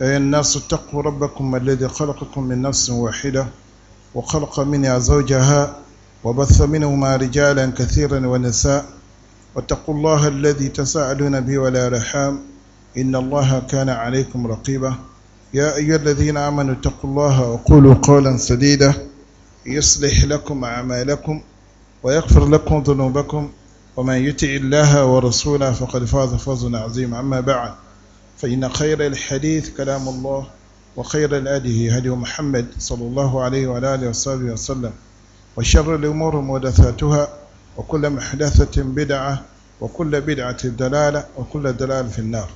يا الناس اتقوا ربكم الذي خلقكم من نفس واحدة وخلق منها زوجها وبث منهما رجالا كثيرا ونساء واتقوا الله الذي تساءلون به ولا رحام إن الله كان عليكم رقيبا يا أيها الذين آمنوا اتقوا الله وقولوا قولا سديدا يصلح لكم أعمالكم ويغفر لكم ذنوبكم ومن يطع الله ورسوله فقد فاز فوزا عظيما أما بعد فإن خير الحديث كلام الله وخير الأدي هدي محمد صلى الله عليه وعلى آله وصحبه وسلم وشر الأمور محدثاتها وكل محدثة بدعة وكل بدعة دلالة وكل دلالة في النار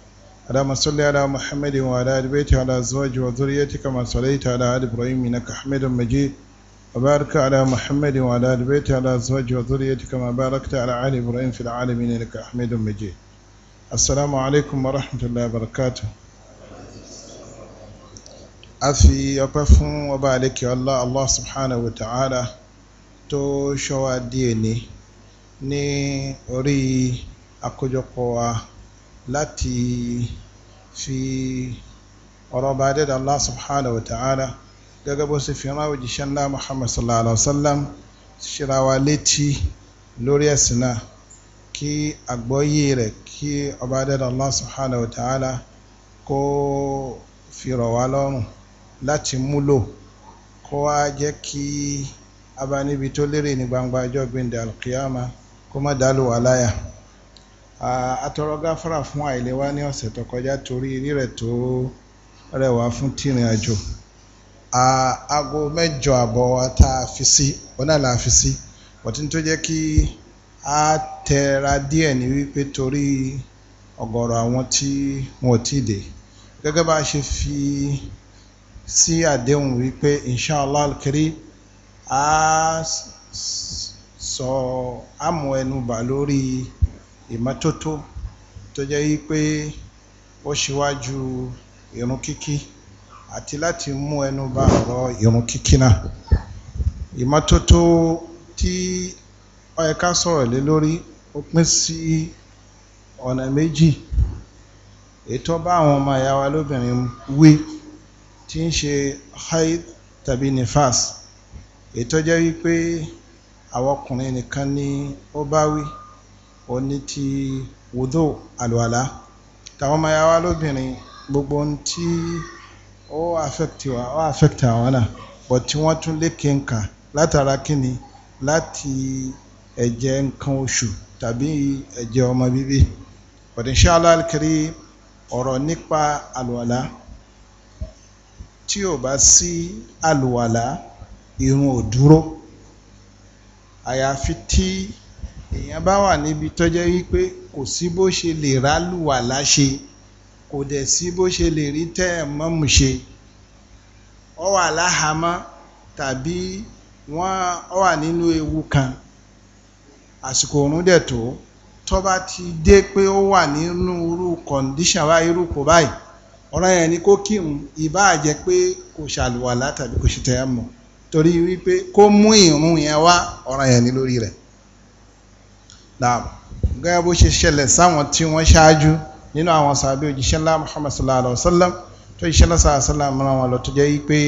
اللهم صل على محمد وعلى آل بيته وعلى أزواجه وذريته كما صليت على آل إبراهيم إنك حميد مجيد وبارك على محمد وعلى آل بيته وعلى أزواجه وذريته كما باركت على آل إبراهيم في العالمين إنك حميد مجيد السلام عليكم ورحمة الله وبركاته afi ọpẹ́ fún ọba àlekè ọlá allah subhanahu wa ta'ala tó ṣọwa díẹ̀ ní ní orí àkójọpọ̀ wa láti fi ọ̀rọ̀ ọba adẹ́dà allah subhanahu wa ta'ala gẹ́gẹ́ bó ṣe fi rán òjíṣẹ́ ńlá muhammad sallallahu alaihi wa sallam ṣíra wa létí lórí ẹ̀sìn náà kí àgbọ́yé rẹ̀ kí ọba adẹ́dà Allah subhanahu wa ta'ala kó fi rọ̀ wá lọ́rùn láti múlò kó wá jẹ́ kí abánibi tó lérè ní gbangba ọjọ́ gbẹ̀ndẹ̀ alkiyama kó má dálò wá láyà atọrọ gáfárà fún àìlèwá ní ọ̀sẹ̀ tó kọjá torí rírẹ̀ tó rẹwà fún tìrìn àjò aago mẹ́jọ àbọ̀ wa tá a fi sí ọ̀nà là a fi sí ọ̀tí tó jẹ́ kí á tẹra díẹ̀ ní wípé torí ọ̀gọ̀rọ̀ àwọn tí wọ́n ti dé gẹ́gẹ́ bá a ṣe fi sí àdéhùn wípé inshallah kiri a sọ àmú ẹnu bà lórí ìmọ́tótó tó jẹ́ wípé ó ṣíwájú ìrun kíkí àti láti mú ẹnu bà ọ̀rọ̀ ìrun kíkí náà ìmọ́tótó tí ó yẹ ká sọ̀rọ̀ lé lórí ó pín sí ọ̀nà méjì èyí tó bá àwọn ọmọ ìyá wa lóbìnrin wí tí ń ṣe haid tàbí nifas èyí tó jẹ́ wípé àwọn ọkùnrin nìkan ni ó bá wí ó ní ti wùdó àlùwàlá tàwọn ọmọ ìyá wa lóbìnrin gbogbo ohun tí ó affect wa ó affect àwọn náà but tí wọ́n tún lékè ń látara kíni láti ẹ̀jẹ̀ nǹkan oṣù tàbí ẹ̀jẹ̀ ọmọ bíbí inshallah al-karim ọ̀rọ̀ nípa àlùwàlá tí ò bá sí àlùwàlá irun ò dúró àyàfi tí èèyàn bá wà níbi tọ́jẹ́ wípé kò sí bó ṣe lè rálùwàlá ṣe kò dẹ̀ sí bó ṣe lè rí tẹ́ ẹ̀ mọ́mù ṣe ọ wà láhàámọ́ tàbí wọ́n wà nínú ewu kan àsìkò òrùn dẹ̀ tó tó bá ti dé pé ó wà nínú irú kọ̀ǹdíṣàn wa irú kò báyìí ọ̀rọ̀ yẹn ni kó kírun ìbá jẹ́ pé kò ṣàlùwàlá tàbí kò ṣe tẹ̀yà mọ̀ torí wípé kó mú ìrun yẹn wá ọ̀rọ̀ yẹn ni lórí rẹ̀ gẹ́gẹ́ bó ṣe ṣẹlẹ̀ sáwọn tí wọ́n ṣáájú nínú àwọn sàbí òjíṣẹ́ ńlá Muhammad sallallahu alaihi wa sallam tó jíṣẹ́ ńlá sallam ràn wọ́n lọ tó jẹ́ wípé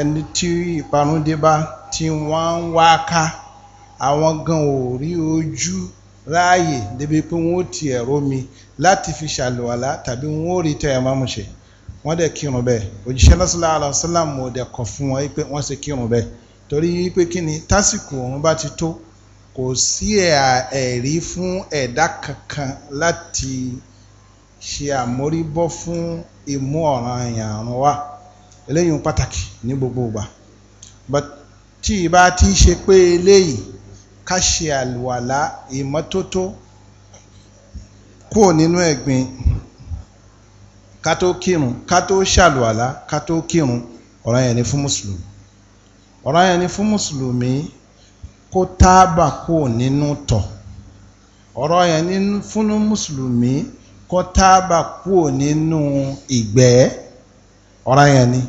ẹni tí ìparun dé bá tí wọ́n ń wá ká àwọn gan ò rí ojú ráàyè débi pé wọ́n ó ti ẹ̀rọ mi láti fi ṣàlùwàlá tàbí wọ́n ó rí tẹ̀yàmámù ṣe wọ́n dẹ̀ kírun bẹ́ẹ̀ òjíṣẹ́ lọ́sọ̀lá àlọ́sọ́làm ò dẹ̀ kọ̀ fún wọn pé wọ́n ṣe kírun bẹ́ẹ̀ torí pé kí ni tásìkò òun bá ti tó kò sí ẹ̀rí fún ẹ̀dá kankan láti ṣe àmóríbọ́ fún ìmú ọ̀ràn àyàn wa eléyìí pàtàkì ní gbogbo ìgbà tí ìbá ti ṣe pé eléyìí ká ṣe àlùwàlá ìmọ́tótó kúrò nínú ẹ̀gbin ká tó kírun ká tó ṣàlùwàlá ká tó kírun ọ̀ràn yẹn ni fún mùsùlùmí ọ̀ràn yẹn ni fún mùsùlùmí kó tábà kúrò nínú tọ̀ ọ̀rọ̀ yẹn ni fún mùsùlùmí kó tábà kúrò nínú ìgbẹ́ ọ̀ràn yẹn ni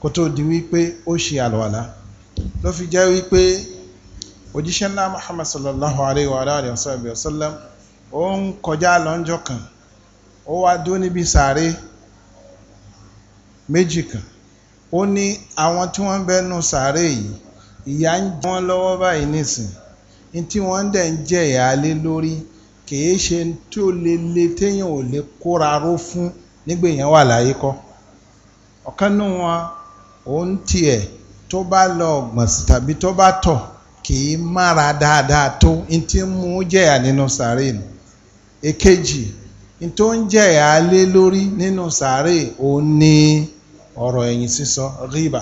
kó tó di wípé ó ṣe àlùwàlá ló fi jẹ́ wípé òjíṣẹ́ ńlá muhammad sallallahu alayhi wa alayhi wa sallam ó ń kọjá lọ́njọ́ kan ó wá dúró níbi sàárè méjì kan ó ní àwọn tí wọ́n ń bẹ́nu sàárè yìí ìyà ń jẹ wọ́n lọ́wọ́ báyìí nìsín ní tí wọ́n ń dẹ̀ ń jẹ ìyà lórí kìí ṣe tí ó le le téèyàn ò lè kóra ró fún nígbà wà láyé kọ́ ọ̀kan nínú wọn òun tiẹ̀ tó bá lọ gbọ̀nsẹ̀ tàbí tó bá tọ̀ kì í mára dáadáa tó n tí ń mú jẹ̀yà nínú sàárè nù èkejì n tó ń jẹ̀yà lé lórí nínú sàárè ò ní ọ̀rọ̀ ẹ̀yìn sísọ rìbà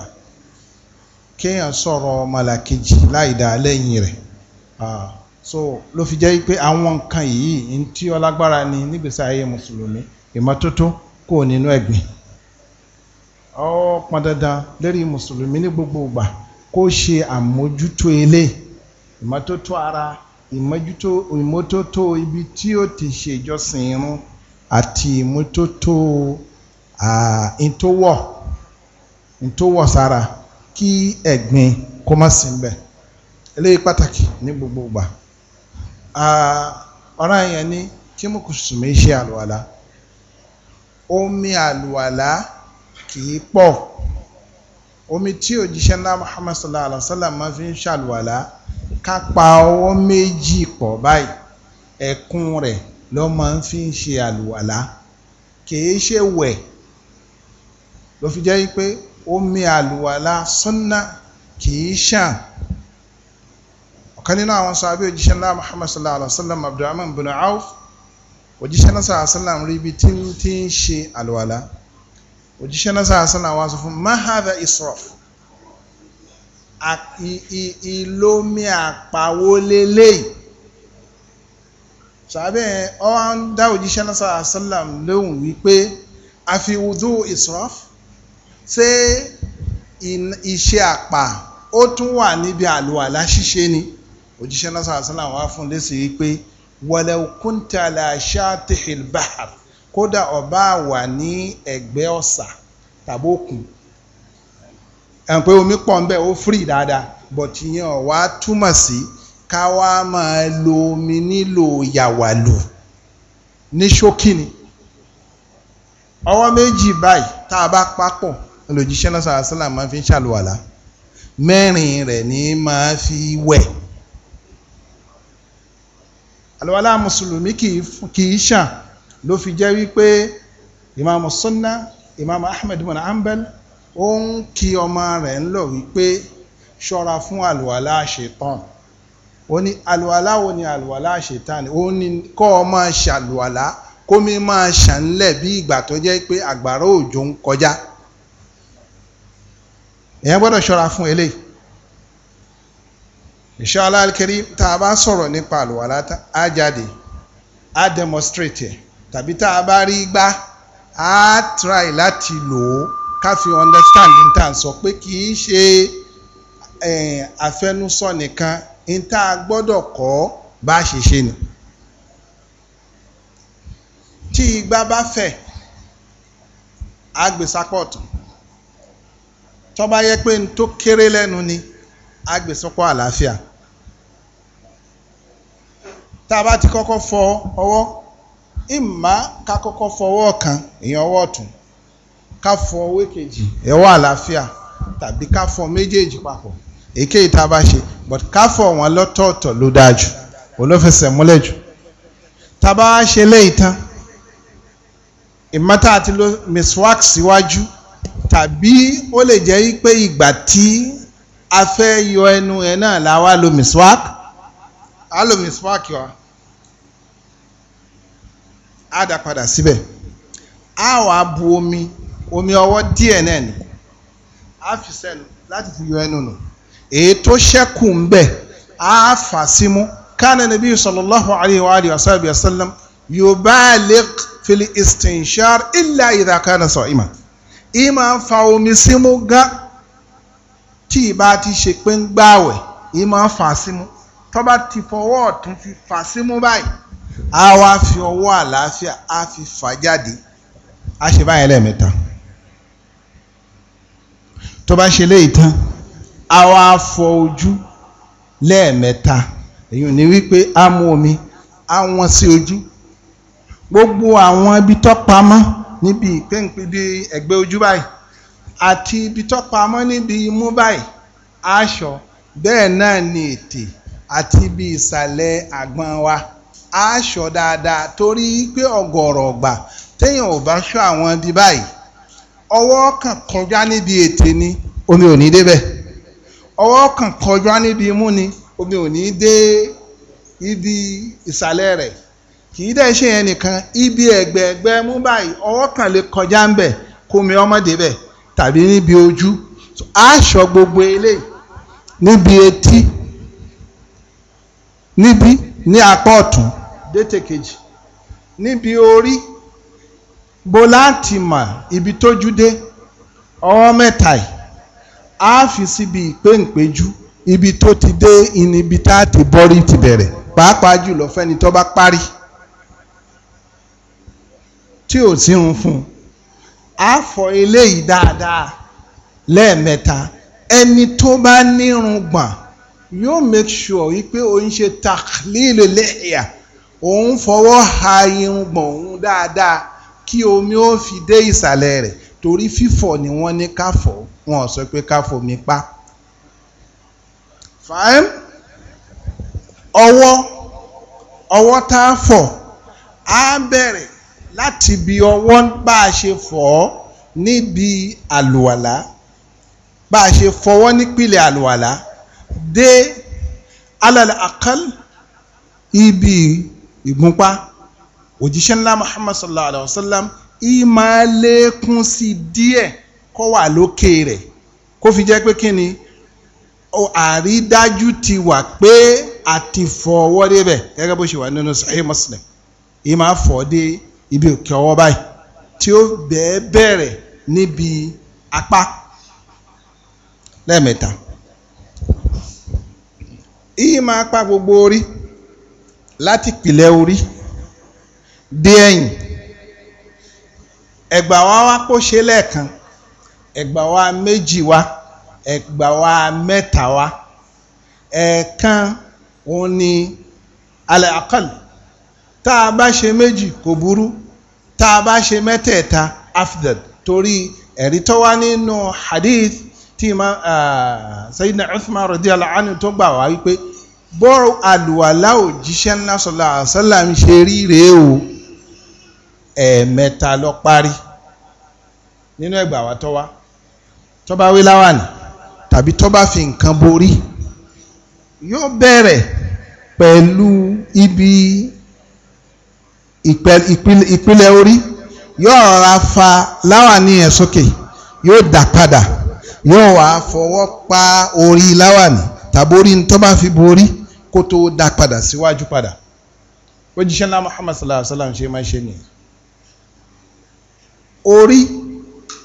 kéèyàn sọ̀rọ̀ mọ̀làkejì láì dá lẹ́yìn rẹ̀ so ló fi jẹ́ pé àwọn nǹkan yìí n tí ọlágbára ni nígbèsè ayé mùsùlùmí ìmọ́tótó kò nínú ẹ̀gbin ó pọn dandan lérí mùsùlùmí ní gbogbo ìgbà kó ṣe àmójútó ilé ìmọ́tótó ara ìmọ́tótó ibi tí ó ti ṣe ìjọsìn irun àti ìmọ́tótó ìtówọ̀ ìtówọ̀ sára kí ẹ̀gbin kó má sí níbẹ̀ eléyìí pàtàkì ní gbogbo ìgbà ọ̀ràn yẹn ni kí mùsùlùmí ṣe àlùwàlá omi àlùwàlá kì í pọ̀ omi tí òjíṣẹ́ náà Muhammad sallallahu alaihi wa sallam máa fi ń ṣàlùwàlá ká pa ọwọ́ méjì pọ̀ báyìí ẹ̀kún rẹ̀ ló máa ń fi ń ṣe àlùwàlá kìí ṣe wẹ̀ ló fi jẹ́ pé omi àlùwàlá sunna kìí ṣàn ọ̀kan nínú àwọn sàbí òjíṣẹ́ náà Muhammad sallallahu alaihi wa sallam Abdurrahman bin Auf òjíṣẹ́ náà sallallahu alaihi wa sallam rí ibi tí ń ṣe àlùwàlá òjíṣẹ́ náà sáà sọ́nà àwọn aṣọ fún mahadha israf ìlómi àpàwó lélẹ́yìí sàbẹ̀ ọ ń dá òjíṣẹ́ náà sáà sọ́nà lóhùn wípé àfiwùdú israf ṣé iṣẹ́ àpà ó tún wà níbi àlùwàlá ṣíṣe ni òjíṣẹ́ náà sáà sọ́nà wà fún lẹ́sìn wípé walaw kunta la kódà ọba wà ní ẹ̀gbẹ́ ọ̀sà tàbí òkun ẹ̀ pé omi pọ̀ ń bẹ̀ ó fìrì dáadáa but ìyẹn ò wá sí ká wá máa lo omi nílò yàwàlù ní ṣókìní ọwọ́ méjì báyìí tá a bá papọ̀ olùjíṣẹ́ náà sọ̀rọ̀ sọ́là máa fi ń ṣàlùwàlà mẹ́rin rẹ̀ ní máa fi wẹ̀ àlùwàlà mùsùlùmí kì í ṣàn ló fi jẹ́ wípé imam sunna imam ahmed bin hanbal ó ń kí ọmọ rẹ̀ ń lọ wípé ṣọ́ra fún àlùwàlá ṣetán ó ní àlùwàlá wo ni àlùwàlá ṣetán ó ní kọ́ ọ máa ṣàlùwàlá kó mi máa ṣànlẹ̀ bí ìgbà tó jẹ́ pé àgbàrá òjò ń kọjá èèyàn gbọ́dọ̀ ṣọ́ra fún eléyìí inshallah alkarim tá a bá sọ̀rọ̀ nípa àlùwàlá á jáde á demonstrate ẹ̀ tàbí tá a bá rí gbá a try láti lò ó ká fi understand n tá à ń sọ pé kì í ṣe àfẹnusọ nìkan n tá a gbọ́dọ̀ kọ́ bá a ṣe ṣe nù. tí igbá bá fẹ̀ á gbé bá yẹ pé n tó kéré lẹ́nu ni á àlàáfíà tá a bá ti kọ́kọ́ fọ ọwọ́ ìmá ká kọ́kọ́ fọwọ́ kan èèyàn ọwọ́ ọ̀tún ká fọ ọwọ́ kejì ẹ̀wọ́ àlàáfíà tàbí ká fọ méjèèjì papọ̀ èké ìta bá ṣe but ká fọ wọn lọ́tọ̀ọ̀tọ̀ ló dáa jù olófẹsẹ̀ múlẹ̀ jù tá a ṣe léyìí tán ìmọ́tá àti lo miswak síwájú tàbí ó lè jẹ́ pé ìgbà tí a fẹ́ yọ ẹnu ẹ̀ náà la wá lo miswak a lo miswak wa á dá padà síbẹ̀ á wàá bu omi omi ọwọ́ díẹ̀ náà ni á fi sẹ́nu láti fi yọ ẹnu nù èyí tó ṣẹ́kù ń bẹ̀ á fà sí mú kánà nàbí sallallahu alayhi wa alihi wa sallam yubaliq fil istinshar illa idha kana sa'iman ìmọ̀ ń fa omi sí mú gán tí ìbá ti ṣe pé ń gbààwẹ̀ ìmọ̀ ń fà sí mú tọ́ba ti fọwọ́ ọ̀tún fi fà sí mú báyìí á wá fi ọwọ́ àlàáfíà á fi fà jáde á ṣe báyẹn lẹ́ẹ̀mẹ́ta tó bá ṣe léyìí tán á wá fọ ojú lẹ́ẹ̀mẹ́ta èyí ni wípé á mú omi á wọ́n sí ojú gbogbo àwọn ibi tó pamọ́ níbi ìpéǹpébi ẹ̀gbẹ́ ojú báyìí àti ibi tó pamọ́ níbi imú báyìí aṣọ bẹ́ẹ̀ náà ni ètè àti ibi ìsàlẹ̀ àgbọ̀n wa aṣọ dáadáa torí pé ọ̀gọ̀rọ̀ ọ̀gbà téèyàn ò bá ṣọ́ àwọn ibi báyìí ọwọ́ kan kọjá níbi ètè ni omi ò ní débẹ̀ ọwọ́ kan kọjá níbi imú ni omi ò ní dé ibi ìsàlẹ̀ rẹ̀ kì í dẹ̀ ṣe yẹn nìkan ibi ẹ̀gbẹ̀ẹ̀gbẹ́ mú báyìí ọwọ́ kan lè kọjá ń bẹ̀ kó mi ọmọ débẹ̀ tàbí níbi ojú aṣọ gbogbo eléyìí níbi etí níbi ní apá ọ̀tún déètè kejì níbi orí bó láti mà ibi tójú dé ọwọ́ mẹ́ta yìí á fi síbi ìpéǹpéjú ibi tó ti dé ìníbi tá a ti bọ́rí ti bẹ̀rẹ̀ pàápàá jùlọ fẹ́ni tó bá parí tí ò sí ń fún un á fọ eléyìí dáadáa lẹ́ẹ̀mẹ́ta ẹni tó bá nírun gbọ̀n yóò make sure wípé o ń ṣe taklilul lihya òun fọwọ́ ha irun gbọ̀n òun dáadáa kí omi ó fi dé ìsàlẹ̀ rẹ̀ torí fífọ̀ ni wọ́n ní ká fọ̀ wọn ò sọ pé ká fomi pa. fàáìm ọwọ́ ọwọ́ tá a fọ̀ á bẹ̀rẹ̀ láti bi ọwọ́ bá a ṣe fọ̀ ọ́ níbi àlùwàlá bá a ṣe fọwọ́ nípìlẹ̀ àlùwàlá dé alàlẹ́ àkàl ibi ìgúnpá òjíṣẹ́ ńlá muhammad sallallahu Alaihi Wasallam. sallam ìmọ̀ lẹ́kún sí díẹ̀ kó wà lókè rẹ̀ kó fi jẹ́ pé kí ni àrídájú ti wà pé àti fọwọ́ débẹ̀ gẹ́gẹ́ bó ṣe wà nínú sahih muslim ìmọ̀ fọ́ dé ibi òkè ọwọ́ báyìí tí ó bẹ́ẹ̀ bẹ̀rẹ̀ níbi apá lẹ́ẹ̀mẹ́ta ìmọ̀ apá gbogbo orí láti pìlẹ̀ orí dé ẹ̀yìn ẹ̀gbà wa wá kó ṣe lẹ́ẹ̀kan ẹ̀gbà wa méjì wa ẹ̀gbà wa mẹ́ta wa ẹ̀ẹ̀kan òun ni alẹ́ àkọlù tá a bá ṣe méjì kò burú tá a bá ṣe mẹ́tẹ̀ẹ̀ta afdal torí ẹ̀rí tó wá nínú hadith tí ma ah, Sayyidina Uthman radiyallahu anhu tó gbà wá wípé bọ́ àlùwàlá òjíṣẹ́ ńlá sọ̀lá àṣálà ń ṣe rí rèé o ẹ̀ẹ̀mẹ́ta lọ parí nínú ẹgbà wa tọ́wá tọ́ba wí láwàní tàbí tọ́ba fi nǹkan borí yóò bẹ̀rẹ̀ pẹ̀lú ibi ìpìlẹ̀ orí yóò ra fa láwàní yẹn sókè yóò dà padà yóò wá fọwọ́ pa orí láwàní tàbí orí ní tọ́ba fi borí kó tó dá padà síwájú padà òjíṣẹ́ ńlá Muhammad sallallahu alaihi wa sallam ṣe máa ṣe nìyẹn orí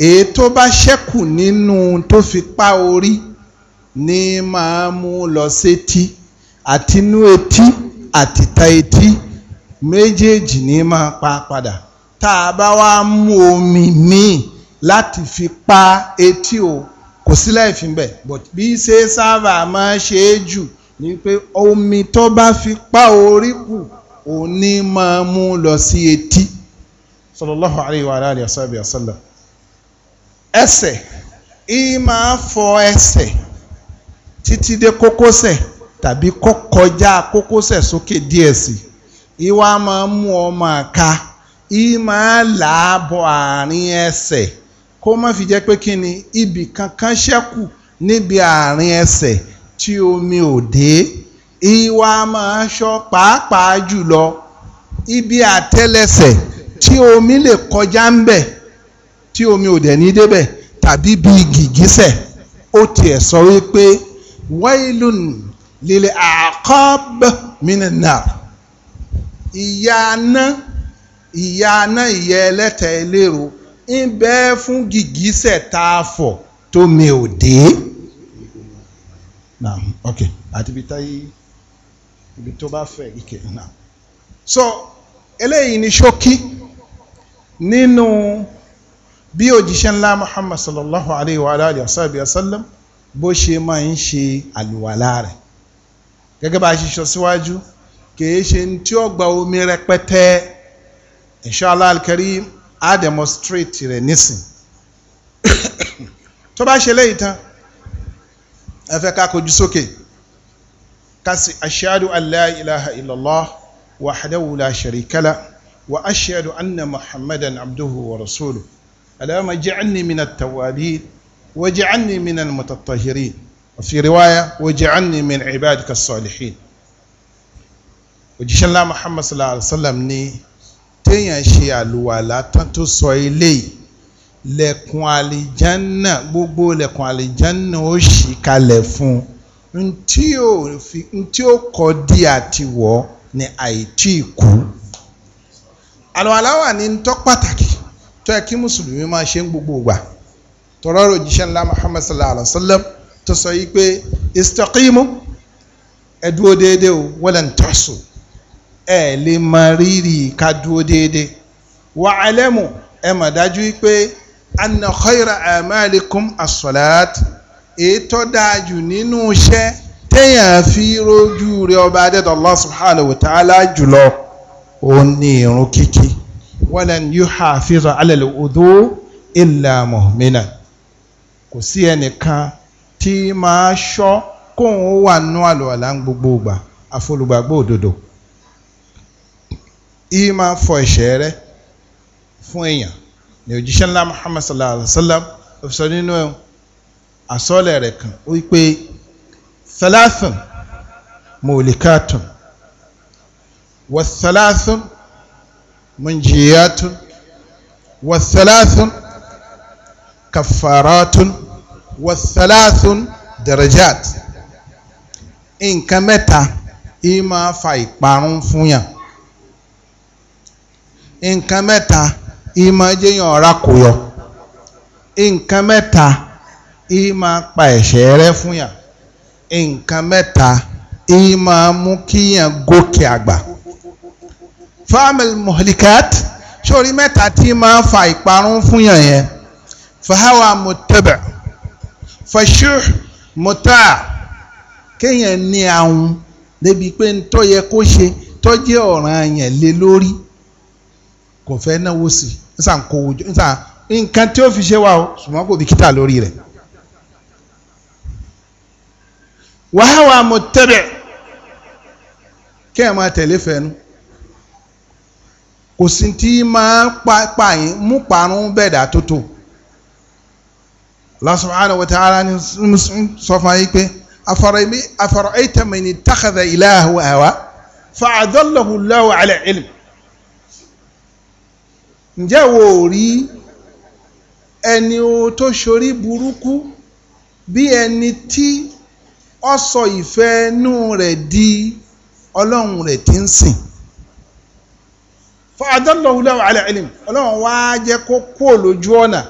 èyí tó bá ṣẹ́kù nínú tó fi pa orí ní máa mú lọ sétí àtinú etí àtìta etí méjèèjì ní máa pa padà tá a bá wá mú omi míì láti fi pa etí o kò sí láìfín bẹ́ẹ̀ but bí ṣe sábà máa ṣe é jù ni pé omi tó bá fi pa orí kù òní máa mú lọ sí etí sallallahu alayhi wa alayhi wa sallam ẹsẹ̀ ìyí máa fọ ẹsẹ̀ títí dé kókósẹ̀ tàbí kọjá kókósẹ̀ sókè díẹ̀ sí ìwà máa mú ọmọ àka ìyí máa làábọ̀ àárín ẹsẹ̀ kó má fi jẹ́ pé kí ni ibì kankan ṣẹ́kù níbi àárín ẹsẹ̀ tí omi ò dé ìwà máa ṣọ́ pàápàá jùlọ ibi àtẹ́lẹsẹ̀ tí omi lè kọjá ń bẹ̀ tí omi ò dẹ̀ ní débẹ̀ tàbí bí gìgísẹ̀ ó tiẹ̀ sọ wípé wailun lil aqab minan nar ìyà aná ìyà ń bẹ fún gìgísẹ̀ tá a fọ̀ tómi ò dé naam ok àti ibi táyé ibi tó bá fẹ́ ike naam so eléyìí ni ṣókí nínú bí òjíṣẹ́ ńlá muhammad sallallahu alayhi wa alayhi wa sallam sallam bó ṣe máa ń ṣe àlùwàlá rẹ̀ gẹ́gẹ́ bá a ṣe sọ síwájú kìí ṣe tí ó gba omi rẹpẹtẹ inṣàlá alkarim á demonstrate rẹ̀ nísìn tó bá ṣe léyìí tán افكا كوجو سوكي كاسي اشهد ان لا اله الا الله وحده لا شريك له واشهد ان محمدا عبده ورسوله اللهم جعلني من التوابين وجعلني من المتطهرين وفي روايه وجعلني من عبادك الصالحين وجشن الله محمد صلى الله عليه وسلم ني تيان شي الوالا تانتو سو lẹ̀kùn àlìjánà gbogbo lẹ̀kùn àlìjánà ó ṣì kalẹ̀ fún un ntí ó kọ́ di àtiwọ́ ni àìtí kú. àlùwàlá wà ní ntọ́ pàtàkì tó yẹ kí mùsùlùmí máa ṣe ń gbogbo ìgbà tọ́rọ́ òjíṣẹ́ ńlá muhammad sallallahu alayhi wa sallam tó sọ yìí pé istaqimu ẹ dúró déédéé o walan tasu ẹ lè máa rírì ká dúró déédéé wa'alamu ẹ mà dájú pé anna khayra amalikum as-salat ètò dájú nínú iṣẹ́ téèyàn fi rojú rẹ ọba adẹ́dọ̀ Allah subhanahu wa ta'ala jùlọ òun ni irun kíkí walan yuhafiza ala al-wudu illa mu'mina kò sí ẹnìkan tí máa ṣọ́ kóun wà nú àlùwàlá gbogbo ìgbà àfolùgbàgbọ́ òdodo ìyí fọ ẹ̀ṣẹ̀ rẹ fún èèyàn ní òjíṣẹ́ ńlá muhammad sallallahu alayhi wa sallam ó fi sọ nínú àsọ́ọ̀lẹ̀ rẹ̀ kan ó wípé thalathun mọ̀lìkàtún wa thalathun munjiyatun wa thalathun kàfàràtún wa thalathun darajat nǹkan mẹ́ta ìmọ̀ fa ìparun fún yàn nǹkan mẹ́ta ìmọ̀ jẹ́yàn ọ̀rá kò yọ nǹkan mẹ́ta ìmọ̀ pa ẹ̀ṣẹ̀ rẹ fún yàn nǹkan mẹ́ta ìmọ̀ mú kíyàn gòkè àgbà fámìlì mọ̀lìkàt sórí mẹ́ta tí máa fa ìparun fún yàn yẹn fahawa mutaba fashu muta kéèyàn ní àwọn débi pé ń tó yẹ kó ṣe tó ọ̀ràn yẹn lé lórí kò fẹ́ náwó sí i nsà ń kówó jọ nsà nǹkan tí ó fi ṣe wa o ṣùgbọ́n kò bìkítà lórí rẹ̀ wàháwà mọ̀tẹ́bẹ̀ kí ẹ̀ máa tẹ̀lé fẹ́nu kò sí tí máa pa yín mú parun bẹ̀dà tó tó Allah subhanahu wa ta'ala ni sọ fún yín pé afara'ayta man ittakhadha ilahahu hawa fa'adallahu Allahu ala ilm ǹjẹ́ wo ò rí ẹni tó ṣorí burúkú bí ẹni tí ó sọ ìfẹ́ inú rẹ̀ di ọlọ́run rẹ̀ tí ń sìn fàdánlọ́wùláwà ala ilm ọlọ́run wá jẹ́ kó kúrò lójú ọ̀nà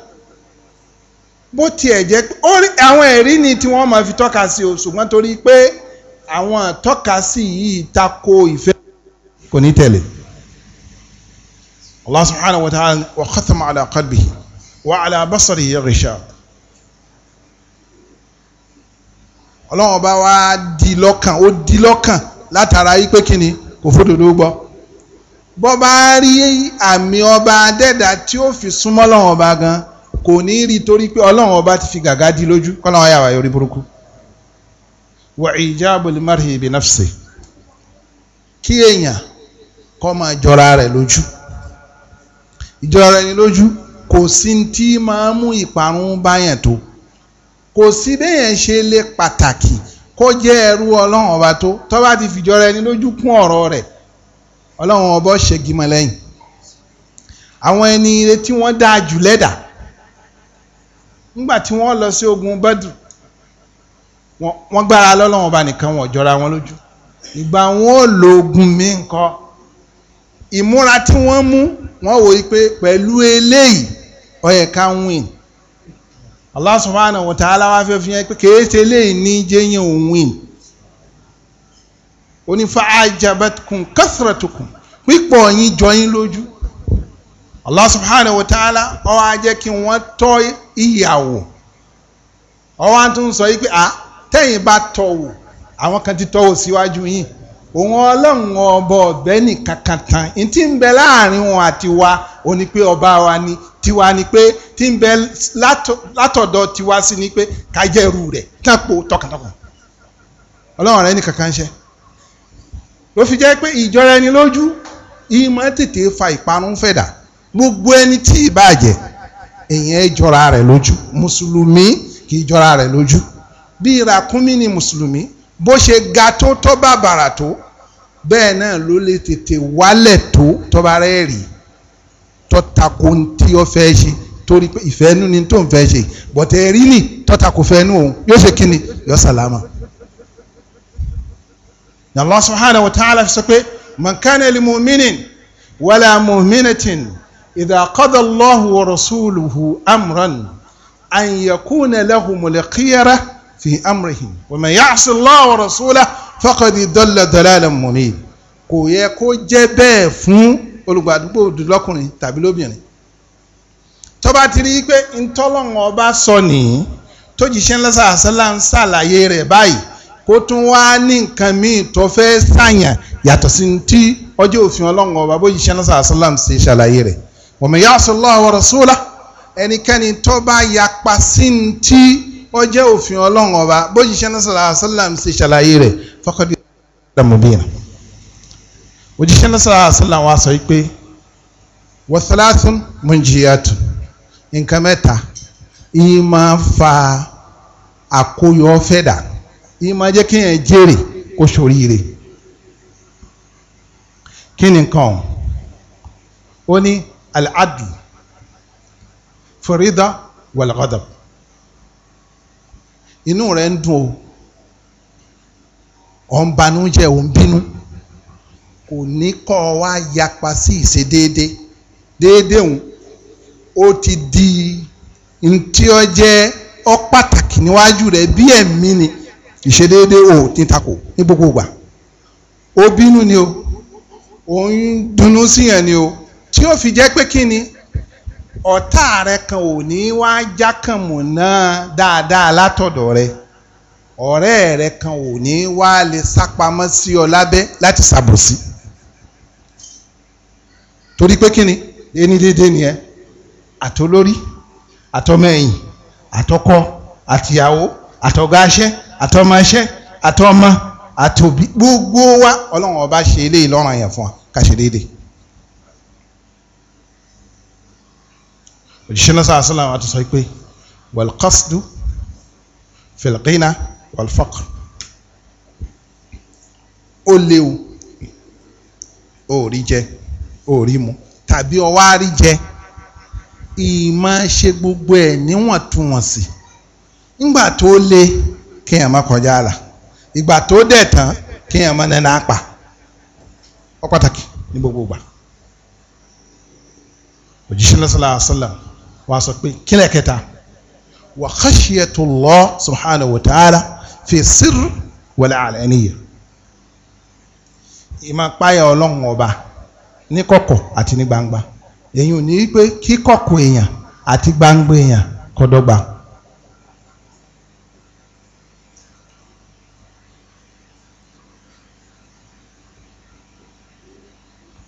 bó tiẹ̀ jẹ́ àwọn ẹ̀rí ni tí wọ́n máa fi tọ́ka sí o ṣùgbọ́n torí pé àwọn tọ́ka sí yìí tako ìfẹ́ kò ní tẹ̀lé. Allah subhanahu وتعالى ta'ala على قلبه وعلى بصره wa ala basarihi ghisha ọlọ́run ọba wa di lọ́kàn ó di lọ́kàn látara yí pé kíni kò fódòdó gbọ́ bọ́ bá rí àmì ọba adẹ́dà tí ó fi súnmọ́ ọlọ́run ọba gan kò ní rí torí pé ọlọ́run ọba ti fi gàgá di lójú kọ́lọ́run yà wá yorí burúkú. wà ìjábọ̀ lè má rí ibi náà kí èèyàn kọ́ máa jọra rẹ̀ lójú ìjọra ẹni lójú kò sí tí máa mú ìparun báyẹn tó kò sí bẹ́yẹn ṣe lè pàtàkì kó jẹ́ ẹrú ọlọ́run ọba tó tó bá ti fìjọra ẹni lójú kún ọ̀rọ̀ rẹ̀ ọlọ́run ọba ṣègìmọ̀ lẹ́yìn àwọn ẹni ire tí wọ́n dáa jù lẹ́dà nígbà tí wọ́n lọ sí ogun Badru wọ́n gbára lọ́lọ́run ọba nìkan wọ́n jọra wọn lójú ìgbà wọn ò lo ogun mi ńkọ́ ìmúra tí wọ́n mú wọ́n wò yí pé pẹ̀lú eléyìí ó yẹ ká win Allah subhanahu wa ta'ala wá fẹ́ fi yẹn pé kèé ṣe eléyìí ní jẹ́yìn òun win onífa ajabatkum kathratukum pípọ̀ yín jọ yín lójú Allah subhanahu wa ta'ala ó wá jẹ́ kí wọ́n tọ́ ìyàwó ó wá tún sọ yí pé à tẹ́yìn bá tọ̀ àwọn kan ti tọ̀ síwájú yín òun ọlọ́run ọba ọ̀gbẹ́ni kankan tán n tí ń bẹ láàrin wọn àti wa ò ní pé ọba wa ni tiwa ni pé tí ń bẹ látọ̀dọ̀ tiwa sí ni pé kájẹ́rù rẹ̀ tápò tọkàntọkàn ọlọ́run rẹ̀ ní kankan ṣe ló fi jẹ́ pé ìjọra ẹni lójú ìmọ̀ tètè fa ìparun fẹ̀dà gbogbo ẹni tí ì bàjẹ́ èèyàn jọra rẹ̀ lójú mùsùlùmí kì í jọra rẹ̀ lójú bí ìràkúnmí ni mùsùlùmí bó ṣe ga tó tó bàbàrà tó bẹ́ẹ̀ náà ló lè tètè wálẹ̀ tó tọ́ba rẹ̀ rí tọ́tako tí ó fẹ́ ṣe torí pé ìfẹ́ nú ni tó ń fẹ́ ṣe bọ̀tẹ́ rí ni tọ́tako fẹ́ nú òun yóò ṣe kí ni yóò sàlámà. Allah subhanahu wa ta'ala fi sọ pé man li mu'minin wala mu'minatin idha qada Allahu rasuluhu amran an yakuna lahumul khiyara fi amrihim wa man ya'si Allah wa rasulahu faqad dalla dalalan muni kò yẹ kó jẹ́ bẹ́ẹ̀ fún olùgbàdúgbò lọ́kùnrin tàbí lóbìnrin tó bá ti rí i pé ntọ́lọ́run ọba sọ nìyí tó jíṣẹ́ lọ́sà àṣálà ń ṣàlàyé rẹ̀ báyìí kó tún wá ní nǹkan míì tó fẹ́ ṣàyàn yàtọ̀ sí ti ọjọ́ òfin ọlọ́run ọba bó jíṣẹ́ lọ́sà àṣálà ń ṣe ṣàlàyé rẹ̀ wa man ya'si Allah wa ẹnikẹ́ni tó yapa sí ti ó jẹ́ òfin ọlọ́run ọba bójú sẹ́nẹ́sàlá àṣàlám ṣe ṣàlàyé rẹ̀ fọ́kọ́dé ọ̀dàmọ̀bìyàn òjíṣẹ́ sẹ́nẹ́sàlá àṣàlám wa sọ pé wọ́sálásún mọ̀njìyàtù nǹkan mẹ́ta ìyí máa fa àkóyọ fẹ́dà ìyí máa jẹ́ kéèyàn jèrè kó ṣoríire kí ni nǹkan ó ní al-adl fúrídà inú rẹ ń dùn o ọ̀ ń banújẹ́ ò ń bínú kò ní kọ́ ọ wá yapa sí ìṣe déédé déédé òun ó ti di ntí ọ jẹ́ ọ pàtàkì níwájú rẹ bí ẹ̀mí ni ìṣe déédé ò ní takò ní gbogbo ìgbà ó bínú ni o òun dunnú síyàn ni o tí ó fi jẹ́ pé kí ni ọ̀tá rẹ kan ò ní wá jákàmùnà dáadáa látọ̀dọ̀ rẹ ọ̀rẹ́ rẹ kan ò ní wá lè sápamọ́ sí ọ lábẹ́ láti ṣàbòsí torí pé kí ni ẹni déédéé ni ẹ àtolórí àtọmẹyìn àtọkọ àtìyàwó àtọgáṣẹ àtọmọṣẹ àtọmọ àtòbí gbogbo wa ọlọ́run ọba ṣe eléyìí lọ́ranyàn fún wa ká ṣe déédéé. òjíṣẹ́ náà sáà sálàmù àti sọ pé wàlqasdu filqina wàlfaqr ó léwu ó rí jẹ ó rí mu tàbí ọwọ́ á rí jẹ ìmọ̀ ṣe gbogbo ẹ̀ níwọ̀ntúnwọ̀nsì ńgbà tó le kéèyàn má kọjá àlà ìgbà tó dẹ̀ tán kéèyàn má nẹ́nà àpà ọ pàtàkì ní gbogbo ìgbà òjíṣẹ́ lọ́sọ̀lá àṣọlá wàá sọ pé kílẹ̀ kẹta wa khashiyatullah subhanahu wa ta'ala fi sirr wal alaniya ìmọ̀ páyà ọlọ́run ọba ní kọ̀kọ̀ àti ní gbangba èyí ò ní í pé kí kọ̀kọ̀ èèyàn àti gbangba èèyàn kó dọ́gba.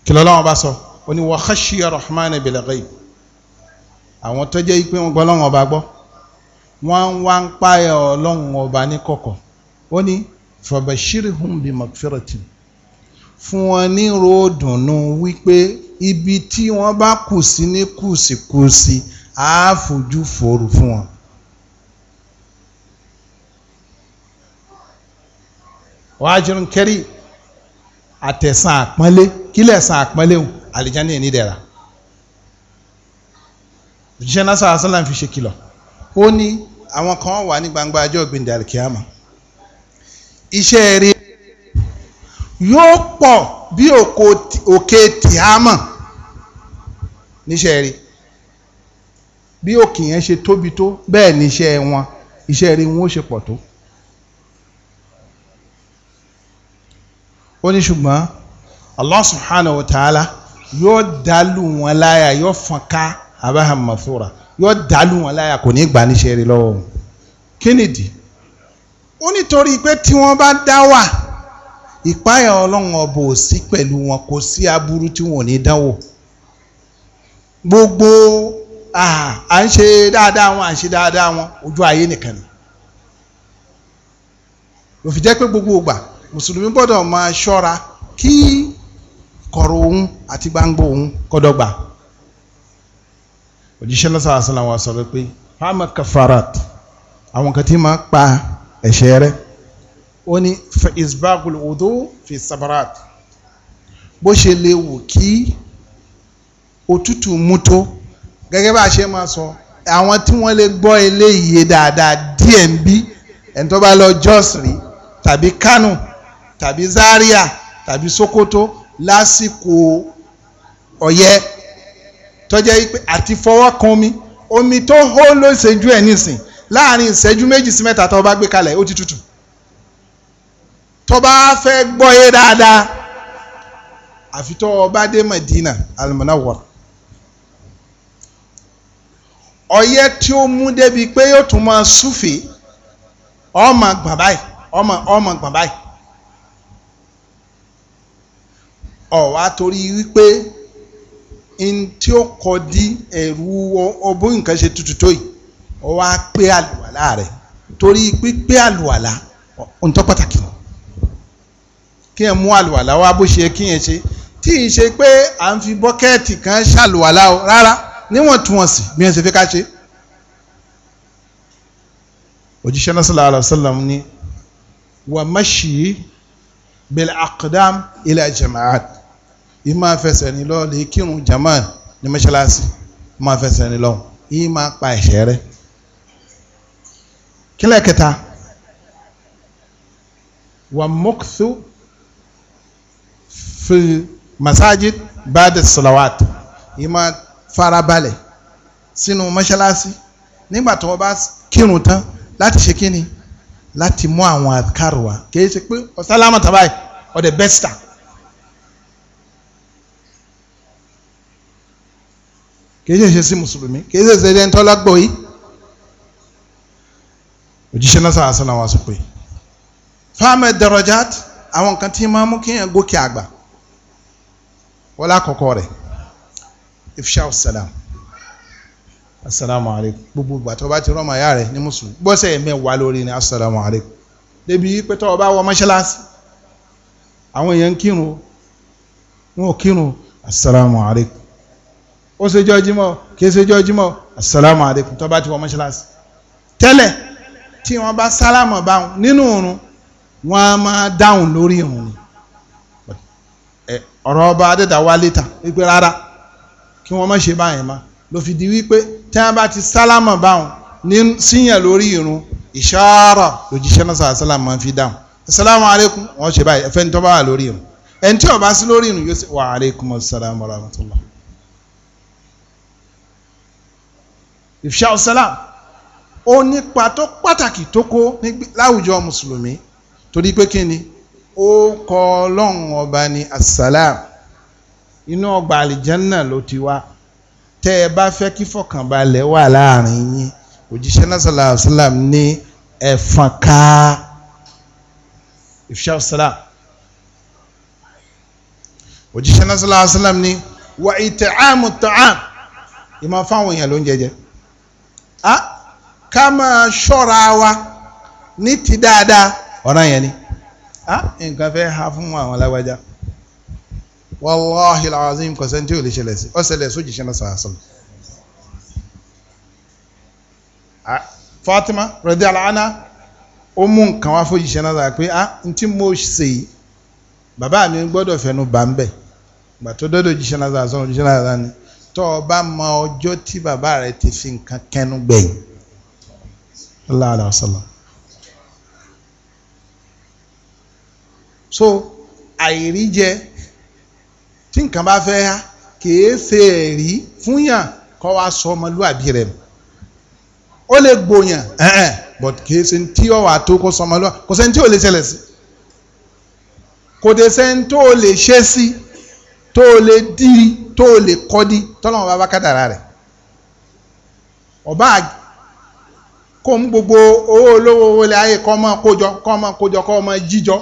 kí lọ́lọ́run sọ ó ní wa khashiya rahman bil àwọn tó jẹ́ pé wọ́n gbọ́ ọlọ́run ọba gbọ́ wọ́n ń wá ń páyà ọlọ́run ọba ní kọ̀kọ̀ ó ní fabashirhum bi magfiratin fún wọn ní ròdùnnú wípé ibi tí wọ́n bá kù sí ní kùsìkùsì á fojú fòrò fún wọn. wa ajrun karim àtẹ̀sán àpọ́nlé kílẹ̀ sàn àpọ́nlé o àlìjánnà ní ìdẹ̀ra òjíṣẹ́ náà sàrà sàlám fi ṣe kìlọ̀ ó ní àwọn kan wà ní gbangba ajọ́ gbìndé alikiyama iṣẹ́ rí yóò pọ̀ bí òkè tìámọ̀ níṣẹ́ rí bí òkè yẹn ṣe tóbi tó bẹ́ẹ̀ níṣẹ́ wọn iṣẹ́ rí wọn ó ṣe pọ̀ tó. ó ní ṣùgbọ́n Allah subhanahu wa ta'ala yóò dálù wọn láyà yóò fọ́n ká abraham Masora, yóò dàlú wọn láyà kò ní gbà níṣẹ́ rẹ lọ́wọ́ wọn kínìdí ó nítorí pé tí wọ́n bá dá wà ìpáyà ọlọ́run ọba ò sí pẹ̀lú wọn kò sí aburú tí wọn ò ní dánwò gbogbo à ń ṣe dáadáa wọn à ń ṣe dáadáa wọn ojú ayé nìkan ni òfin jẹ́ pé gbogbo ìgbà mùsùlùmí gbọ́dọ̀ máa ṣọ́ra kí kọ̀rọ̀ òun àti gbangba òun kọ́dọ̀gba òjíṣẹ́ lọ́sàn àṣàlà wa sọ pé fáàmà kafarat àwọn kan tí máa pa ẹ̀ṣẹ̀ rẹ ó ní isbagul wudu fi sabarat bó ṣe lè wù kí òtútù mú tó gẹ́gẹ́ bá a ṣe máa sọ àwọn tí wọ́n lè gbọ́ eléyìí dáadáa díẹ̀ ń bí bá lọ jọ́sìrì tàbí Kánò tàbí Zaria tàbí Sokoto lásìkò ọyẹ́ tọ́jẹ́ yìí pé àti fọwọ́ kan omi omi tó hó ló ṣẹ́jú ẹ̀ nísìn láàrin ìṣẹ́jú méjì sí mẹ́ta tó bá gbé kalẹ̀ ó ti tutù tó fẹ́ gbọ́ yé dáadáa àfi tó bá dé Madina al-Munawwar ọyẹ́ tí ó mú débi pé yóò tún máa súfèé ọmọ gbọ̀n báyìí ọmọ ọmọ gbọ̀n báyìí ọ̀wá torí wípé n tí ó kọ dí ẹ̀rù ọbọ̀ nǹkan ṣe tutù tó yìí ọ wá pé àlùwàlá rẹ torí pípé àlùwàlá ohun tó pàtàkì mọ́ kí ẹ mú àlùwàlá wá bó ṣe kí ẹ ṣe tí ì ṣe pé à ń fi bọ́kẹ́ẹ̀tì kan ṣàlùwàlá o rárá níwọ̀ntúnwọ̀nsì bí ẹ ṣe fi ká ṣe. òjíṣẹ́ náà sallallahu alaihi wasallam ni wàmáṣí bil aqdam ila jama'at yìí máa fẹsẹ̀ ní lọ lè kírun jama ní mọ́ṣáláṣí máa fẹsẹ̀ ní lọ yìí máa pa ẹ̀ṣẹ̀ rẹ. kílẹ̀ kẹta wà mọ́kútù fi masajid bada salawat yìí máa farabalẹ̀ sínú mọ́ṣáláṣí nígbà tó o bá kírun tán láti ṣe kíni láti mú àwọn àkàrò wa kì í ṣe pé ọ̀sálámà tàbáyé ọ̀dẹ̀ bẹ́sítà. kìí ṣe ṣe sí mùsùlùmí kìí ṣe ṣe ẹni tọ́lá gbọ́ yìí òjíṣẹ́ náà sàásán náà wá sọ pé fáàmì darajat àwọn nǹkan tí máa mú kí èèyàn gòkè àgbà wọlé àkọ́kọ́ rẹ̀ ifṣà salam asalaamu aleykum gbogbo ìgbà tó bá ti rọ́ọ̀mù àyà rẹ̀ ní mùsùlùmí gbọ́sẹ̀ mẹ́wàá lórí ni asalaamu aleykum débi pé tó o bá wọ mọ́ṣáláṣí àwọn èèyàn ń kírun wọn ò kírun asalaamu aleykum ó ṣèjọ́ jímọ̀ kì í ṣèjọ́ jímọ̀ asalaamu aleykum tó bá ti wọ mọ́ṣáláṣí tẹ́lẹ̀ tí wọ́n bá sálámà báwọn nínú òrun wọ́n á máa dáhùn lórí òrun ọ̀rọ̀ ọba adẹ́dà wá létà wípé rárá kí wọ́n má ṣe báyẹn má ló fi di wípé tí wọ́n bá ti sálámà báwọn síyàn lórí irun ìṣàárà lójíṣẹ́ náà sàrà sálàmù máa fi dáhùn asalaamu aleykum wọ́n ṣe báyìí ẹ̀fẹ́ ní tó wà lórí irun ẹni tí ó bá sí lórí irun yóò ṣe wà aleykum asalaam wa ifṣa salam ó nípa tó pàtàkì tó kó láwùjọ mùsùlùmí torí pé kí ni ó kọ ọlọ́run ọba ní asalam inú ọgbà àlìjánná ló ti wá tẹ́ ẹ bá fẹ́ kí fọkànbalẹ̀ wà láàrin yín òjíṣẹ́ náà sallallahu alaihi wasallam ní ẹ̀fọn ká ifṣa salam òjíṣẹ́ náà sallallahu ní wà ìtẹ̀ àmùtọ̀ àm ìmọ̀ fáwọn èèyàn ló ń jẹjẹ́ Ah, ká kama ṣọ́ra wa ní ti dáadáa ọ̀ràn yẹn ni ah, nǹkan fẹ́ ha fún àwọn alágbájá wàláhi alazim kò sẹ́ni tí ò lè ṣẹlẹ̀ sí ọ ṣẹlẹ̀ sójì ah, Fatima rẹ̀dí aláàánà ó mú nǹkan wá fójì ṣẹlẹ̀ sàá pé mo ṣe yìí bàbá mi gbọ́dọ̀ fẹnu bá ń bẹ̀ gbà tó o bá mọ ọjọ́ tí bàbá rẹ ti fi nǹkan kẹnu gbẹ̀yìn so àìríjẹ tí nǹkan bá fẹ́ ha kìí ṣe ẹ̀rí fúnyàn kọ́ wa sọ ọmọlúwàbí rẹ̀ ó lè gbòyàn ẹ̀ẹ́n but kìí ṣe tí ó wà tó kó sọ ọmọlúwàbí kò sẹ́ni tí ò lè ṣẹlẹ̀ sí kò dé sẹ́ni tó lè ṣe sí. Si tó o lè di tó o lè kọ́dí tọ́lọ́wọ́n bá bá kádàrá rẹ̀ ọba kó ń gbogbo owó olówó owó ilé ayé kọ́ máa kójọ kọ́ máa kójọ kọ́ máa jíjọ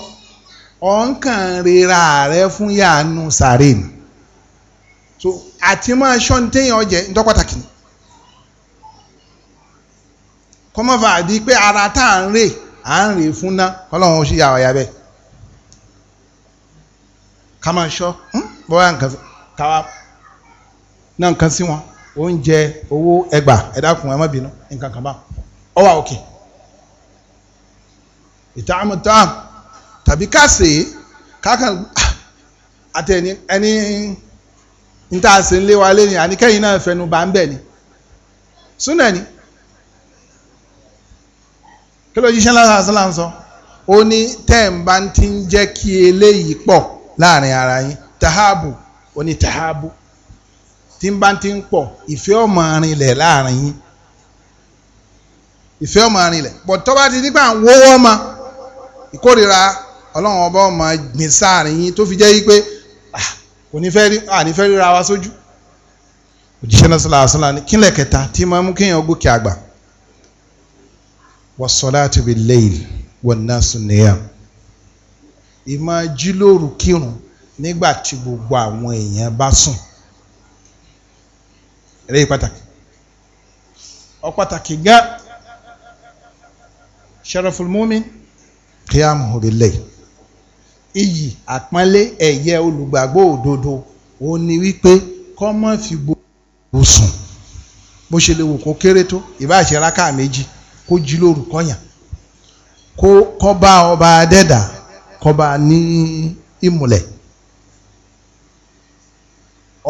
ọ̀nkàn rira rẹ fún yàánú sàrè so àti máa ṣọ́n téèyàn jẹ ń tọ́ pàtàkì ni kọ́mọ́fà àdí pé ara tá à ń rè à ń rè fún ná kọ́lọ́run ó ṣì yà ọ̀yà bẹ́ẹ̀ ká máa ṣọ́. Hmm? bóyá nǹkan káwa náà nǹkan sí wọn oúnjẹ owó ẹgbà ẹ̀dákun ẹ má bínú nǹkan kan bá ọ wà òkè ìtààmú tààmù tàbí ká kákan ah! àti ẹni ẹni níta ṣe ń wa lé ni àníkẹ́yìn náà fẹnu bá ń bẹ̀ ni súnà ni kí ló jíṣẹ́ lára àṣọ là ń sọ ó ní tẹ́ ń bá ti ń jẹ́ kí eléyìí pọ̀ láàrin ara yín tahabu oni tahabu tí n bá ti ń pọ̀ ìfẹ́ ọmọ rinlẹ̀ láàrin yín ìfẹ́ ọmọ rinlẹ̀ bọ̀ tó ti nípa wọ́wọ́ ma ìkórira ọlọ́run ọba ọmọ gbìn sáàrin yín tó fi jẹ́ yí pé kò ní fẹ́ rí àní fẹ́ ríra wa sójú òjíṣẹ́ náà sọlá àṣọlá ní kílẹ̀ kẹta tí máa mú kéèyàn gòkè àgbà wassalatu bil layl wan nasu niyam ìmọ̀ jílòrù kírun nígbà tí gbogbo àwọn èèyàn bá sùn eléyìí pàtàkì ọ pàtàkì gá sharaful mumin qiyamuhu bil layl iyì àpọ́nlé ẹ̀yẹ olùgbàgbọ́ òdodo ó ní wípé kọ́ mọ́ fi gbogbo sùn bó ṣe lè wò kó kéré tó ìbáà ṣe méjì kó jí lóru kọ́yàn kó kọ́ bá ọba adẹ́dà kọ́ bá ní ìmùlẹ̀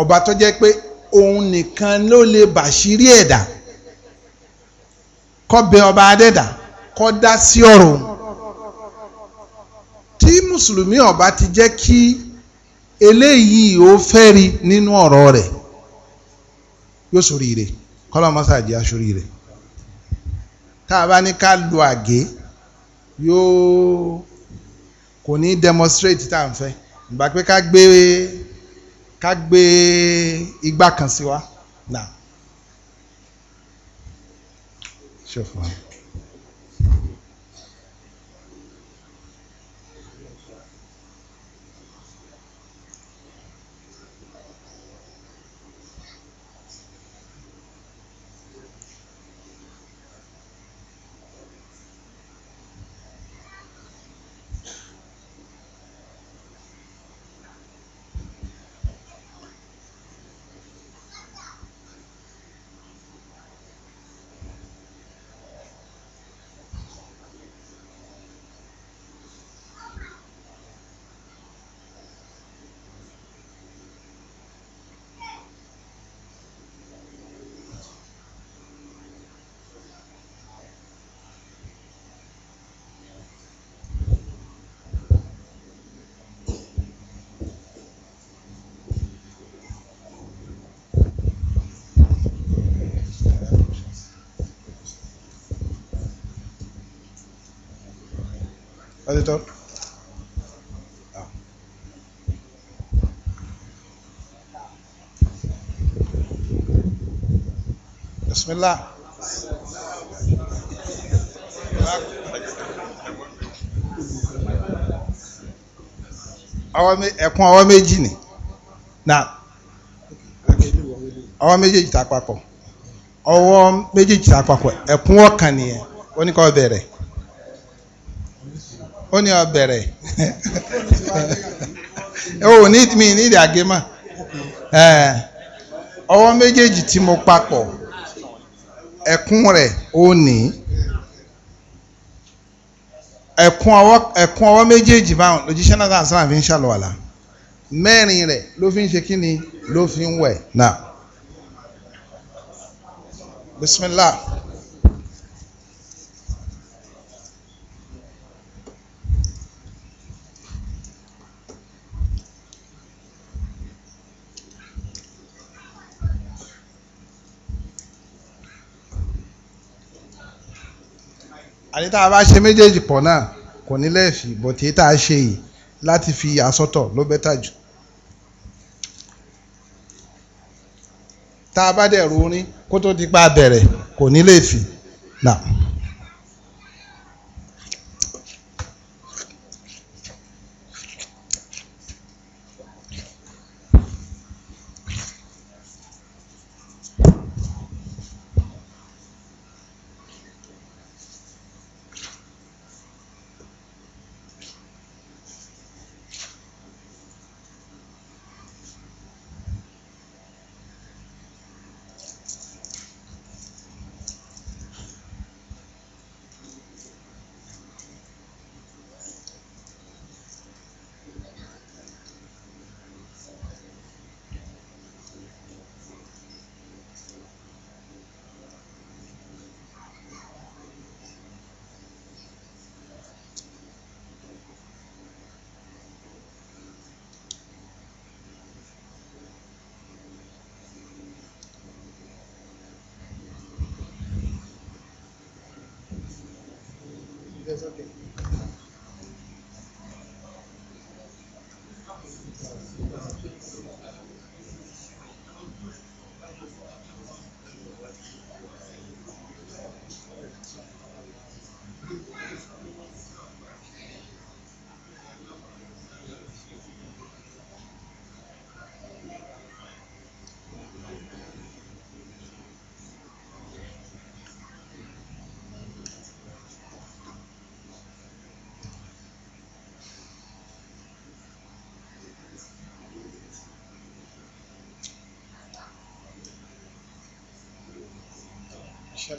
ọba tó jẹ́ pé òun nìkan ló lè bàṣírí ẹ̀dá kó bẹ ọba adẹ́dà kó dá sí ọ̀rọ̀ tí mùsùlùmí ọba ti jẹ́ kí eléyìí ó fẹ́ri nínú ọ̀rọ̀ rẹ̀ yóò ṣoríire kọ́lá mọ́sáàjì aṣoríire tá a bá ní ká lu àgé yóò kò ní demonstrate tá à ń fẹ́ ìgbà pé ká gbé ká gbé igbá kan sí wa náà. Sure. ó ti tán. bisimilá. ẹ̀kún ọwọ́ méjì ni na ọwọ́ méjèèjì ta papọ̀ ọwọ́ méjèèjì ta papọ̀ ẹ̀kún ọ̀kan nìyẹn ó ní kó bẹ̀rẹ̀ ó ní ọbẹ̀rẹ̀ o oh, need me need agema eh, ọwọ́ méjèèjì tí mo papọ̀ ẹ̀kún rẹ̀ ó ní ẹ̀kún ọwọ́ méjèèjì báwọn lójíṣẹ́ náà sáà fi ń ṣàlùwàlà mẹ́rin rẹ̀ ló fi ń ṣe kí ni ló fi ń wẹ̀ náà bismillah. àti tá a bá ṣe méjèèjì pọ̀ náà kò ní lẹ́ẹ̀fì bọ̀tí tá a ṣe yìí láti fi àsọtọ̀ ló bẹ́tà jù. tá a bá dẹ̀ ro orin kó tó di pa bẹ̀rẹ̀ kò ní lẹ́ẹ̀fì náà.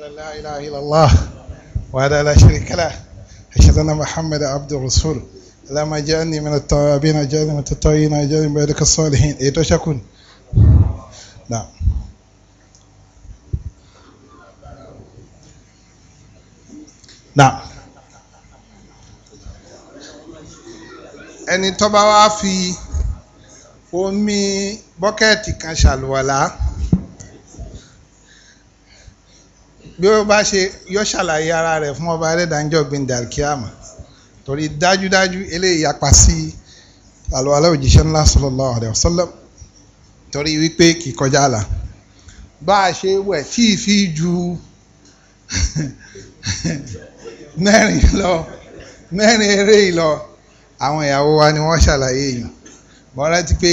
أن لا إله إلا الله وهذا لا شريك له أشهد أن محمد عبد الرسول لما جاءني من التوابين جاءني من التوابين جاءني من عبادك الصالحين إيه تشكون نعم نعم ẹni tó bá wá fi omi bọ́kẹ́ẹ̀tì kan ṣàlùwàlá. bí ó bá ṣe yọ ṣàlàyé ara rẹ̀ fún ọba ẹlẹ́dàájọ́ gbendal kíámà torí dájúdájú eléyìí yapa sí àlùwàlá òjíṣẹ́ ńlá sallallahu alaihi wasallam torí wípé kì í kọjá àlà bá a ṣe wẹ̀ tí ì fi ju mẹ́rin lọ mẹ́rin eré yìí lọ àwọn ìyàwó wa ni wọ́n ṣàlàyé yìí mọ́ra ti pé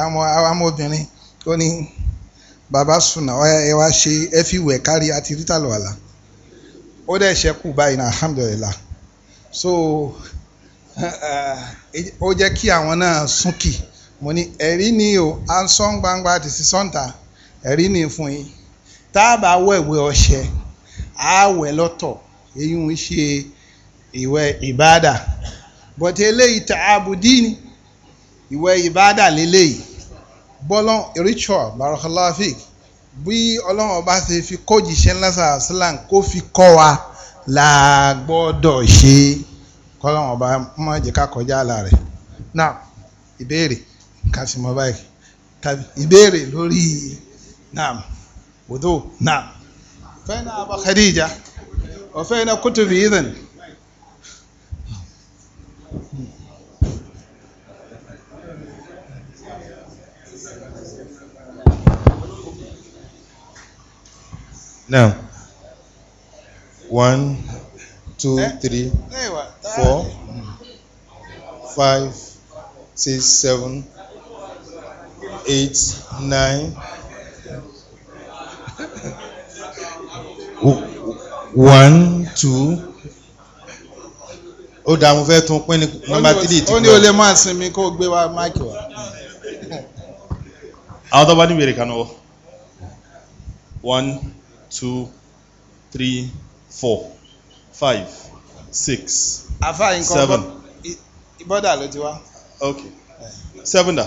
àwọn ọmọbìnrin ó ní bàbá sùnà ọ̀yà ẹ wá ṣe ẹ fi wẹ̀ kárí àti rítà lọ́wọ́ la ó dẹ̀ ṣẹ́kù báyìí náà alhamdulillah so ó jẹ́ kí àwọn náà súnkì mo ní ẹ̀rí ni o à ń sọ́n gbangba àti sísọ́ǹta ẹ̀rí ni fún yín tá a bá wẹ̀wẹ̀ ọṣẹ àwẹ̀ lọ́tọ̀ èyí ń ṣe ìwẹ̀ ìbáàdà bọ̀tẹ́ eléyìí tààbùdí ìwẹ̀ ìbáàdà lélẹ́yìí bọ́lọ́n ritual barakalafik bí ọlọ́run ọba ṣe fi kójìṣẹ́ lásà islam kó fi kọ́ wa la gbọ́dọ̀ ṣe kọ́lọ́run ọba má jẹ́ ká kọjá àlà rẹ̀ now ìbéèrè kásìmọ́ báyìí tàbí ìbéèrè lórí naam wudu naam fẹ́ na abakadija ọ̀fẹ́ na kutubi idan. now one two eh? three four five six seven eight nine one two ó dáa mo fẹ́ tún pín ní nọ́mbà three ti kú. ó ní o lè máa sinmi kó o gbé wa máìkì wa. àwọn tó bá ní ìbéèrè kan náà one two three four five six seven. ìbọ́dà ló ti wá. ok seven da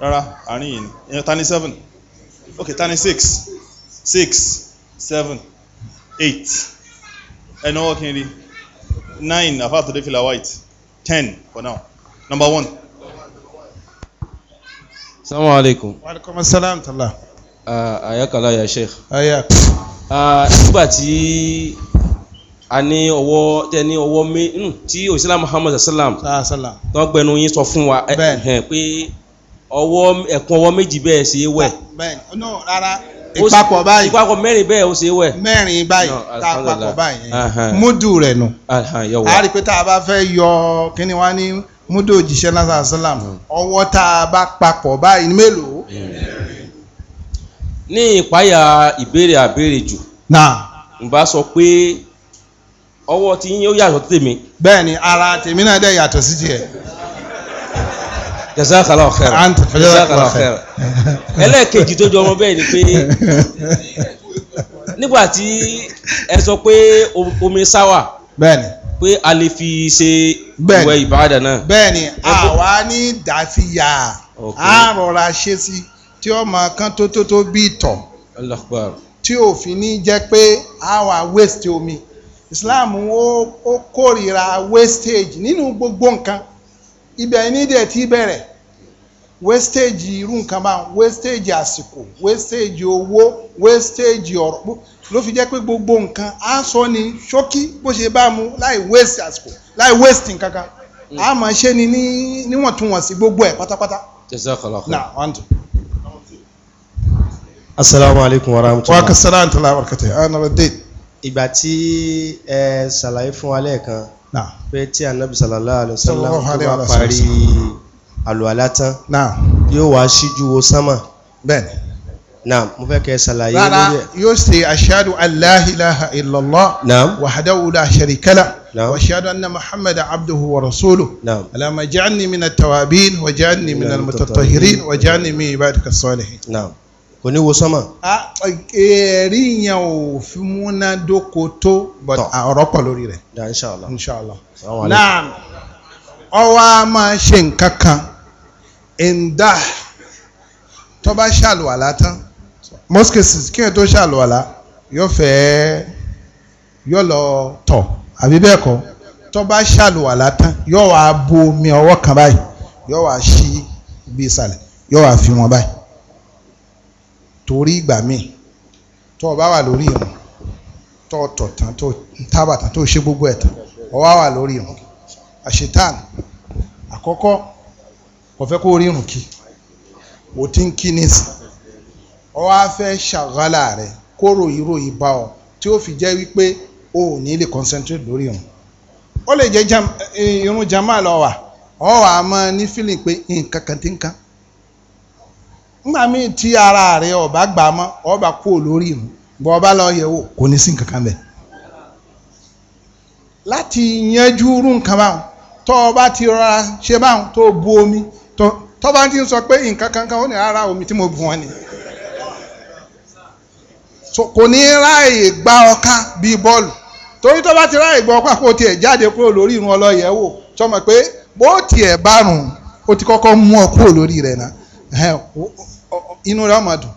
rárá àárín yìí ni ta seven Okay, ta six six seven eight ẹnu ọwọ́ kí n rí nine afa àtọ́dé fìlà white ten for now number one. salaamaleykum. wa alaykum Ah, ayakala ya sheikh. ayak. Ah, nígbà tí a ní ọwọ́ tẹ ní ọwọ́ mi tí òsínlá muhammad salam tó gbẹnu yín sọ fún wa pé ọwọ́ ẹ̀kún ọwọ́ méjì bẹ́ẹ̀ ṣe é wẹ̀. bẹ́ẹ̀ no rárá ìpapọ̀ báyìí ìpapọ̀ mẹ́rin bẹ́ẹ̀ ó ṣe é wẹ̀. mẹ́rin báyìí tá a papọ̀ báyìí múdù rẹ̀ nù. a rí i pé tá a bá fẹ́ yọ kíni wá ní múdù òjíṣẹ́ náà sàlám hmm. ọwọ́ tá a bá papọ̀ báyìí mélòó. ní ìpáyà ìbéèrè àbéèrè jù. n bá sọ pé ọwọ́ tí yín ó yàtọ̀ bẹ́ẹ̀ni ara tèmi náà dẹ̀ yàtọ̀ sí tiẹ̀. jazakallah khairan jazakallah khairan ẹlẹ́ẹ̀kejì tó jọ ọmọ bẹ́ẹ̀ ni pé nígbà tí ẹ sọ pé omi sáwà. bẹ́ẹ̀ni pé a lè fi ṣe ìwẹ̀ ìbáradà náà. bẹ́ẹ̀ni àwa ní Dafiya a rọra ṣe tí ó máa kán tó tó tó bí ìtọ̀ tí òfin ní jẹ́ pé a wà waste omi Islam ó kórìíra wastage nínú gbogbo nǹkan ibẹ̀ ní dẹ̀ ti bẹ̀rẹ̀ wastage irú nǹkan bá wastage àsìkò wastage owó wastage ọ̀rọ̀ ló fi jẹ́ pé gbogbo nǹkan á sọ ní ṣókí bó ṣe bá mu láì waste àsìkò láì waste nǹkan kan mm. a máa ṣe ni níwọ̀ntúnwọ̀nsì gbogbo ẹ̀ pátápátá. jẹ́sẹ̀ kọ̀lọ́kọ̀. na one two asalaamualeykum wa rahmatulah. wa kasalaam tala barakate ana ah, radeed. ìgbà tí ẹ ṣàlàyé fún wa lẹ́ẹ̀kan pé tí anabi sallallahu alayhi wa sallam tó bá parí àlùwàlá tán yóò wá síjú wo sánmà. bẹ́ẹ̀ni. naam mo fẹ́ kẹ́ ṣàlàyé lórí ẹ̀. rárá yóò ṣe ashadu allah ilaha illallah wahadahu la sharikala. نعم واشهد ان محمد عبده ورسوله نعم اللهم اجعلني من التوابين واجعلني من المتطهرين واجعلني من عبادك الصالحين نعم kò ní wo sánmà. ẹ̀rí yẹn ò fi múná dóko tó but ọ̀rọ̀ pọ̀ lórí rẹ̀. ya inshallah. inshallah. ọwọ́ a máa ṣe nǹkan kan ẹ̀ńdà tó bá ṣàlùwàlá tán most cases kí ẹ tó ṣàlùwàlá yóò fẹ́ yóò lọ tọ̀ àbí bẹ́ẹ̀ kọ́ tó bá ṣàlùwàlá tán yóò wá bu omi ọwọ́ kan báyìí yóò wá ṣí ibi ìsàlẹ̀ yóò wá fi wọn báyìí. torí ìgbà tó o bá wà lórí ìrun tó o tọ̀ tán tó o tábà tán tó o ṣe gbogbo ẹ̀ tán o wá wà lórí ìrun àṣetán àkọ́kọ́ kò kó o rí ìrun ti o wá fẹ́ ṣàgálà rẹ kó ròyìn ròyìn ọ tí o fi jẹ́ wípé o ò ní lè concentrate lórí lè jẹ́ irun máa ní feeling pé nǹkan nígbà míì tí ara rẹ ọba gbà mọ́ ọba kú lórí ìrun bọ́ ọba lọ yẹ̀wò kò ní sí nǹkan kan bẹ́ẹ̀. láti yanjú irú nǹkan báwọn tó ọba ti rọra ṣe báwọn tó bu omi tó bá ti ń sọ pé nǹkan kankan ó ní ara omi tí mo bu wọn ni. kò ní ráàyè gbá ọká bíi bọ́ọ̀lù torí tó bá ti ráàyè gbá ọká kó tiẹ̀ jáde kúrò lórí ìrun ọlọ́yẹ̀wò sọmọ pé bó tiẹ̀ bá rùn ó ti kọ́kọ́ mú ọ kúrò lórí rẹ̀ náà inú rẹ̀ ọmọ dùn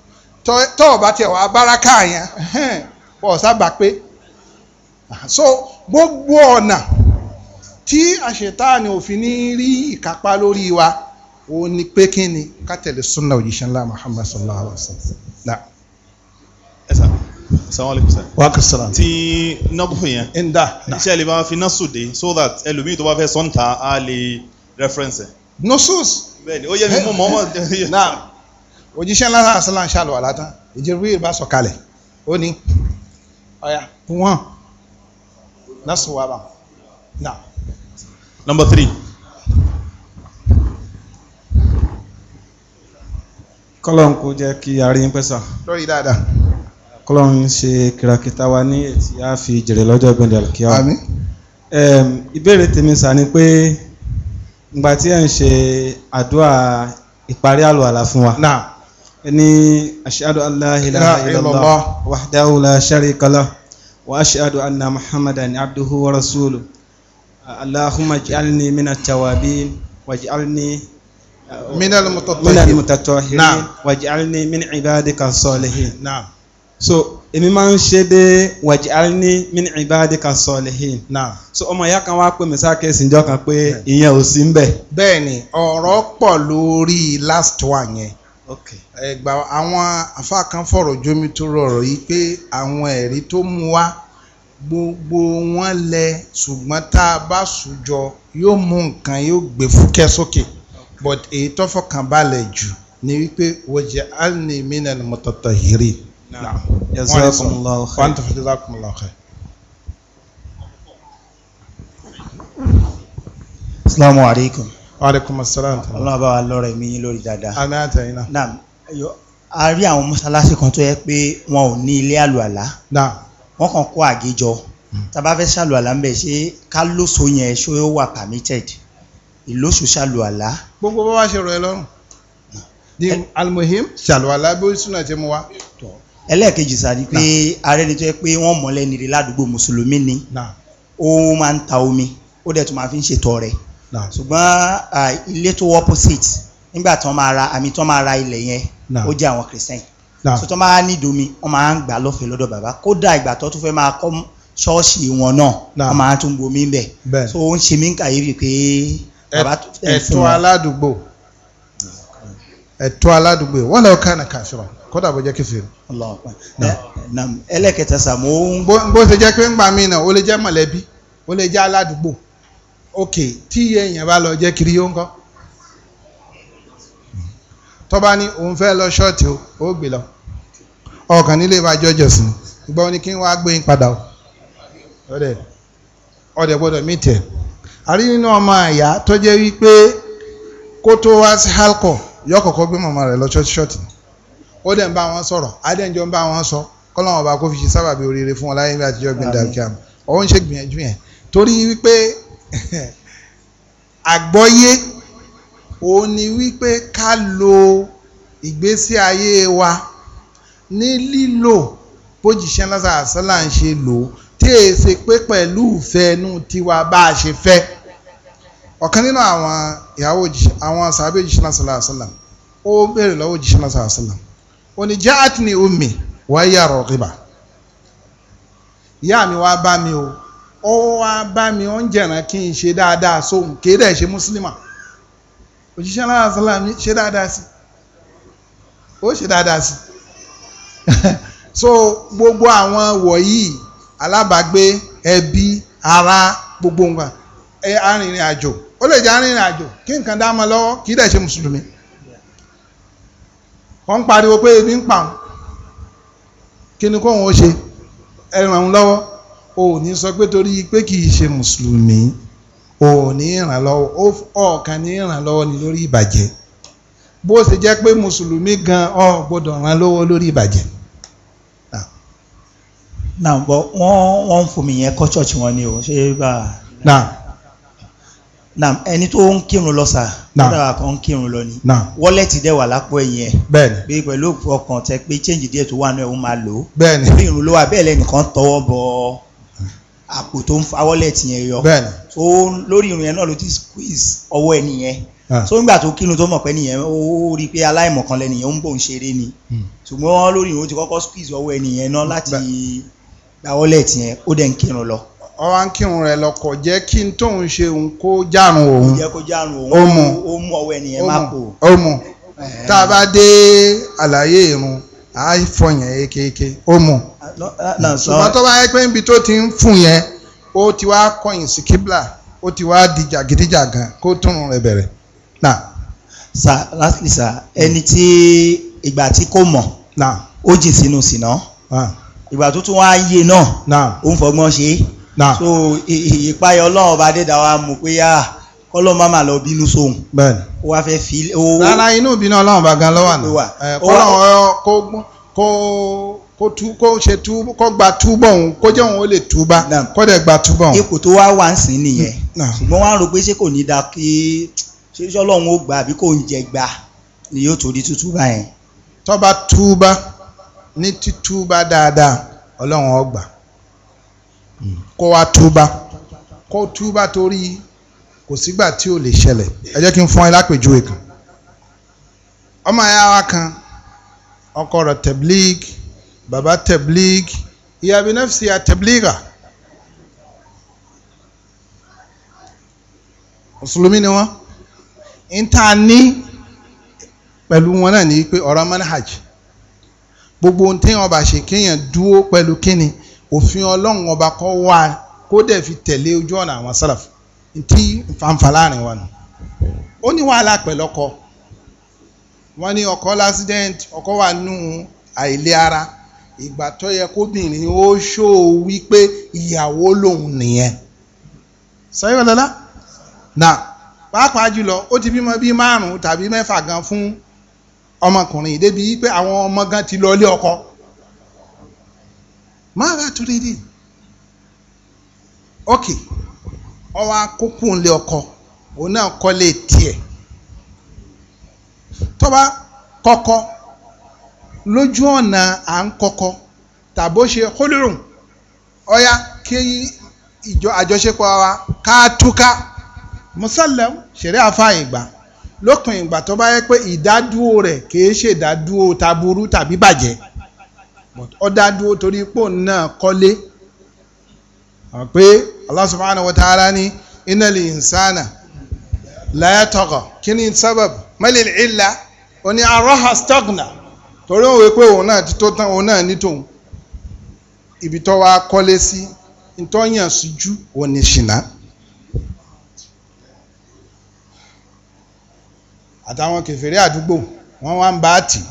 tọ́ ọba tiẹ̀ wá báraka yẹn ọ̀sábà pé so gbogbo ọ̀nà tí àṣetáàni òfin ní rí ìkápá lórí wa ó ní pé kí ni ká tẹ̀lé sunna òjíṣẹ́ ńlá Muhammad sallallahu alaihi wa sallam. ẹ sà sàmúlẹ̀kùn sà. wà á kà sàrà. ti nọ́bù yẹn. ń dà. iṣẹ́ ìlú bá fi nọ́ọ̀sù dé so that ẹlòmíì tó bá fẹ́ sọ́ǹtà á lè rẹ́fẹ́rẹ́nsì. nọ́sùs bẹ́ẹ̀ni ó yẹ mi mú mọ́mọ́. náà òjíṣẹ́ ńlá àṣàlà ń ṣàlùwà látàn ìjẹ́rú yìí bá sọ̀ kalẹ̀ ó ní ọ̀yà wọ́n lásùwàrà náà. number three. kọ́lọ́n kò jẹ́ kí a rí pẹ́sà. lórí dáadáa. kọ́lọ́n ṣe kìràkìtà wa ní ètí a fi jèrè lọ́jọ́ gbẹ̀dẹ̀ kíá. àmín. ìbéèrè tèmi sà ni pé ìgbà tí ẹ̀ ń ṣe àdúrà ìparí àlùwàlà fún wa. náà ní ashadu an la ilaha illallah wahdahu la sharika lah wa ashadu anna muhammadan abduhu wa rasuluh allahumma ij'alni min at-tawabin waj'alni min al-mutatahhirin waj'alni min ibadika as-salihin. náà. so èmi máa ń ṣe dé waj'alni min ibadika salihin náà so ọmọ ìyá kan wá pè mí sákèsì ìjọ kan pé ìyẹn ò sí ń bẹ̀. bẹ́ẹ̀ni pọ lórí last one yẹn ẹgbà àwọn afa kan fọ̀rọ̀ jomi tó rọrọ yìí pé àwọn ẹ̀rí tó mú wá gbogbo wọn lẹ ṣùgbọ́n tá a bá sùjọ yóò mú nǹkan yóò gbé fúkẹ́ sókè but èyí tó fọkàn balẹ̀ jù ni wípé waj'alni minal mutatahhirin. Naam. Jazakumullahu khair. Wonderful. Jazakumullahu khair. Assalamu alaikum. Wa alaikum assalam. Ọlọ́run bá wa lọ́rọ̀ mi lórí dáadáa. Àmì àtẹ̀yìn náà. Naam. A rí àwọn mọ́sálásí kan tó yẹ pé wọn ò ní ilé àlùalá. Naam. Wọ́n kàn kó àgé jọ. Hmm. Tàbá fẹ́ ṣàlùalá ń bẹ̀ ṣé ká lóso yẹn ṣó wà permitted? Ìlóso ṣàlùalá. Gbogbo bá wá ṣe rọ̀ ẹ lọ́rùn. Di hmm. eh. almuhim ṣàlùalá bí ó sùn náà wa. Tọ́ ẹlẹ́ẹ̀kejì sàdí pé ààrẹ ni tó yẹ pé wọ́n mọ̀lẹ́ nìrè ládùúgbò mùsùlùmí ni ó máa ń ta omi ó dẹ̀ tún máa fi ń ṣètò ọrẹ ṣùgbọ́n ilé tó opposite nígbà tí wọ́n máa ra àmì tí wọ́n máa ra ilẹ̀ yẹn ó jẹ́ àwọn christian so tó máa nídìí omi wọ́n máa ń gbà lọ́fẹ̀ẹ́ lọ́dọ̀ bàbá kódà ìgbà tó tún fẹ́ máa kọ́ ṣọ́ọ̀ṣì wọn náà wọ́n máa tún bomi bẹ̀ so ń ṣe mí kàyéfì pé bàbá tó fẹ́ fún wọn. ẹ̀tọ́ aládùúgbò ẹ̀tọ́ aládùúgbò wọ́n lọ kánà kàṣọ́rọ̀ kódà bó jẹ́ kèfèrí. Eh, ẹlẹ́kẹta sàmó. bó ṣe jẹ́ pé ńgbà mí náà ó lè jẹ́ mọ̀lẹ́bí ó lè jẹ́ aládùúgbò ok tí èèyàn bá lọ jẹ́ kiri yóò ń kọ́ tọ́ba ní òun fẹ́ lọ ṣọ́ọ̀tì ó gbé lọ ọkàn nílé bá jọjọ sí ìgbà ni kí n wá gbé yín padà o ọdẹ ọdẹ gbọ́dọ̀ mí tẹ àrí nínú ọmọ àyà tó jẹ́ wípé kó tó wá sí halkọ yọ gbé màmá rẹ̀ lọ ṣọ́ọ̀tì ṣọ́ọ̀tì ni ó dẹ̀ ń bá wọn sọ̀rọ̀ á dẹ̀ ń jọ ń bá wọn sọ kọ́lọ́wọ́n ọba kó fi ṣe sábàbí oríire fún wọn láyé bí àtijọ́ gbìndàkíam ọ̀hún ń ṣe gbìyànjú yẹn torí wípé àgbọ́yé òun ni wípé ká lo ìgbésí ayé wa ní lílò bójìṣẹ́ lásà àsálà ń ṣe lò ó tí èé ṣe pé pẹ̀lú ìfẹ́ tiwa bá a ṣe fẹ́ ọ̀kan nínú àwọn ìyàwó àwọn sàbẹ̀ òjìṣẹ́ ó béèrè lọ́wọ́ òjìṣẹ́ lásà oníjà àtìní omi wàá yà rọ̀gìbà ìyá mi wàá bá mi o ó wàá bá mi ó ń jẹ̀ràn kí n ṣe dáadáa sóhun kéde ṣe mùsùlùmá òjíṣẹ́ náà sálàmì ṣe dáadáa sí ó ṣe dáadáa sí so gbogbo àwọn wọ̀nyí alábàágbé ẹbí ará gbogbo nǹkan arìnrìn àjò ó lè jẹ́ arìnrìn àjò kí nǹkan dá mọ́ lọ́wọ́ kì í dẹ̀ ṣe wọ́n ń pariwo pé ebi ń pa òun kí ni kóun ó ṣe ẹ ràn òun lọ́wọ́ o ò ní sọ pé torí pé kì í ṣe mùsùlùmí o ò ní ràn lọ́wọ́ ọ̀ọ̀kan ní ràn lọ́wọ́ ni lórí ìbàjẹ́ bó ṣe jẹ́ pé mùsùlùmí gan ò gbọ́dọ̀ ràn lọ́wọ́ lórí ìbàjẹ́. Ah. náà bọ́ wọ́n wọ́n ń fòmìyàn kọ́ ṣọ́ọ̀ṣì wọn ni o ṣé bá a. náà. naam ẹni tó ń kírun lọ sà kódà kan ń kírun lọ ni wọ́lẹ̀tì dẹ̀ wà lápò ẹ̀yìn ẹ̀ bẹ́ẹ̀ni bí pẹ̀lú ọkàn tẹ pé change díẹ̀ tó wà náà ó máa lò ó bẹ́ẹ̀ni bí irun ló wà bẹ́ẹ̀ lẹ́nìkan tọwọ́ bọ àpò tó ń fa wọ́lẹ̀tì yẹn yọ bẹ́ẹ̀ni tó lórí irun yẹn náà ló ti squeeze ọwọ́ ẹ̀ nìyẹn ah. so nígbà tó kírun tó mọ̀ pé nìyẹn ó rí i pé aláìmọ̀kan lẹ́nìyẹn ó ń bò ń ni hmm. ṣùgbọ́n lórí irun ó ti kọ́kọ́ squeeze ọwọ́ ẹ̀ nìyẹn náà láti gba wọ́lẹ̀tì yẹn ọwọ́ ń kírun rẹ̀ lọ kò jẹ́ kí n tóun ṣe òun kó járun òun ó mú ó mú ọwọ́ ẹnìyẹn má kó ó mú tá a bá dé àlàyé irun á fọ yẹn kéékèèké ó mú ṣùgbọ́n tó bá yẹ pé níbi tó ti ń fún yẹn ó ti wá kọyìn sí kíbla ó ti wá di jàgídíjàgan kó túnrun rẹ̀ bẹ̀rẹ̀ náà. sa lastly sa ẹni tí ìgbà tí kò mọ̀ ó jìn sínú sínú ìgbà tó tún wá yé náà ó ń fọgbọ́n ṣe é so ìpayọ Ọlọ́run ọba adéda wa mú pé yá ah, Ọlọ́run má má lọ bínú sóhun ó wá fẹ́ fi owó. rárá inú ìbínú Ọlọ́run ọba gan lọ́wọ́ àná Ọlọ́run kó kó kó tú kó ṣe tú kó gba túbọ̀ òun kó jẹ́ òun ó lè túbá kó dẹ̀ gba túbọ̀ òun. ipò tó wá wà ń sìn nìyẹn ṣùgbọ́n wọ́n á rò pé ṣé kò ní da kí ṣé Ọlọ́run ó gbà àbí kò ń jẹ gbà ni yóò torí tútúbà yẹn. tó túbá ní títúbá dáadáa Ọlọ́run ó kó wá túbá kó túbá torí kò sígbà tí ò lè ṣẹlẹ̀ ẹ jẹ́ kí n fún ẹ lápèjúwe kan ọmọ ẹ̀yà wa kan ọkọ rẹ̀ tẹ̀blíg bàbá tẹ̀blíg ìyàbí nẹ́fìsì ya tẹ̀blígà mùsùlùmí ni wọ́n níta ní pẹ̀lú wọn náà ní pé ọ̀rọ̀ manhaj gbogbo ohun tí wọn bá ṣe kéèyàn dúró pẹ̀lú kíni òfin ọlọ́run ọba kọ́ wá kó dẹ̀ fi tẹ̀lé ojú ọ̀nà àwọn sálàf tí nfànfà láàrin wa nù. ó ní wàhálà pẹ̀lú ọkọ wọ́n ní ọkọ l'accident ọkọ wà nù àìlé ara ìgbà tó yẹ kóbìnrin ó ṣó o wípé ìyàwó lòun nìyẹn. sọ́yìn ọ̀lọ́lá nà pàápàá jùlọ ó ti bímọ bíi márùn-ún tàbí mẹ́fà gan fún ọmọkùnrin débi pé àwọn ọmọ gan ti lọ ilé ọkọ. mara turidi ok ọwọ akókò ńlẹ ọkọ òun náà kọ́lé tiẹ̀ tọ́ba kọ́kọ́ lójú ọ̀nà à ń kọ́kọ́ tàbó ṣe kólórùn ọ̀ya kí ìjọ àjọṣepọ̀ wa ká túká mùsàlẹ̀ ṣẹ̀rí àfààyè gbà lópin ìgbà tó bá yẹ pé ìdádúró rẹ̀ kì ṣe ìdádúró taburú tàbí bàjẹ́ ó dá dúró torí pò náà kọ́lé pé Allah subhanahu wa ta'ala ni innal insana la yatagha kí ni sábàb malil illa ó ní araha stagna torí òun pé òun náà ti tán òun náà ní tòun ibi tó wá kọ́lé sí ntọ́yàn síjú òun ní ṣìnà. àtàwọn kẹfẹ́rẹ́ àdúgbò wọ́n wá ń bá tì í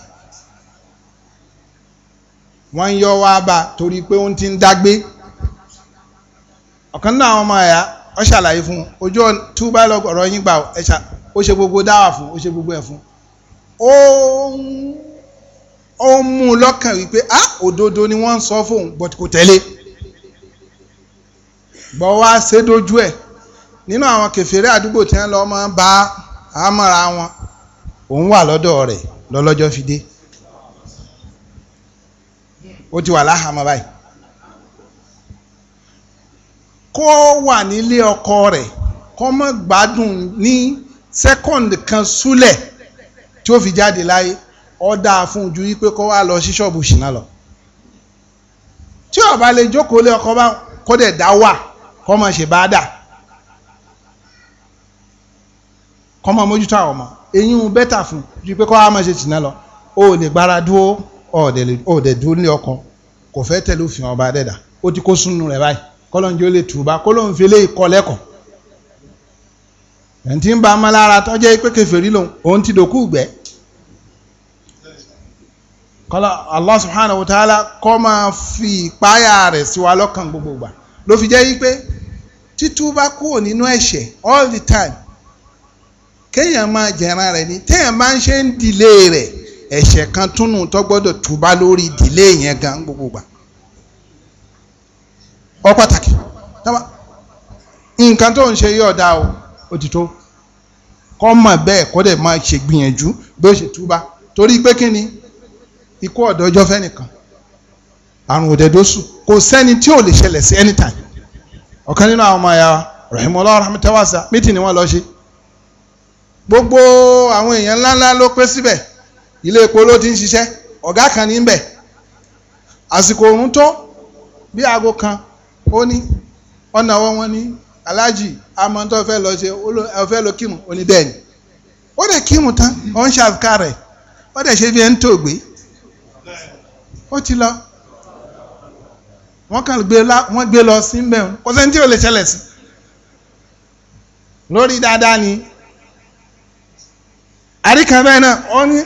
wọ́n ń yọ wá bá torí pé ó ti ń dágbé ọ̀kan náà àwọn ọmọ ẹ̀yà ọ ṣàlàyé fún un ojú túbá lọ́rọ̀ yín gbà ẹ̀ṣà ó ṣe gbogbo dáwà fún ó ṣe gbogbo ẹ̀ fún ó ń mú un lọ́kàn wípé á òdodo ni wọ́n ń sọ fóun but kò tẹ̀lé bọ́ wá ṣe dojú ẹ̀ nínú àwọn kẹfẹ́rẹ́ àdúgbò tí wọ́n lọ́ máa ń bá àmọ́ra wọn òun wà lọ́dọ̀ rẹ̀ lọ́lọ́jọ́ fi dé ó ti wà láhàámọ́ báyìí kó wà nílé ọkọ rẹ̀ kó má gbádùn ní sẹ́kọ̀ǹdì kan súlẹ̀ tí ó fi jáde láyé ó dáa fún ojú wípé kó wá lọ sí ṣọ́ọ̀bù ṣìnà lọ tí ó bá lè jókòó lé ọkọ bá kó dẹ̀ dá wà kó má ṣe bá dà kó má mójútó àwọn ọmọ eyín bẹ́tà fún ju pé kó wá má ṣe ṣìnà lọ o ò lè gbára dúró ọ̀ọ́dẹ̀ dúró ní ọkàn kò fẹ́ tẹ̀lé òfin ọba dẹ́dà ó ti kó sunu rẹ̀ báyìí kọ́lọ́n jó lè tùbá kọ́lọ́n fi lè kọ́ lẹ́kọ̀ọ́ ẹ̀ǹtí ń ba amálára tọ́jẹ́ pé kèfèrí lòun òun ti dòkú gbẹ́ kọ́lá Allah subhanahu wa ta'ala kọ́ máa fi ìpáyà rẹ̀ sí wa lọ́kàn gbogbo gbà ló fi jẹ́ yí pé títúbá kúrò nínú ẹ̀ṣẹ̀ all the time kéèyàn máa jẹ̀ran rẹ̀ ni téèyàn máa ń ṣe ń dìlé rẹ̀ ẹ̀ṣẹ̀ kan túnú tó gbọ́dọ̀ túbá lórí ìdílé yẹn gan gbogbo gbà ọ pàtàkì nǹkan tó ń ṣe yí ọ̀dà o òtítọ́ kọ́ mọ̀ bẹ́ẹ̀ kó dẹ̀ máa ṣe gbìyànjú bí ó ṣe túbá torí pé kí ni ikú ọ̀dọ́ ọjọ́ fẹ́ nìkan àrùn òdẹ̀dọ́sù kò sẹ́ni tí ò lè ṣẹlẹ̀ sí anytime ọ̀kan nínú àwọn ọmọ ẹ̀yà rahimahullah rahmatawasa mítì ni wọ́n lọ ṣe gbogbo àwọn èèyàn ńláńlá ló pé síbẹ̀ ilé epo ló ti ń ṣiṣẹ́ ọ̀gá kan ní bẹ̀ àsìkò òun tó bí aago kan ó ní ọ̀nà wọn wọn ní aláàjì amọ̀ntọ́ fẹ́ lọ ṣe ọ̀fẹ́ lọ kírun oníbẹ̀ẹ́ni ó dẹ̀ kírun tán ó ń ṣàfikà rẹ̀ ó dẹ̀ ṣe bí ẹ ń tògbé ó ti lọ wọ́n kàn gbé lọ wọ́n gbé lọ kò sẹ́ni tí ò lè ṣẹlẹ̀ sí lórí dáadáa ni àríkàn bẹ́ẹ̀ náà ó ní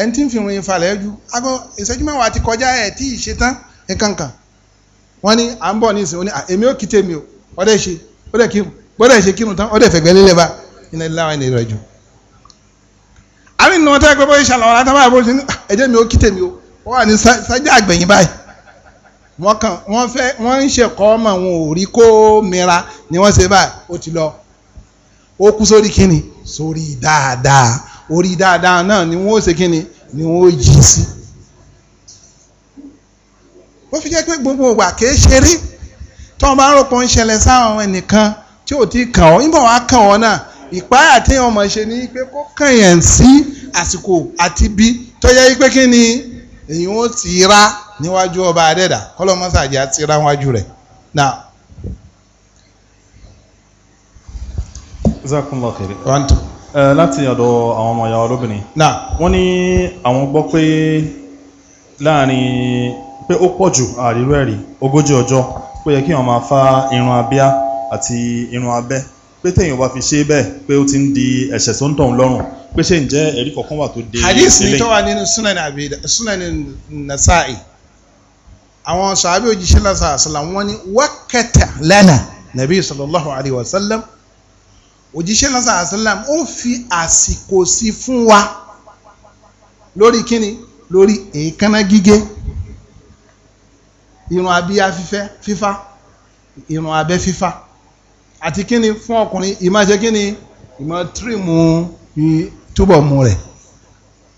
ẹ̀ ń tí ń fi rìn falẹ̀ ju agbọ ìṣẹ́jú mẹ́wàá ti kọjá ẹ̀ tí ì ṣe tán nǹkankan wọ́n ní à ń bọ̀ ní ìsìn ó ní èmi ò kí tèmi o ọ̀dẹ̀ ṣe ọ̀dẹ̀ kírun bọ́dẹ̀ ṣe kírun tán ọ̀dẹ̀ fẹ̀gbẹ́ lílẹ̀ bá iná ilé láwọn ènìyàn rẹ̀ jù. àmì ìnáwó tẹ́ pé bóyá ìṣàlọ̀ ọ̀la tábà bó ṣe mi ò kí tèmi o wọ́n wà ní sájà àgbẹ̀yìn báyìí wọ́n kàn orí dáadáa náà ni wọ́n ó ṣe kíni ni wọ́n ó jí sí. ó fi jẹ́ pé gbogbo ìwà kìí ṣe rí tó o bá ń rò pé ó ń ṣẹlẹ̀ sáwọn ẹnìkan tí ò ti kàn ọ́ nígbà wàá kàn ọ́ náà ìpáyà tí wọ́n mọ̀ ṣe ni pé kó kàn yẹn sí àsìkò àti bí tó yẹ pé kí ni èyí ó ti ra níwájú ọba adẹ́dà kọ́lọ́mọ́sàjì àti ra níwájú rẹ̀ náà. zakumọ kiri. one two. Eh, láti ọ̀dọ̀ àwọn ọmọ ìyá olóbìnrin. na wọ́n ní àwọn gbọ́ pé láàrin pé ó pọ̀ jù àrírú ẹ̀rí ogójì ọjọ́ pé yẹ kí wọ́n máa fa irun abíá àti irun abẹ́ pé téèyàn bá fi ṣe bẹ́ẹ̀ pé ó ti ń di ẹ̀ṣẹ̀ tó ń tọ̀ ń lọ́rùn pé ṣé ǹjẹ́ ẹ̀rí kọ̀ọ̀kan wà tó dé ilé. hadith ni tó wà nínú sunan nasa'i sallallahu alayhi wa sallam òjíṣẹ́ lọ́sàn àṣàlám ó fi àsìkò sí fún wa lórí kíni lórí èékánná gígé irun abíyá fífẹ́ fífá irun abẹ́ fífá àti kíni fún ọkùnrin ìmọ̀ ṣe kíni ìmọ̀ tírìmù túbọ̀ mu rẹ̀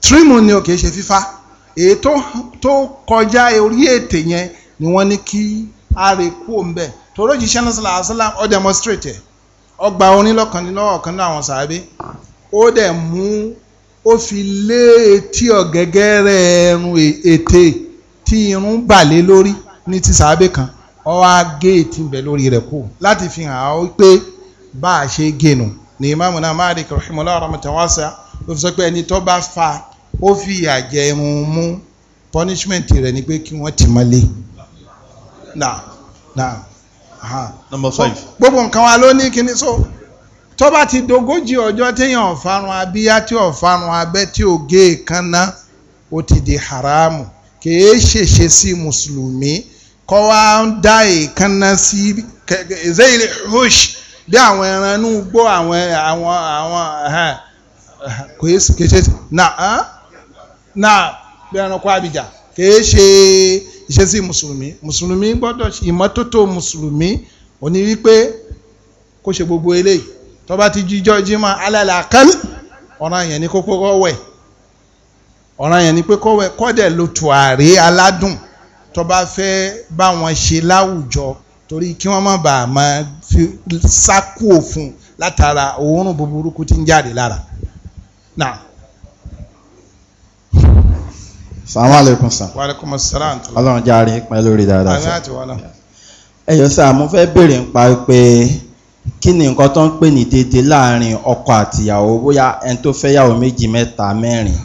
tírìmù ni ò kìí ṣe fífá èyí tó kọjá orí ètè yẹn ni wọ́n ní kí a rè kú òun bẹ́ẹ̀ torí òjíṣẹ́ lọ́sàn àṣàlám ó demonstrate ẹ̀ ọgbà onílọ́kànlélọ́wọ́ kan náà àwọn sàábé ó dẹ̀ mú ó fi lé etí ọ̀gẹ́gẹ́rẹ́ ẹ̀rùn ètè tí irun bà lé lórí ní ti sàábé kan ó wá gé etí ń bẹ lórí rẹ̀ kù láti fi hàn án pé bá a ṣe gènù ní imáàmù náà Malik rahimahullah rahmatan wasa ló fi sọ pé ẹni tó bá fa ó fi ìyà irun mú punishment rẹ̀ ni pé kí wọ́n tì mọ́lé. Now, now. gbogbo nǹkan wa ló ní kíní so tó bá ti dogójì ọjọ́ téèyàn ọ̀farun abíyá tí ọ̀farun abẹ́ tí ò gé ó ti di haramu kìí ṣèṣe sí mùsùlùmí kọ́ wa ń dá èékánná sí hush bí àwọn ẹran inú gbó àwọn àwọn àwọn kìí ṣe na na bí ẹranko abidjan kìí ṣe. ìṣesí mùsùlùmí mùsùlùmí gbọ́dọ̀ ìmọ́tótó mùsùlùmí òní wípé kó ṣe gbogbo eléyìí tó bá ti jíjọ́ jímọ̀ alálà kan ọ̀ràn yẹn ni kókó kọ́wẹ̀ ọ̀ràn yẹn ni pé kọ́wẹ̀ kọ́dẹ̀ lo tùàrí aládùn tó bá fẹ́ bá wọn ṣe láwùjọ torí kí wọ́n má bàa máa fi sákò fún látara òórùn búburú tí ń jáde lára. Now salamu aleykum sa. wa aleykum salaam. ọlọ́run jaari pẹ́ lórí dáadáa sa. àmì àti wàhálà. ẹyọ sá mo fẹ́ béèrè nípa pé kí ni nǹkan tó ń pè ní déédéé láàrin ọkọ àtìyàwó bóyá ẹni tó fẹ́ yàwó méjì mẹ́ta mẹ́rin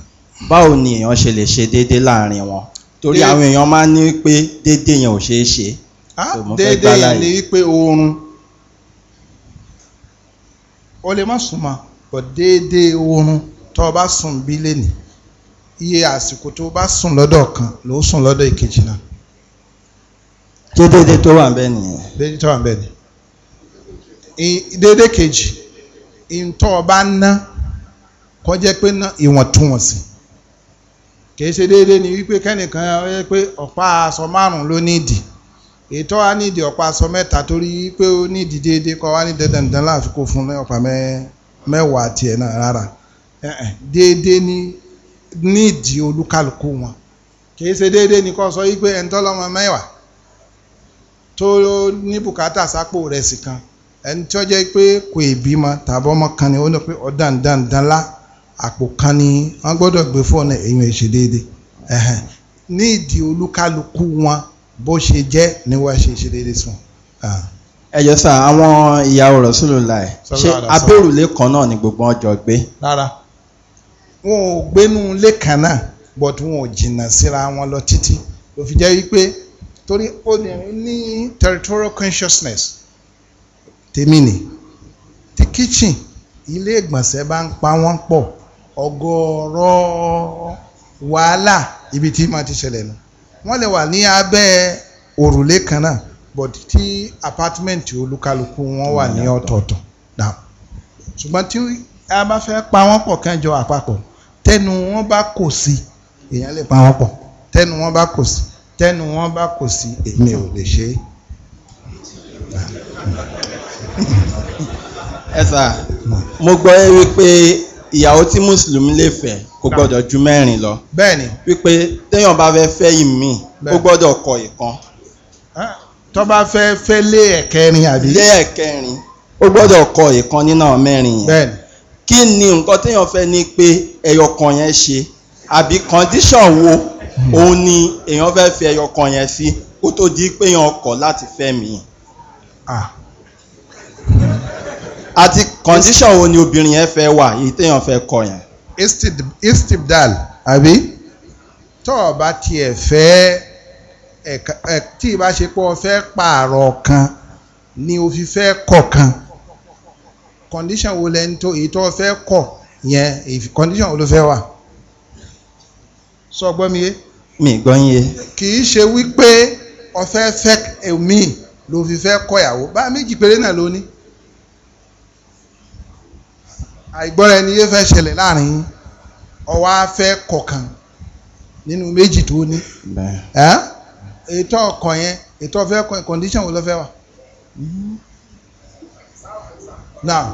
báwo ni èèyàn ṣe lè ṣe déédéé láàrin wọn torí àwọn èèyàn máa ní pé déédéé yẹn ò ṣeé ṣe. déédéé yẹn ni wípé oorun o lè má sùn mọ́ bọ̀ déédéé oorun tó o bá sùn bí lè iye àsìkò tó bá sùn lọ́dọ̀ kan ló sùn lọ́dọ̀ ìkejì náà. ṣé déédéé tó wà bẹ́ẹ̀ nìyẹn. déédéé tó wà bẹ́ẹ̀ ni. déédéé kejì ìtọ́ ọba ná kó pé ná ìwọ̀ntúnwọ̀nsì kìí ṣe déédéé ni wípé kẹ́nìkan ó yẹ pé ọ̀pá aṣọ márùn-ún ló nídìí ètò wa nídìí ọ̀pá aṣọ mẹ́ta torí pé ó nídìí déédéé kọ́ wa ní dandandan láàfikún fún ọ̀pá mẹ́wàá tiẹ̀ náà rárá déédéé ni nídìí olúkálùkù wọn kìí ṣe déédéé ni kò sọ yí pé ẹni tọ́lọ́mọ mẹ́wàá tó ní bùkátà sápò rẹ̀ sì kan ẹni tí ó jẹ́ pé kò ìbímọ tàbọ̀ ọmọ kan ni ó ní pé ọ̀dàn dandanlá àpò kan ni wọ́n gbọ́dọ̀ gbé fóònù èyí ẹ̀ déédéé nídìí olúkálùkù wọn bó ṣe jẹ́ ni wọ́n ṣe ṣe déédéé sùn. Ah. ẹ jọ sá àwọn ìyàwó Rasulullah ṣé abẹ́rùlé kan náà ni gbogbo ọjọ́ gbé. rárá wọn ò gbénú ilé kan náà but wọn ò jìnnà síra wọn lọ títí ló fi jẹ́ wípé torí obìnrin ní territorial consciousness tèmi ni ti kitchen ilé ìgbọ̀nsẹ̀ bá ń pa wọ́n pọ̀ ọ̀gọ̀ọ̀rọ̀ wàhálà ibi tí màá ti ṣẹlẹ̀ nù wọ́n lè wà ní abẹ́ òrùlé kan náà but tí apartment olúkálùkù wọn wà ní ọ̀tọ̀ọ̀tọ̀ ṣùgbọ́n tí a bá fẹ́ pa wọ́n pọ̀ kẹ́jọ àpapọ̀ tẹnu wọn bá kò sí èèyàn lè pa wọn pọ̀ tẹnu wọn bá kò sí tẹnu wọn bá kò sí èmi ò lè ṣe é. ẹ sà mo gbọ́ ẹ wípé ìyàwó tí mùsùlùmí lè fẹ́ kò gbọ́dọ̀ ju mẹ́rin lọ. bẹ́ẹ̀ni. wípé téèyàn bá fẹ́ fẹ́ ìmíì ó gbọ́dọ̀ kọ ìkan. tó bá fẹ́ fẹ́ lé ẹ̀kẹrin àbí. lé ẹ̀kẹrin ó gbọ́dọ̀ kọ ìkan nínú mẹ́rin yẹn. bẹ́ẹ̀ni kí ni nǹkan téèyàn fẹ́ ni pé ẹyọkan yẹn ṣe àbí condition wo hmm. òun ni èèyàn fẹ́ fi ẹyọkan yẹn sí kó tó di pé èèyàn kọ̀ láti fẹ́ mi. àti condition wo ni obìnrin yẹn fẹ́ wà èyí téèyàn fẹ́ kọ̀ yẹn. istibdal àbí tó o bá tiẹ̀ fẹ́ ẹ̀ka tí ì bá ṣe pé o fẹ́ pààrọ̀ kan ni o fi fẹ́ kọ̀ kan condition wo lẹ́ni tó èyí tó fẹ́ kọ̀ yẹn condition wo ló fẹ́ wà. sọ gbọ́ mi yé. mi gbọ́ ń yé. kì í ṣe wípé ọ̀fẹ́ fẹ́ mi ló fi fẹ́ kọ̀yàwó bá méjì péré náà ló ní. àìgbọ́ra ẹni yé fẹ́ ṣẹlẹ̀ láàrin yín ọwọ́ á fẹ́ kọ̀kan nínú méjì tó ní. ètò ọkàn yẹn ètò ọ̀fẹ́ condition wo ló fẹ́ wà. Mm-hmm náà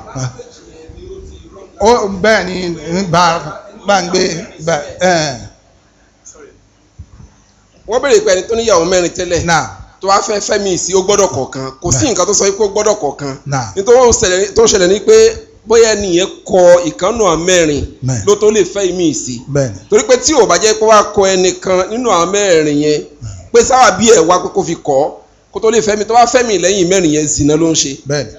ó bẹ́ẹ̀ ni bá ń gbé wọ́n béèrè pé ẹni tó níyàwó mẹ́rin tẹ́lẹ̀ tó wá fẹ́ fẹ́ mi sí ó gbọ́dọ̀ kọ̀ọ̀kan kò sí nǹkan tó sọ pé ó gbọ́dọ̀ kọ̀ọ̀kan nítorí tó ń ṣẹlẹ̀ ni pé bóyá ẹnìyẹn kọ ìkànnù àmẹ́rin ló tó lè fẹ́ mi sí torí pé tí ò bá jẹ́ pé wá kọ ẹnìkan nínú àmẹ́rin yẹn pé sábà bí ẹ̀ wá kó fi kọ́ kó tó lè fẹ́ mi tó wá fẹ́ mi lẹ́yìn mẹ́rin yẹn zìnà ló ń ṣe. bẹ́ẹ̀ni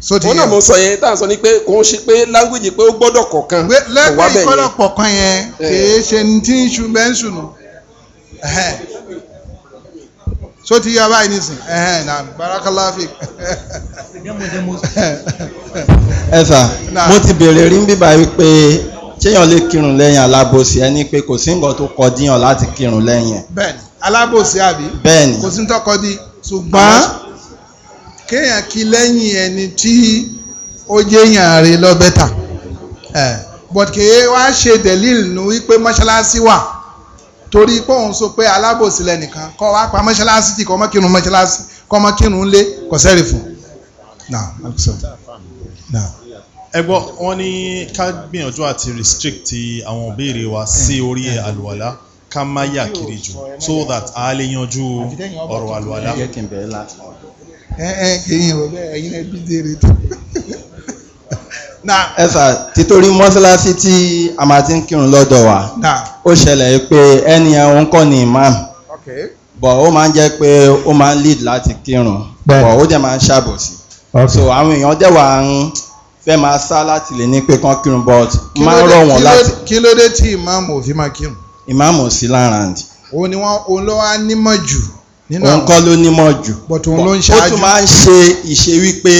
so ti yẹ. wọn náà mo sọ yẹn tá à ń sọ ni pé kò ń ṣe pé language pé ó gbọ́dọ̀ kọ̀ọ̀kan kò wá bẹ́ẹ̀ yẹn. lẹ́gbẹ̀ẹ́ ìgbọ́dọ̀ kọ̀ọ̀kan yẹn eh. kì í ṣe ní tí ń ṣu bẹ́ẹ̀ ń ṣù nù so ti yẹ báyìí nísìn ẹhẹn na barakalafi. ẹ sà mo ti béèrè rí bíbá yìí pé ṣéyàn lè kírun lẹ́yìn alábòsí ẹni pé kò sí nǹkan tó kọdíyàn láti kírun lẹ́yìn. bẹ́ẹ̀ni alábòsí àbí. kò sí nǹkan tó kọdí ṣùgbọ́n kéèyàn kí lẹ́yìn ẹni tí ó jẹ́yàn rẹ̀ lọ́bẹ̀tà eh, but kèé wá ṣe dẹ̀líl nu wípé mọ́ṣáláṣí wà torí pé òun sọ pé alábòsí lẹ́nìkan kọ́ wá pa mọ́ṣáláṣí tí kọ́ mọ́ kírun mọ́ṣáláṣí kọ́ mọ́ kírun ńlé kò sẹ́rì fún un. ẹ ní ká gbìyànjú àti restrict àwọn ìbéèrè wa sí mm. orí mm. àlùwàlá ká má yà kiri jù so that a lè yanjú ọ̀rọ̀ àlùwàlá. Eh, eh, kìí wọ bẹ́ẹ̀ ẹ̀yin náà bí dèrè tó. ẹ títorí mọ́ṣáláṣí tí a máa ti ń kírun lọ́dọ̀ wa ó ṣẹlẹ̀ pé ẹni ẹ̀hún kọ́ ni imam bọ̀ ó máa ń jẹ́ pé ó máa ń lead láti kírun bọ̀ ó de máa ń ṣàbòsí so àwọn èèyàn dẹ̀ wà ń fẹ́ máa sá láti lè ní pé kán kírun but máa ń rọ̀ wọ́n láti. kí ló dé tí Imam ò fi máa kírun. ìmáàmù ò sí láràndì. òun ni wọn òun ló wá nímọ̀ jù òun kọ́ ló nímọ̀ jù ó tún máa ń ṣe ìṣe wípé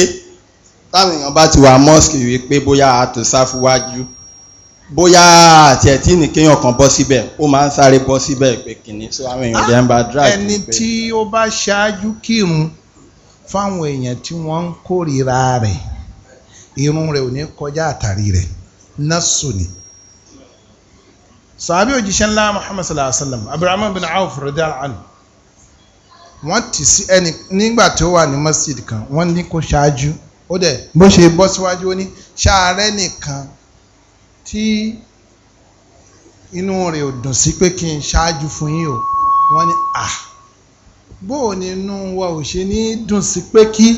táwọn èèyàn bá ti wà mọ́ọ̀sì wípé bóyá àtò sáfúwájú bóyá àti ẹ̀tí nìkéyàn kan bọ́ síbẹ̀ ó máa ń sáré bọ́ síbẹ̀ pé kìíní so àwọn èèyàn jẹ́ ń bá drag. Ah, ẹni tí ó bá ṣáájú kírun fáwọn èèyàn tí wọ́n ń kórìíra rẹ̀ irun rẹ̀ ò ní kọjá àtàrí rẹ̀ násù ni. sàbí òjíṣẹ́ ńlá muhammad sallallahu alayhi wa sallam abdulrahman bin awf radiyallahu anhu wọ́n tì sí ẹni nígbà tí ó wà ní masjid kan wọ́n ní kó ṣáájú ó dẹ̀ bó ṣe bọ́ síwájú ó ní ṣáàrẹ́ nìkan tí inú rẹ̀ ò dùn sí pé kí n ṣáájú fún yín o wọ́n ní à bóò ni inú wa ò ṣe ní dùn sí pé kí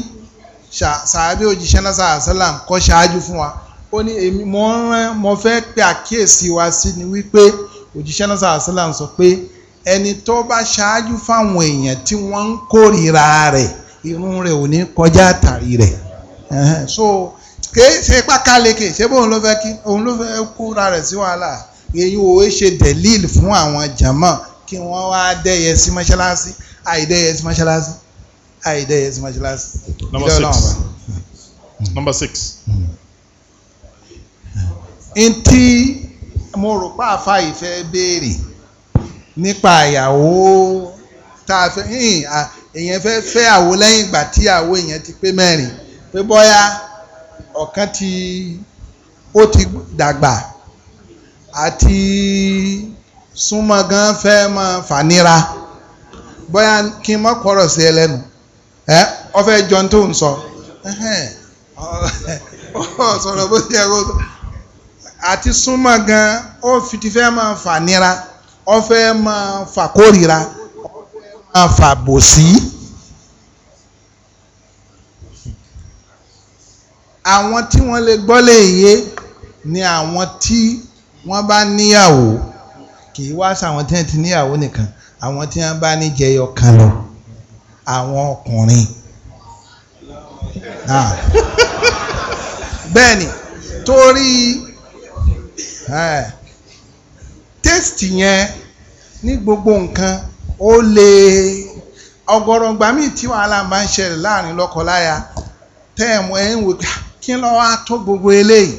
sàábé òjíṣẹ́ náà sàásálà ń kọ́ ṣáájú fún wa ó ní èmi mo ń rán mo fẹ́ pe àkíyèsí wa sí ni wípé òjíṣẹ́ náà sàásálà ń sọ pé ẹni tó bá ṣáájú fáwọn èèyàn tí wọ́n ń kórìíra rẹ̀ irun rẹ̀ ò ní kọjá àtàrí rẹ̀ so kìí ṣe pákáleke ṣé bóun ló fẹ́ kí òun ló fẹ́ kóra rẹ̀ sí wàhálà èyí ò ṣe dẹ̀líl fún àwọn jàmọ́ kí wọ́n wá dẹ́yẹ sí mọ́ṣáláṣí àìdẹ́yẹ sí mọ́ṣáláṣí àìdẹ́yẹ sí mọ́ṣáláṣí. number six number six. ntí mo rò pé àfa ìfẹ́ béèrè nípa ìyàwó tá a fẹ́ èèyàn fẹ́ fẹ́ àwo lẹ́yìn ìgbà tí àwo èèyàn ti pé mẹ́rin pé bóyá ọ̀kan ti ó ti dàgbà àti súnmọ́ gan fẹ́ máa fànírà bóyá kí n má kọ̀rọ̀ sí ẹ lẹ́nu ẹ ọ fẹ́ jọ tó ń sọ ọ sọ̀rọ̀ bó ti yẹ kó àti súnmọ́ gan ó fi ti fẹ́ máa fànírà ọfẹ́ máa fàkórira máa fàbòsí. àwọn tí wọ́n lè gbọ́ lè yé ni àwọn tí wọ́n bá níyàwó kì í wá sàwọn tí wọ́n ti níyàwó nìkan àwọn tí wọ́n bá ní jẹyọ kan lọ àwọn ọkùnrin. Ah. bẹ́ẹ̀ torí. Hey taste yẹn ní gbogbo nǹkan ó lè ọ̀gọ̀rọ̀ ìgbà míì tí wàhálà máa ń ṣẹlẹ̀ láàrin lọ́kọláya tẹẹmù ẹ ń wò kí ló wá tó gbogbo eléyìí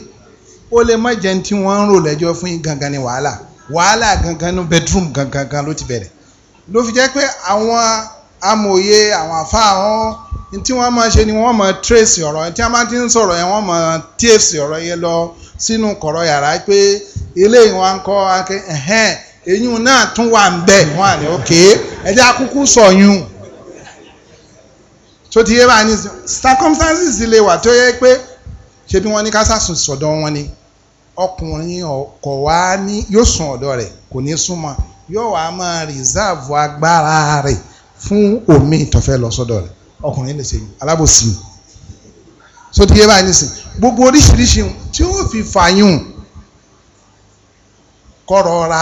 ó lè má jẹun tí wọ́n ń rò lẹ́jọ́ fún yín gangan ni wàhálà wàhálà gangan ní bedroom gangan ló ti bẹ̀rẹ̀ ló fi jẹ́ pé àwọn amòye àwọn àfa àwọn tí wọ́n máa ṣe ni wọ́n máa trace ọ̀rọ̀ tí wọ́n bá ti ń sọ̀rọ̀ yẹn wọ́n máa trace ọ̀rọ̀ yẹn lọ sínú kọ̀rọ̀ yàrá pé eléyìí wọn kọ́ akẹ́ ẹ̀hẹ́n eyín náà tún wà ń bẹ̀ wọ́n à ní òkè ẹ̀jẹ̀ akúkú sọ̀yún tó ti yé bá ní circumstances lè wà tó yẹ pé ṣé bí wọ́n ní ká sàsùn sọ̀dọ̀ wọn ni ọkùnrin ọkọ wa ní yóò sùn ọ̀dọ̀ rẹ̀ kò ní súnmọ́ yóò wá máa reserve agbára rẹ̀ fún omi ìtọ́fẹ́ lọ sọ́dọ̀ rẹ̀ ọkùnrin lè ṣe yìí alábòsí so ti yé báyìí nísìn gbogbo oríṣiríṣi tí ó fi fàyún kọ̀rọ̀ ra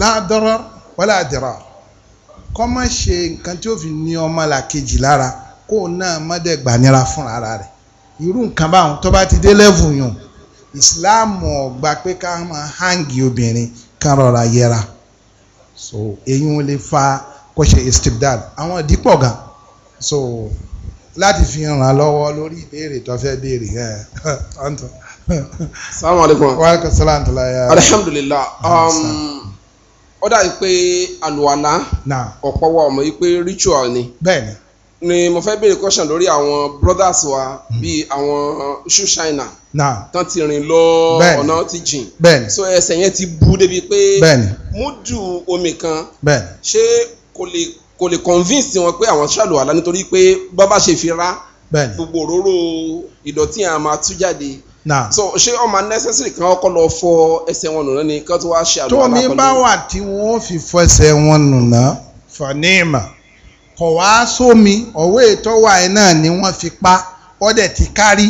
ládọ́rọ́ wọlé àdìrà kọ́ má ṣe nǹkan tí ó fi ní ọmọ làkejì lára kó náà má dẹ̀ gbànira fúnra rẹ̀ irú nǹkan báwọn tó bá ti dé lẹ́vù yùn ìsìláàmù ò pé ká máa hangi obìnrin ká rọra yẹra so eyín wọn lè fa kọ́ṣe istibdal àwọn ìdí pọ̀ gan-an so láti fi ràn án lọ́wọ́ lórí ìbéèrè tó fẹ́ béèrè ẹ̀ ọ̀ntàn. salamu alaykum. wa alaykum salaam tala ya. alhamdulilah um, ó dàbí pé àlùwàlá ọ̀pọ̀ wa ọ̀mọ̀ yìí pé ritual ni. bẹ́ẹ̀ni ni mo fẹ́ béèrè question lórí àwọn brothers wa hmm. bíi àwọn shoe shiner tán ti rìn lọ ọ̀nà ti jìn so ẹsẹ̀ yẹn ti bu débi pé múdù omi kan ṣé kò lè kò lè convince wọn pé àwọn ṣàlùwàlá nítorí pé bàbá ṣe fi ra gbogbo òróró ìdọ̀tí yẹn a máa tú jáde so ṣé ọmọ necessary kan kọ́ lọ fọ ẹsẹ̀ wọn nùnà ni kí wọ́n ṣe àlùwàlá pẹ̀lú. tómi bá wà tí wọ́n fi fọ ẹsẹ̀ wọn nùnà fanima kò wá sómi ọ̀wé ìtọ́wà ẹ̀ náà ni wọ́n fi pa ọ̀dẹ̀ ti kárí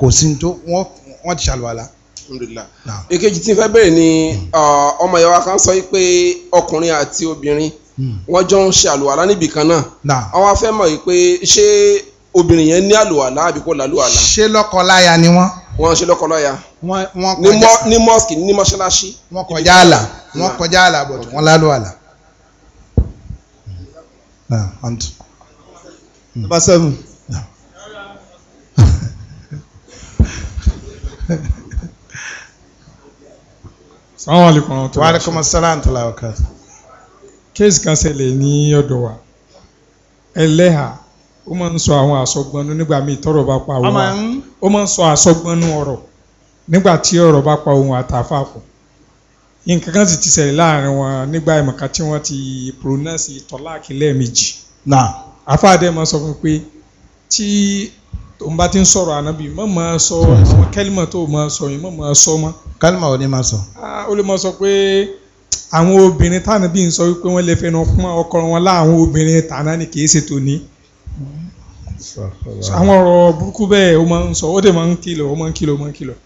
kò sí tó wọ́n ti ṣàlùwàlá èkejì tí n fẹ́ bẹ̀rẹ̀ ni ọmọ ìyàwó kan sọ pé ọkùnrin àti obìnrin wọ́n jọ ń ṣe àlùwàlá níbì kan náà àwọn afẹ́ mọ̀ pé ṣé obìnrin yẹn ní àlùwàlá àbí kò lálùwàlá. ṣé lọ́kọláya ni wọ́n. wọ́n ṣe lọ́kọláya. wọ́n kọjá ní mọ́ọ̀sì ní mọ́ṣáláṣí. wọ́n kọjá àlà wọ́n kọjá àlà bọ̀ wọ́n lálùwàlá. number seven. salaamaaleykum wa rahmatulah. wa aleykum salaam wa rahmatulah. kéèsì kan ṣẹlẹ̀ ní ọ̀dọ̀ wa ẹlẹ́hà ó máa ń sọ àwọn àsọgbọnú nígbà míì tọ́rọ̀ bá pa òun ó máa ń sọ àsọgbọnú nígbà tí bá pa òun àtàfà nǹkan kan sì ti ṣẹlẹ̀ láàrin wọn nígbà ìmọ̀ká tí wọ́n ti pronounce tọ́láàkì lẹ́ẹ̀mejì àfáàdé máa sọ fún mi pé tí òun bá ti ń sọ̀rọ̀ ànábì máa sọ kẹ́límà tó sọ yìí máa sọ mọ́. kẹ́límà ò ní máa sọ. Ah, ó lè máa sọ pé. àwọn obìnrin táwọn bí n sọ wípé wọ́n lè fẹnu kún ọkọ wọn láwọn obìnrin tàná ni kì í ṣe tòní àwọn ọ̀rọ̀ burúkú bẹ́ẹ̀ ó máa ń sọ ó dẹ̀ máa ń kìlọ̀ ó máa ń kìlọ̀ ó máa ń kìlọ̀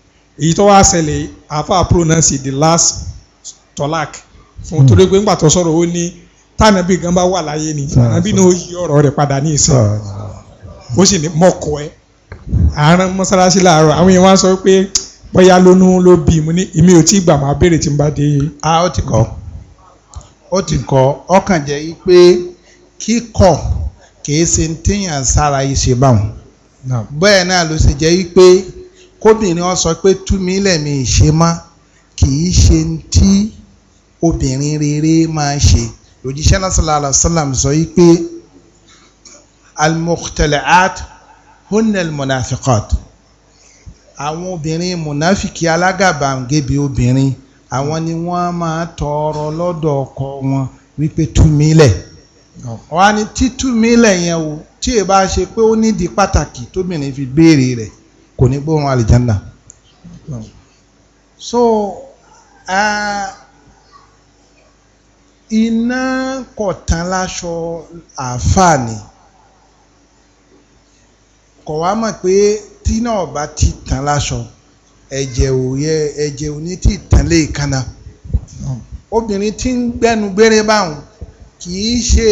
èyí tó wá ṣẹlẹ̀ àáfà pronounce the last tolak fún hmm. torí pé ńgbà tó sọ̀rọ̀ ó ní tànàbí gan bá wà láyé ni tànàbí hmm. náà ó yí ọ̀rọ̀ rẹ̀ padà ní ìsìn hmm. ó sì ní mọ̀kọ́ ẹ àárín mọ́sálásí làárọ̀ àwọn yẹn wá sọ pé bóyá lónú ló bí mu ní èmi ò tí ì gbà máa béèrè tí n bá dé. a ó ti kọ́ ó ti kọ́ ọkàn jẹ́ pé kíkọ̀ kìí ṣe téèyàn sára yìí ṣe báwọn bẹ́ẹ̀ náà ló ṣe jẹ́ pé kóbìnrin ọ sọ pé túmí lẹ́mí ṣe mọ́ kìí ṣe tí obìnrin rere máa ṣe lòjíṣẹ́ náà sallallahu alaihi wasallam sọ pé al-mukhtali'at hunna al àwọn obìnrin munafiki alágàbàǹgebè obìnrin àwọn ni wọ́n máa tọrọ lọ́dọ̀ ọkọ wọn wípé tú mi lẹ̀ wọ́n á ní títú mi yẹn o tí ì bá ṣe pé ó nídìí pàtàkì tóbìnrin fi béèrè rẹ̀ kò ní gbóhùn àlìjáná so uh, iná kọ̀tán láṣọ àǹfààní kọ̀ wá mọ̀ pé tí náà bá ti tàn láṣọ ẹ̀jẹ̀ ò yẹ ẹ̀jẹ̀ ò ní tí tán lé ìkànnà obìnrin tí ń gbẹ́nu gbére báwọn kì í ṣe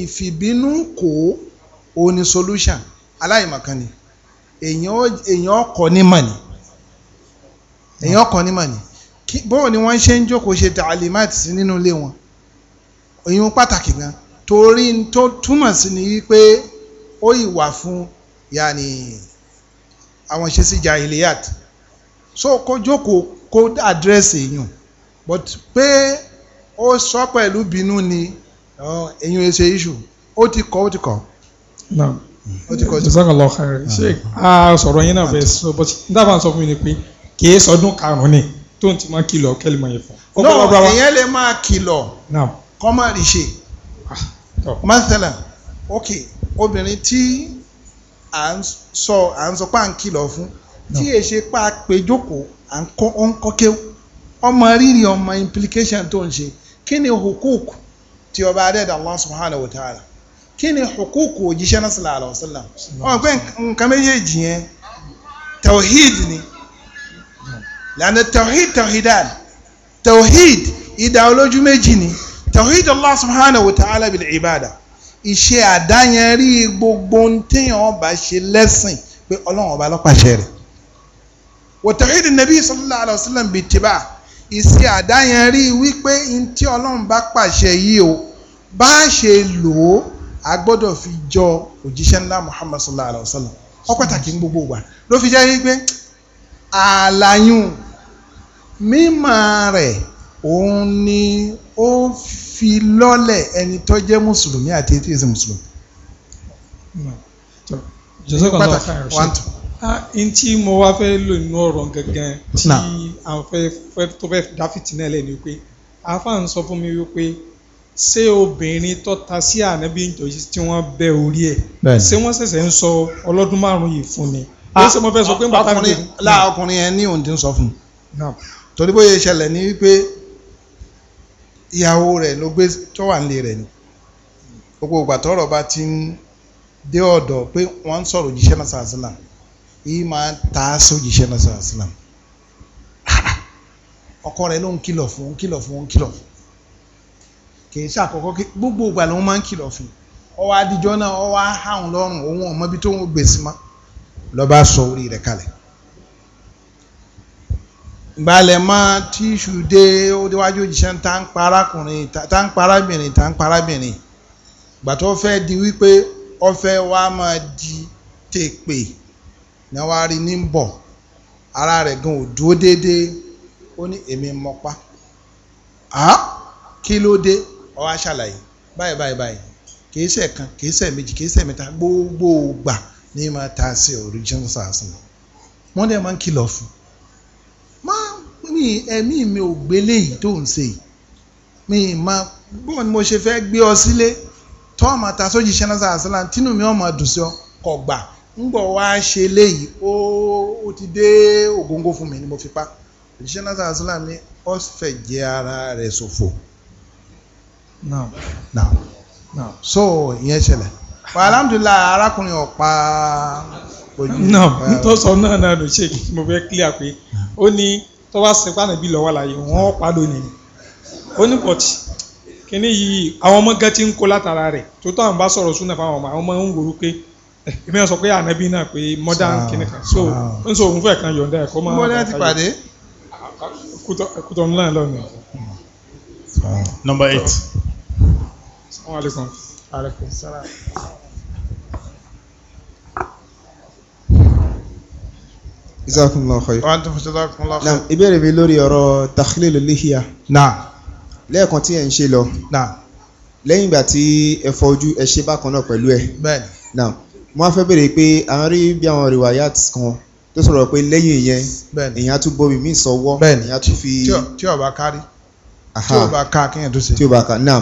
ìfìbínú kò ó solution aláìmọ̀kan ni èèyàn ọkọ̀ ní màní èèyàn ọkọ̀ ní màní bọ́ọ̀ ni wọ́n ṣe ń jókòó ṣe tàlímàtì sí nínú ilé wọn èèyàn pàtàkì gan torí tó túmọ̀ sí ni wípé ó ìwà fún yàní àwọn ṣe sí jahiliyat so kó jókòó kó àdírẹ́sì èèyàn but pé ó sọ pẹ̀lú bínú ni èèyàn ẹ ṣe issue ó ti kọ́ ó ti kọ́. náà ó ti kọ́ jazakallah khair ṣe ah. a sọ̀rọ̀ yín náà bẹ́ẹ̀ sọ but dábàá sọ fún mi ni pé kì í sọdún karùn-ún ni tó ń ti máa kìlọ̀ kẹ́lí máa yẹ fún. náà èèyàn lè máa kìlọ̀ kọ́ máa rí ṣe mọ́tẹ́lá ah, ok obìnrin tí à ń sọ à ń sọ pé à ń kìlọ̀ fún tí è ṣe pa péjókòó à ń kọ́ ọ́n kọ́ kéwú ọmọ rírì ọmọ implication tó ń ṣe kí ni hukuk tí ọba adẹ́dà Allah subhanahu wa ta'ala kí ni hukuk òjíṣẹ́ náà sallallahu alaihi wasallam ọ̀n pé nǹkan méjèèjì yẹn tawhid ni lànà tawhid tawhidan tawhid ìdá olójú méjì ni tawhid Allah subhanahu wa ta'ala bil ibada ìṣe àdáyẹnrí gbogbo téèyàn ọba ṣe lẹ́sìn pé ọlọ́run ọba ló pàṣẹ wọ̀tẹ̀rẹ́dì nàbí sallallahu alaihi wasallam bíi tìbà ìsì àdáyẹnrí wípé ntí ọlọ́run bá pàṣẹ yìí o bá a ṣe lò ó a gbọ́dọ̀ fi jọ òjíṣẹ́ ńlá muhammad sallallahu alaihi wasallam ó pàtàkì ń gbogbo wa ló fi jẹ́ wípé àlàyún mímọ̀ rẹ̀ òun ni ó fi lọ́lẹ̀ ẹni tó jẹ́ mùsùlùmí àti ètò ìsìn mùsùlùmí. jọ́sọ́kọ̀ lọ́wọ́ fáyọ̀ṣẹ́. Ah, n tí mo wá fẹ́ lò nínú ọ̀rọ̀ gangan tí à ń fẹ́ tó fẹ́ dá fìtínà lẹ́nu pé àáfàá ń sọ fún mi wípé ṣé obìnrin tó ta sí ànábì ìjọyìí tí wọ́n bẹ́ orí ẹ̀ ṣé wọ́n ṣẹ̀ṣẹ̀ ń sọ ọlọ́dún márùn-ún yìí fún ni ó ṣe mo fẹ́ ọkùnrin yẹn ní òun ti ń sọ fún un torí bóyá ìṣẹ̀lẹ̀ ni wípé ìyàwó rẹ̀ ló gbé tó wà nílé rẹ̀ ni gbogbo ìgbà tọ́rọ̀ bá ti ń dé ọ̀dọ̀ pé wọ́n ń sọ̀rọ̀ òjíṣẹ́ náà sàásìlà yìí ta sójì náà ọkọ rẹ ló ń kìlọ̀ fún ń kìlọ̀ fún ń kìlọ̀ gbogbo ìgbà ló máa ń kìlọ̀ fún ọwọ́ adijọ́ náà ọwọ́ ahàhùn lọ́rùn òun ọmọ ibi tó ń gbèsè mọ́ lọ́ba sọ orí rẹ̀ kalẹ̀ gbalẹ̀ tíṣù dé ó déwájú ń ń ń gbàtọ́ di wípé ọfẹ́ ní wọ́n á rí ní bọ̀ ara rẹ̀ gan ò dúró déédéé ó ní èmi mọ́pá kí ló dé ó wá ṣàlàyé báyìí báyìí báyìí kìí ṣe kan kìí ṣe méjì kìí ṣe mẹ́ta gbogbo gbà ní máa ta sí original sars ni wọ́n dẹ̀ máa ń kìlọ̀ fún máa mi ẹ̀mí mi ò gbélé yìí tó ń ṣe yìí mi máa bóun ni mo ṣe fẹ́ gbé ọ sílé tọ́ ọ máa ta sójì ṣẹ́nà sars láti tínú mi ọ̀ máa dùn sí ọ kọ̀ gbà ńgbọ̀ wa ṣe léyìí ó ó ti dé ògóńgó fún mi ni mo fi pa òjíṣẹ́ náà sàn sílá mi ó fẹ́ jẹ́ ara rẹ̀ ṣòfò. now now now so ìyẹn ṣẹlẹ̀ alhamdulilayi arákùnrin ọ̀pá náà tó sọ náà náà ló ṣe mo fẹ́ clear pé ó ní tó bá ṣe pàánù bí lọ́wọ́ láàyè wọ́n pa lónìí ni ó ní pọ̀tì kíní yìí àwọn ọmọ gan ti ń kó látara rẹ̀ tó tó àwọn bá sọ̀rọ̀ súnà fáwọn ọmọ àwọn ọmọ ń wòrú pé ìmọ̀ ẹ̀ sọ pé ànábì náà pé modern kìnìkan so n so òun fẹ́ kan yọ̀ǹda ẹ̀kọ́ máa. mọ́lẹ́ ti pàdé. kútọ́nù náà lọ́nà. number eight. salaam aleykum. aleykum salaam. isakunlọ khair. wa antum isakunlọ khair. naam ìbéèrè mi lihiya. Na. lẹ́ẹ̀kan tí ẹ̀ ń ṣe lọ. naa. lẹ́yìn ìgbà tí ẹ fọ ojú ẹ ṣe bákan náà pẹ̀lú ẹ. bẹ́ẹ̀ni mo á fẹ́ béèrè pé à ń rí bí àwọn rìwáyàtì kan tó sọ̀rọ̀ pé lẹ́yìn ìyẹn èèyàn tún bomi míì sọ́wọ́ èèyàn tún fi. tí ó bá kárí tí ó bá ká kéèyàn tó ṣe. tí ó bá ká náà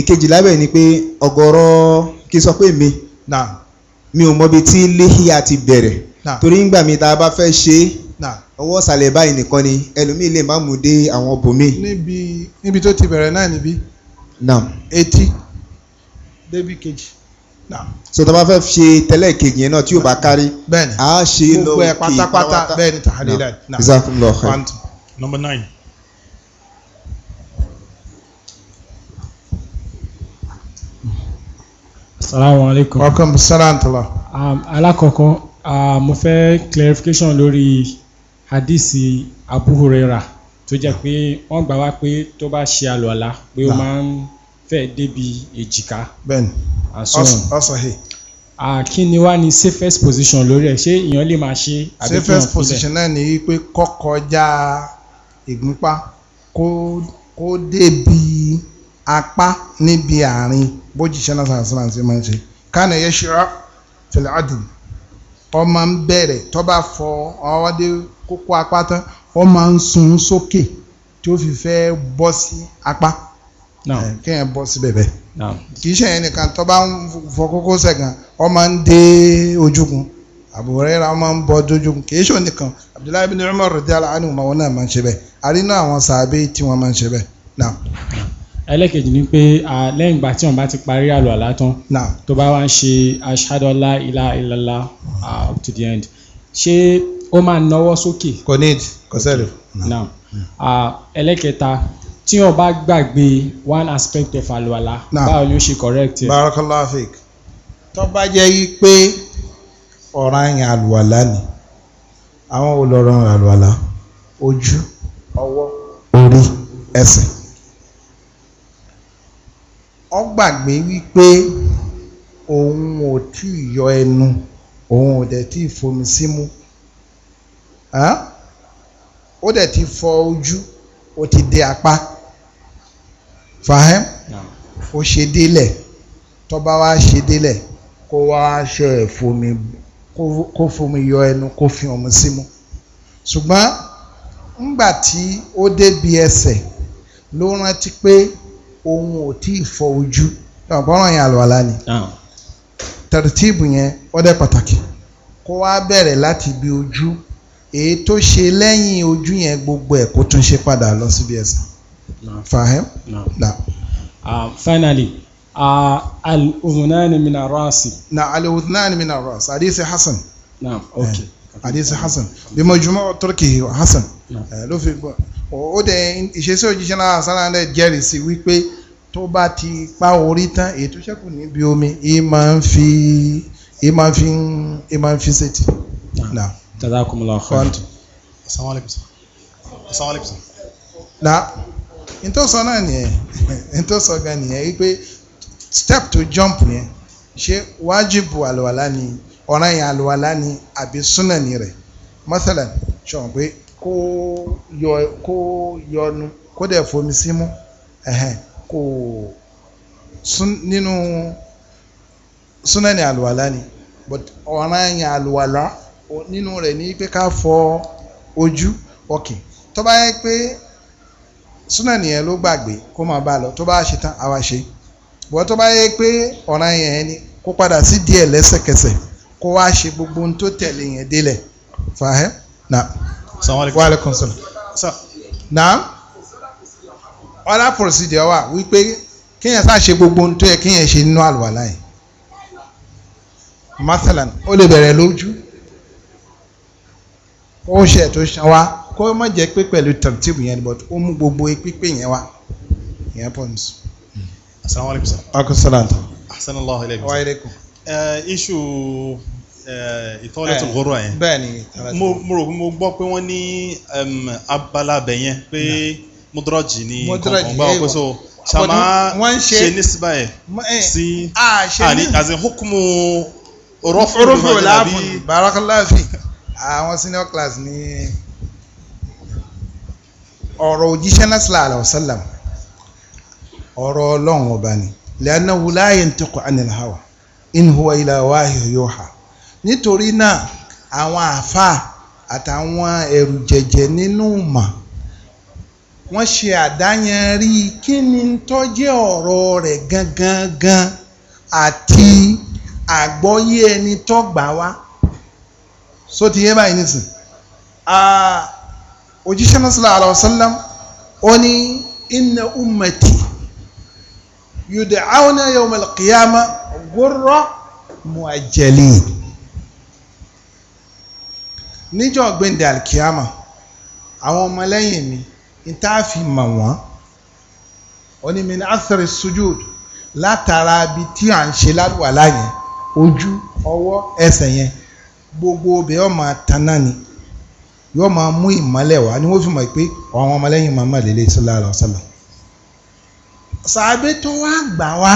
ìkejì lábẹ́ ni pé ọ̀gọ̀rọ̀ kí n sọ pé mi mi ò mọbi tí léhìá ti bẹ̀rẹ̀ torí ńgbà mi tá a bá fẹ́ ṣe é ọwọ́ ìsàlẹ̀ báyìí nìkan ni ẹlòmíì lè má mú dé àwọn bòmí. níbi níbi tó ti bẹ̀rẹ̀ náà níbí. náà etí débi kejì so tó bá fẹ́ ṣe tẹ́lẹ̀ kejì yẹn náà tí yóò bá kárí a ṣe lọ òkè pátápátá bẹ́ẹ̀ ni tàhálí láì jazakumullahu khair. number nine. salaamu aleykum. welcome salaam tala. Um, alakoko uh, mo fẹ́ clarification lori hadisi Abu Huraira tó jẹ́ pé wọ́n gbà wá pé tó bá ṣe àlọ́lá pé ó máa ń fẹ́ débi èjìká. bẹ́ẹ̀ni ọsàn he. kí ni wá ní safest position lórí ẹ̀ ṣé èèyàn lè máa ṣe àbí kí wọ́n fi safest position náà ni wípé kọ́kọjá ìgúnpá kó kó débi apá níbi àárín bójìṣẹ́ náà sàn sàn sí máa ń ṣe kánà yẹ ṣọ́ fìlà ọ̀dùn ọmọ ń bẹ̀rẹ̀ tó bá fọ ọwọ́ kókó apá tán ọmọ ń sun sókè tí ó fi fẹ́ bọ́ sí apá. Eh, kéèyàn bọ́ síbẹ̀ bẹ́ẹ̀ kì í ṣe yẹn nìkan tó bá ń fọ kókó sẹ̀gàn ọ máa ń dé ojúgun àbúrẹ́ra ọ máa ń bọ́ dójúgun kì í ṣe nìkan Abdullahi bin Umar radiyallahu anhu wọn náà máa ń ṣe bẹ́ẹ̀ àrínà àwọn sàábé tí wọ́n máa ń ṣe bẹ́ẹ̀ náà. ẹlẹ́kejì ni pé lẹ́yìn ìgbà tí wọ́n bá ti parí àlọ́ àlá tán tó bá wá ń ṣe aṣáájọ́lá ilá ilá up to the end ṣé ó máa náwó sókè. kò ní kò sẹ́lẹ̀. Hmm. ẹlẹ́kẹta tí wọn bá gbàgbé one aspect of àlùwàlá báwo ló ṣe correct ẹ. barakallahu fik tó bá jẹ́ yí pé ọ̀ranyàn àlùwàlá ni àwọn olọ́rọ̀ àlùwàlá ojú ọwọ́ orí ẹsẹ̀ ó gbàgbé wípé òun ò tí ì yọ ẹnu òun ò dẹ̀ tí ì fomi símú ó dẹ̀ ti fọ ojú ó ti dé apá fahim ó ṣe délẹ̀ tó bá wá ṣe délẹ̀ kó wá ṣe ẹ̀fọ́mi kó fomi yọ ẹnu kó fi ọmọ símú ṣùgbọ́n ńgbà tí ó débi ẹsẹ̀ ló rántí pé òun ò tí ì fọ ojú ọ̀pọ̀ràn yẹn àlùwàlá ni tẹ̀rẹ̀tìbù yẹn ó dẹ́ pàtàkì kó wá bẹ̀rẹ̀ láti ibi ojú èyí tó ṣe lẹ́yìn ojú yẹn gbogbo ẹ̀ kó tún ṣe padà lọ síbi ẹsẹ̀. فاهم؟ نعم نعم uh, finally uh, الأذنان من الرأس نعم الأذنان من الرأس حديث حسن نعم أوكي حديث حسن بمجموع تركه حسن ló fi gbọ́ ó dẹ̀ ìṣesí òjíṣẹ́ náà sára rẹ̀ jẹ́rìí sí wípé tó bá ti pa orí tán ètò ṣẹ́kù níbi omi ì máa ń fi ì máa ń fi ì máa ń fi ṣètì. jazakumullahu khairan. asalaamualeykum. asalaamualeykum. na ntọ́sọ náà nìyẹn ntọ́sọ gan nìyẹn wípé step to jump yẹn ṣé wájibu àlùwàlá ni ọ̀ràn yẹn àlùwàlá ni àbí súnà ni rẹ̀ mọ́sálà ṣọ̀n pé kó yọ kó yọnu kó dẹ̀ fomi sí mú kó nínú súnà ni àlùwàlá ni but ọ̀ràn yẹn àlùwàlá nínú rẹ̀ ní pé ká fọ ojú ok tó bá pé súnà nìyẹn ló gbàgbé kó máa bá a lọ tó bá ṣe tán àwa ṣe bọ́ tó bá yẹ pé ọ̀ràn yẹn ni kó padà sí díẹ̀ lẹ́sẹ̀kẹsẹ̀ kó wá ṣe gbogbo ohun tó tẹ̀lé yẹn délẹ̀ fàáhẹ́ na wa alaikum salaam na ọ̀dà procedure wà wípé kéèyàn sá ṣe gbogbo ohun tó yẹ kéèyàn ṣe nínú àlùwàlá yẹn masalan ó lè bẹ̀rẹ̀ lójú ó ṣe tó ṣan wá kó má jẹ́ pé pẹ̀lú tẹ̀rẹ̀tìbù yẹn but ó mú gbogbo pípé yẹn wá ìyẹn pọ̀ nùsùn. asalaamualeykum sir. akọ sọláńtà. asalaamualeykum sir. wa aleykum. iṣu ìtọ́lẹ́tò gbọ́dọ̀ yẹn. bẹ́ẹ̀ni mo rò pé mo gbọ́ pé wọ́n ní abala bẹ̀ yẹn pé mudraji ni kọ̀ọ̀kan bá wọn pé so sama eh, ṣe nísìbà yẹn eh, sí àní àti hukumu rọ́fù rọ́fù làbí. barakallahu fi senior class ní ọ̀rọ̀ òjíṣẹ́ náà sallallahu alaihi wasallam ọ̀rọ̀ ọlọ́run ọba ni li'annahu la yantiqu anil hawa in huwa illa wahyun yuha nítorí náà àwọn àáfàá àtàwọn ẹ̀rù jẹ̀jẹ̀ nínú mà wọ́n ṣe àdáyanrí kí ni tó jẹ́ ọ̀rọ̀ rẹ̀ gangan àti àgbọ́yé ẹni tó wá sótìyé báyìí nísìn. Ah, òjíṣẹ́ náà sallallahu alaihi wasallam ó ní inna ummati yud'awna yawm al-qiyamah ghurra mu'ajjalin níjọ́ gbẹ̀ndẹ̀ alkiyama àwọn ọmọlẹ́yìn mi n tá a fi mọ̀ wọ́n onímìnira athari sujud látara bi tí à ń ṣe láwàlá yẹn ojú ọwọ́ ẹsẹ̀ yẹn gbogbo obìnrin ọmọ tanná ni yóò máa mú ìmọ́lẹ̀ wá ni wọ́n fi mọ̀ pé àwọn ọmọlẹ́yìn màmá lélẹ̀ sallallahu alaihi wasallam. sàbẹ́ tó wá gbà wá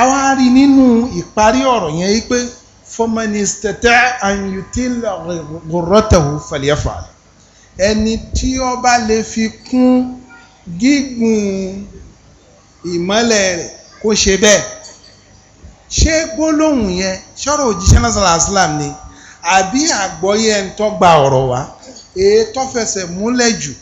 àwa rí nínú ìparí ọ̀rọ̀ yẹn yí pé fọmọnìsítẹ́tẹ́ àyùtílẹ̀ rọ̀tẹ̀wò fẹ̀lẹ́fà ẹni tí ó bá lè fi kún gígùn ìmọ́lẹ̀ rẹ̀ kó ṣe bẹ́ẹ̀ ṣé gbólóhùn yẹn ṣọ́rọ̀ òjíṣẹ́ náà sallallahu alaihi ni àbí àgbọ́yé ẹni tó gba ọ̀rọ̀ wá èyí tó fẹsẹ̀ múlẹ̀ jù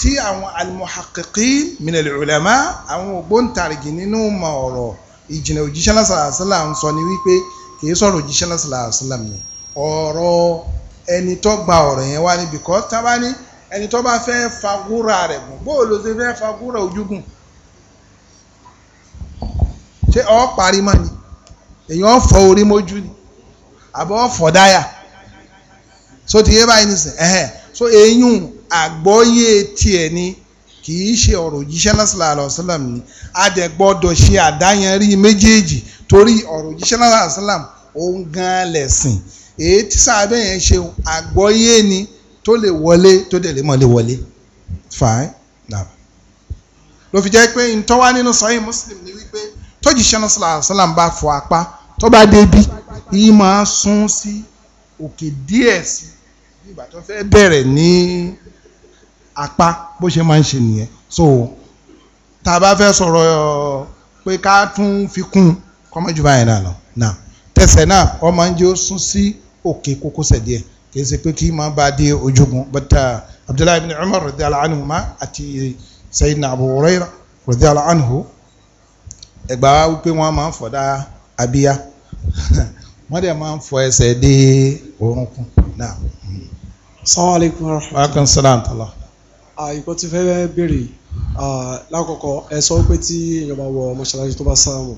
tí àwọn alimuhakiki minal ulama àwọn ògbóǹtarìgì nínú ma ọ̀rọ̀ ìjìnà òjíṣẹ́ lásàlàsílà ń sọ ni wípé kìí sọ̀rọ̀ òjíṣẹ́ lásàlàsílà mi ọ̀rọ̀ ẹni tó gba ọ̀rọ̀ yẹn wá níbi kọ́ tábà ní ẹni tó bá fẹ́ fagúra rẹ̀ gùn bóò ló ṣe fẹ́ fagúra ojúgùn ṣé ọ̀ parí mọ́ ni èyàn fọ orí mójú ni àbọ̀ fọ̀ dáyà so ti yé báyìí nìsín so eyín àgbọ́yé tiẹ̀ ni kì í ṣe ọ̀rọ̀ òjíṣẹ́ náà sallallahu alaihi wasallam ni a dẹ̀ gbọ́dọ̀ ṣe àdáyanrí méjèèjì torí ọ̀rọ̀ òjíṣẹ́ náà sallallahu alaihi wasallam òun gan-an lẹ̀sìn èyí tí sábẹ́ yẹn ṣe àgbọ́yé ni tó lè wọlé tó dẹ̀ lè mọ̀ lè wọlé fine now ló fi jẹ́ pé ntọ́wá nínú sọ́yìn Muslim ni wípé tọ́jíṣẹ́ náà sallallahu alaihi wasallam bá fọ apá tó bá débi yìí máa sún sí òkè díẹ̀ sí ìgbà tó fẹ́ bẹ̀rẹ̀ ní apá bó ṣe máa ń ṣe nìyẹn so tá a bá fẹ́ sọ̀rọ̀ pé ká tún fi kún kọ́mọ́jú báyìí náà lọ náà tẹsẹ̀ náà wọ́n máa ń jẹ́ ó sún sí òkè kókósẹ̀ díẹ̀ kìí ṣe pé kí máa bá dé ojúgun bàtà uh, Abdullahi bin Umar radiyallahu anhu ma àti Sayyidina Abu Hurairah radiyallahu anhu ẹgbà wípé wọ́n máa ń fọ̀dá abíyá wọ́n dẹ̀ máa ń fọ ẹsẹ̀ dé orúnkún náà. Assalamu alaikum warahmatullahi. Wa alaikum salaam tala. Àìkọ́ ti fẹ́ béèrè lákọ̀ọ́kọ́ ẹ sọ pé tí èèyàn bá wọ mọ́ṣáláṣí tó bá sáàmù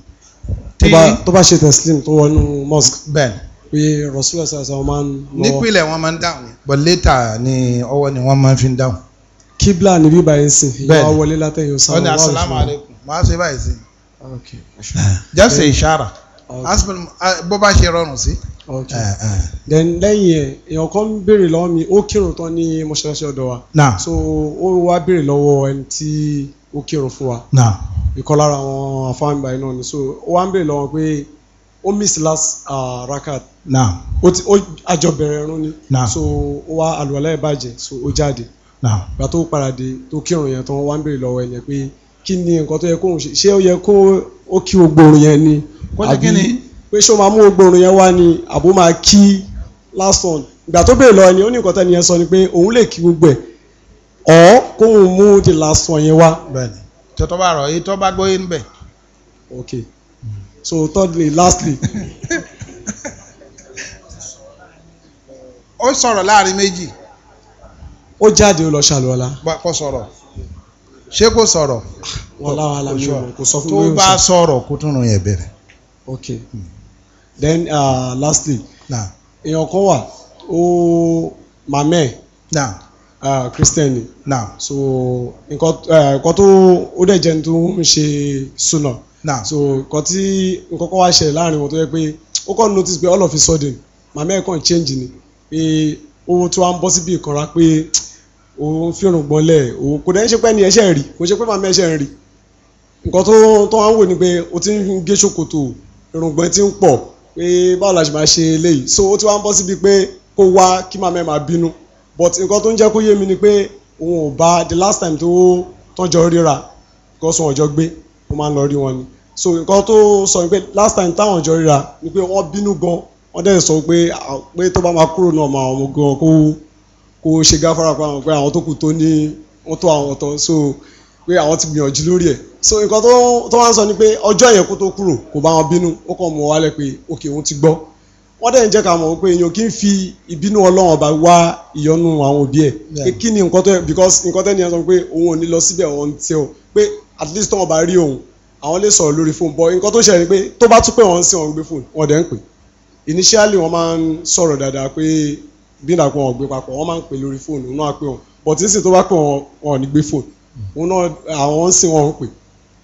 tó bá ṣe tẹ̀sílìm tó wọnú mosque. Bẹ́ẹ̀ni. Pé Rasulullah ṣe àṣà wọn máa ń lọ. Nípìnlẹ̀ wọn máa ń dáhùn but later ni ọwọ́ ni wọ́n máa ń fi dáhùn. Kíblà ni bí báyìí sìn ìyá wọlé látẹ̀yìn sáà wọ́n ní asalaamu alaikum máa ṣe báyìí sìn. Just a ishara. Bó bá ṣe rọrùn sí. okay eh, eh. then lẹ́yìn ẹ̀ ọkọ ń béèrè lọ́wọ́ mi ó kírun tán ní mọ́ṣáláṣí ọ̀dọ̀ wa so ó wá béèrè lọ́wọ́ ẹni tí ó kírun fún wa Na. lára àwọn afáǹgbà iná ni so ó wá ń béèrè lọ́wọ́ pé ó miss last uh, rakat ó ti ó àjọ bẹ̀rẹ̀ ẹ̀rún ni so ó wá àlùwalá ẹ̀ so ó jáde gbà tó padà dé tó kírun yẹn tán ó wá ń béèrè lọ́wọ́ ẹ̀ yẹn pé kí ni nǹkan tó yẹ kó kóun ṣe ṣé ó yẹ kó ó kí gbogbo òrùn yẹn ni àbí. pé ṣé o máa mú ogbòrùn yẹn wá ni àbó máa kí lásán ìgbà tó bèèrè lọ ni ó ní nǹkan tẹ́ni yẹn sọ ni pé òun lè kí gbogbo ẹ̀ ọ́ kóun mú ti lásán yẹn wá. bẹ́ẹ̀ni tọ́tọ́ bá rọ̀ èyí bá gbóyè ń ok so thirdly lastly. ó sọ̀rọ̀ láàrin méjì. ó jáde ó lọ ṣàlùwọ́lá. kò sọ̀rọ̀ ṣé kò sọ̀rọ̀. wọ́n láwọn alámi ò kò sọ fún mi. tó bá sọ̀rọ̀ kó tún ràn yẹn bẹ̀rẹ̀. ok. Hmm. then uh, lastly èèyàn kan wà ó uh, so uh, nǹkan tó ó dẹ̀ jẹ́ ní tó ń ṣe súnà so nǹkan tí nǹkan kan láàrin wọn tó yẹ pé ó kàn notice pé all of a sudden mamẹ kàn change ni pé ó tí wá ń bọ́ síbi ìkanra pé fìrùn gbọ́nlẹ̀ kò ṣe pé ẹni ẹṣẹ́ rí kò ṣe pé rí nǹkan tó wá ni pé o ti ń gé ṣòkòtò ti pọ̀ pé báwo la ṣe máa ṣe eléyìí so ó ti wá ń bọ́ síbi pé kó wá kí màmá ẹ̀ máa bínú but nǹkan tó ń jẹ́ kó yé mi ni pé òun ò bá the last time tó tọ́jọ́ ríra gọ́sùn ọjọ́ gbé ó máa ń lọ rí wọn ni so nǹkan tó sọ ni pé last time táwọn ọjọ́ ríra ni pé wọ́n bínú gan wọ́n dẹ̀ sọ pé ah, pé tó bá máa kúrò náà máa wọn gan kó kó ṣe gáfárà pé àwọn tó kù tó ní wọ́n tó àwọn ọ̀tọ̀ so pé àwọn ti gbìyànjú lórí ẹ̀ so nǹkan tó wá ń sọ ni pé ọjọ́ yẹn kó tó kúrò kò bá wọn bínú ó kàn mọ̀ wálẹ̀ pé òkè òun ti gbọ́ wọ́n dẹ̀ ń jẹ́ ká mọ̀ pé èèyàn kì í fi ìbínú ọlọ́run ọba wá ìyọnu àwọn òbí ẹ̀ pé kí ni nǹkan tó yẹ because nǹkan tẹ́ni yẹn sọ pé òun ò ní lọ síbẹ̀ òun ti ẹ̀ pé at least tó wọn bá rí òun àwọn lè sọ̀rọ̀ lórí fóònù bọ́ nǹkan tó ṣẹlẹ̀ ni pé tó bá tún pé wọ́n ń sìn wọ́n gbé fóònù wọ́n dẹ̀ ń pè initially wọ́n máa ń sọ̀rọ̀ dáadáa pé bí ìdàpọ̀ wọn gbé papọ̀ wọ́n máa ń pè lórí fóònù náà pé wọn but nísìnyí tó bá pè wọn wọn ò ní gbé fóònù òun náà àwọn ń sìn wọn pè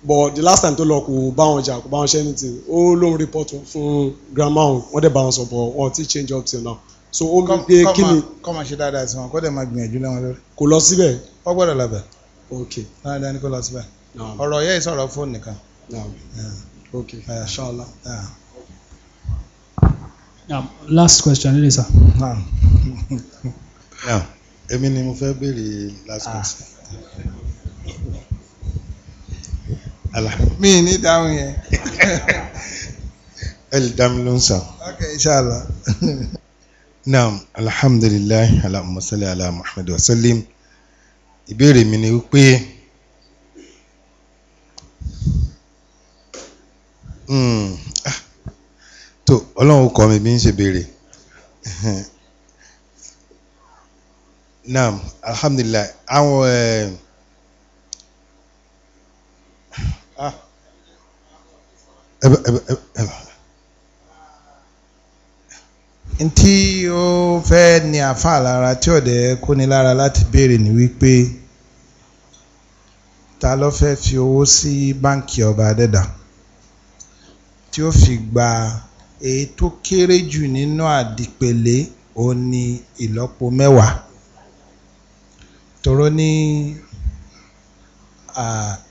but the last time tó lọ kò bá wọn jà kò bá wọn ṣe ní ti ó lóun report fún grandma òun dẹ̀ bá wọn sọ but wọ́n ti change up till now so ó ń gbé kí ni. kọ́ máa ṣe dáadáa sí wọn kó dẹ̀ máa gbìyànjú lẹ́wọ̀n lórí. kò lọ síbẹ̀. wọ́n gbọ́dọ̀ lọ bẹ̀. ok dáadáa ni kò lọ síbẹ̀. ọ̀rọ̀ yẹ́ ìsọ̀rọ̀ fóònù nìkan. ok ṣọlá. Yeah. Um, last question it is sir. èmi ni mo fẹ́ béèrè last question. Ah mi ní dáhùn yẹn. ẹlì dámi ló ń sàn. ok inshallah. naam alhamdulilayi allahumma salli ala muhammad wa sallim ìbéèrè mi ni wípé hmm, ah, tó ọlọ́run kọ́ mi bí ń ṣe béèrè naam alhamdulilayi àwọn. Uh, ntí ó fẹ́ ní àfa lára tí ọ̀dẹ̀ kó ní lára láti béèrè ní wípé ta ló fẹ́ fi owó sí báǹkì ọba adẹ́dà tí ó fi gba èyí tó kéré jù nínú àdìpèlé ó ní ìlọ́po mẹ́wàá tòró ní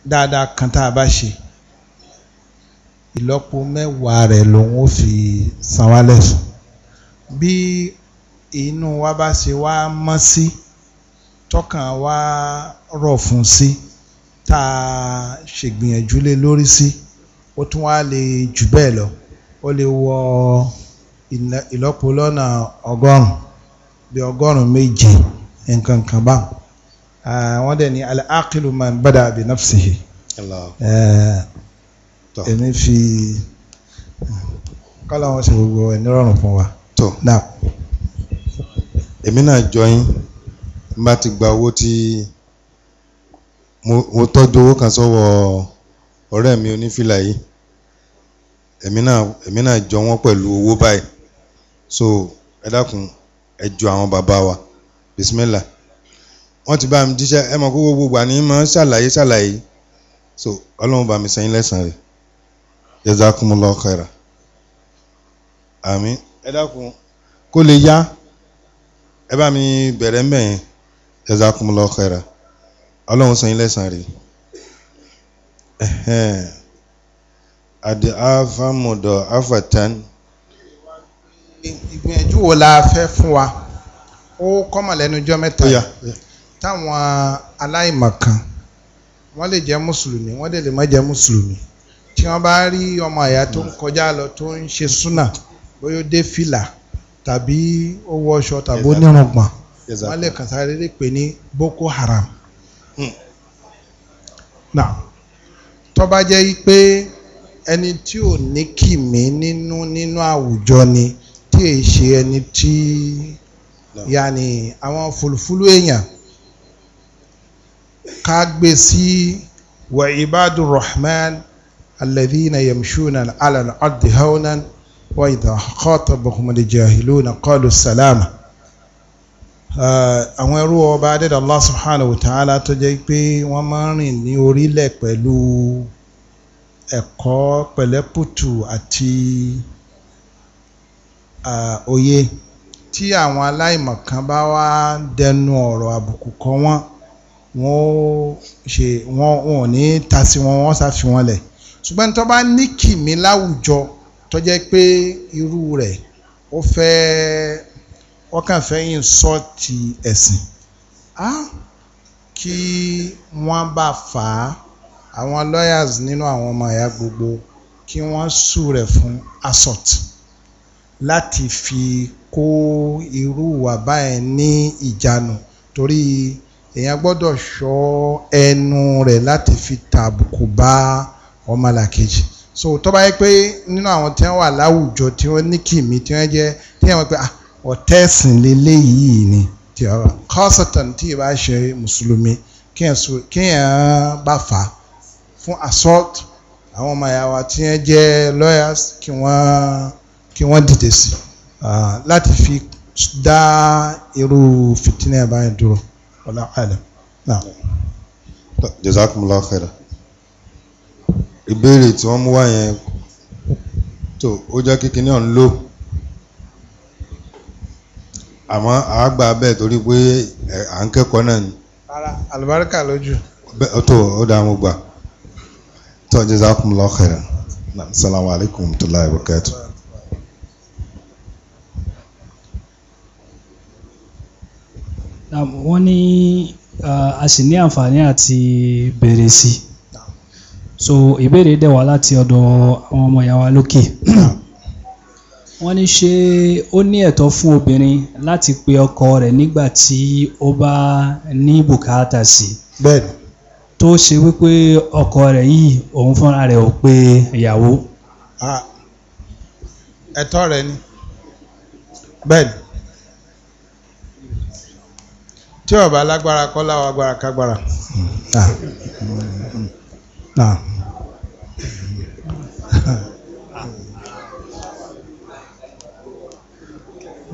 dáadáa kan tá a bá ṣe ìlọ́po mẹ́wàá rẹ̀ lòun ó fi san wá lẹ́sùn bí inú wa bá ṣe wá mọ́ sí tọkàn wa rọ̀ fún sí tá a ṣègbìyànjú lé lórí sí ó tún wá lè jù bẹ́ẹ̀ lọ ó lè wọ ìlọ́po lọ́nà ọgọ́rùn-ún bí ọgọ́rùn-ún méje nǹkan kan bá wọ́n dẹ̀ ní al-aqilu man bada bi èmi fi kálá wọn ṣe gbogbo ẹ̀ nírọ̀rùn fún wa. tọ́ èmi náà jọ yín bá ti gba owó tí mo tọ́jú owó kan sọ́wọ́ ọ̀rẹ́ mi onífìlà yìí èmi náà jọ wọ́n pẹ̀lú owó báyìí so ẹ dákun ẹ jọ àwọn bàbá wa bismillah wọ́n ti bá mi jíṣẹ́ ẹ mọ̀ kó gbogbo gbà ní mọ́ ṣàlàyé ṣàlàyé so ọlọ́run bá mi sẹ́yìn lẹ́sàn-án rẹ̀ jazakumullahu khaira àmín ẹ dákun kó lè yá ẹ bá mi bẹ̀rẹ̀ mẹ́yìn jazakumullahu khaira ọlọ́run san yín lẹ́san rí àdì àfàmùdọ̀ àfàtàn. ìgbìyànjú wo la fẹ́ fún wa ó kọ́mọ̀ lẹ́nu ọjọ́ mẹ́ta táwọn aláìmọ̀kan wọ́n lè jẹ́ mùsùlùmí wọ́n lè lè má jẹ́ mùsùlùmí tí wọ́n bá rí ọmọ àyà tó ń kọjá lọ tó ń ṣe súnà bóyá ó dé fìlà tàbí ó wọṣọ tàbí ó nírùngbọ̀n wọ́n lè kàn sáré rí pé ní Boko Haram. Hmm. Now tó bá jẹ́ pé ẹni tí ò ní kìmí nínú nínú àwùjọ ni tí èyí ṣe ẹni tí yàní àwọn fùlùfúlù èèyàn ká gbé sí wa ibadu rahman الذين يمشون على الأرض هونا وإذا خاطبهم الجاهلون قالوا السلام àwọn ẹrú ọba adẹ́dà Allah subhanahu wa ta'ala tó jẹ́ pé wọ́n máa ń rìn ní orílẹ̀ pẹ̀lú ẹ̀kọ́ pẹ̀lẹ́pùtù àti òye tí àwọn aláìmọ̀kan bá wá dẹnu ọ̀rọ̀ àbùkù kọ wọ́n wọ́n ò ní tasí wọn wọ́n sá fi wọn lẹ̀ ṣùgbọ́n tó bá ní kìmí láwùjọ tó jẹ́ pé irú rẹ̀ ó fẹ́ wọ́n kàn fẹ́ yín sọ ti ẹ̀sìn kí wọ́n bá fà á àwọn lawyers nínú àwọn ọmọ ẹ̀yà gbogbo kí wọ́n sù rẹ̀ fún assault láti fi kó irú ìwà báyẹn ní ìjánu torí èèyàn gbọ́dọ̀ ṣọ́ ẹnu rẹ̀ láti fi tàbùkù bá a ọmọlà kejì so tó bá yẹ pé nínú àwọn tí wọ́n wà láwùjọ tí wọ́n ní kìmí tí wọ́n jẹ́ tí wọ́n pé ah, ọ̀tẹ́sìn lélẹ́yìí ni tí wọ́n wà kọ́sọ̀tàn tí ì bá ṣe mùsùlùmí kéèyàn bá fà á fún assault àwọn ọmọ ìyá wa tí wọ́n jẹ́ lawyers kí wọ́n kí wọ́n dìde sí láti fi dá irú fìtínà báyìí dúró ọ̀la àlẹ́ náà. jazakumullahu khairan ìbéèrè tí wọ́n mú wá yẹn tó ó jẹ́ kíkín náà ń lò àmọ́ àágbà bẹ́ẹ̀ torí pé à ń kẹ́kọ̀ọ́ náà ni. ara àlùbáríkà lójú. bẹ́ẹ̀ tó ó dáa mo gbà tó jazakumullahu khairan assalamu alaikum warahmatullahi wabarakatuh. wọ́n ní a sì ní àǹfààní àti bẹ̀rẹ̀ sí i so ìbéèrè dẹ̀ wá láti ọ̀dọ̀ àwọn ọmọ ìyá wa lókè wọ́n ní ṣé ó ní ẹ̀tọ́ fún obìnrin láti pe ọkọ rẹ̀ nígbà tí ó bá ní bùkátà sí bẹ́ẹ̀ni tó ṣe wípé ọkọ rẹ̀ yìí òun fúnra rẹ̀ ò pe ìyàwó. ẹ̀tọ́ rẹ̀ ni bẹ́ẹ̀ni tí ó bá kọ́ láwọn agbára kágbára. Nah. Hmm. Ah.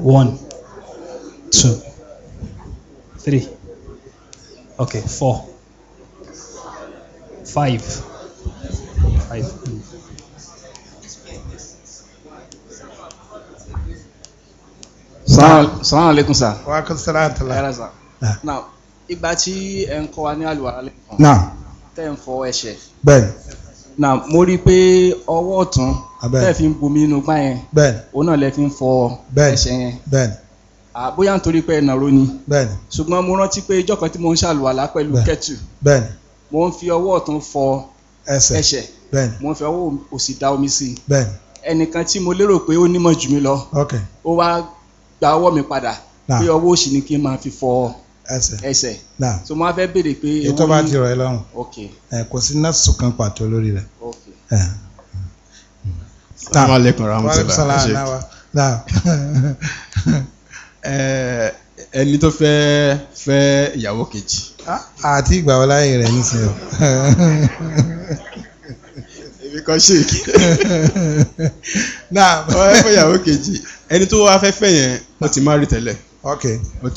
one, two, three, okay, four, five, five. Salaam alaikum sir. Wa alaikum salaam tala. Yàrá sir. Ah. Now, ìgbà tí ẹ ń kọ́ wa ní àlùwàlá lẹ́kọ̀ọ́. Now. Tẹ́ ń fọ ẹsẹ̀. Bẹ́ẹ̀ni. Now, mo rí i pé ọwọ́ tẹ́ fi ń bomi inú gbá yẹn bẹ́ẹ̀ni òun náà lẹ fi ń fọ ẹsẹ̀ yẹn bẹ́ẹ̀ni bóyá nítorí pé ẹnàró ni bẹ́ẹ̀ni ṣùgbọ́n mo rántí pé ìjọ́ kan tí mo ń ṣàlùwàlá pẹ̀lú kẹ́tù bẹ́ẹ̀ni mo ń fi ọwọ́ ọ̀tún fọ ẹsẹ̀ bẹ́ẹ̀ni mo ń fi ọwọ́ òsì da omi sí i bẹ́ẹ̀ni ẹnìkan tí mo lérò pé ó nímọ̀ jù mí lọ ó wá gba ọwọ́ mi padà pé ọwọ́ òsì ni kí n máa fi fọ ẹsẹ̀ ẹsẹ̀ so mo á fẹ́ béèrè pé. ètò bá ti rọ̀ ẹ́ lọ́rùn kò sí nọ́ọ̀sì kan pàtó lórí rẹ̀ salamaleykum rahmatulah ẹni tó fẹ́ fẹ́ ìyàwó kejì. àti ìgbà wọlé ayé rẹ̀ nísìnyí o. èmi kan ṣèkì. náà wọ́n fẹ́ ìyàwó kejì ẹni tó wá fẹ́ fẹ́ yẹn ó ti máa rí tẹ́lẹ̀. ok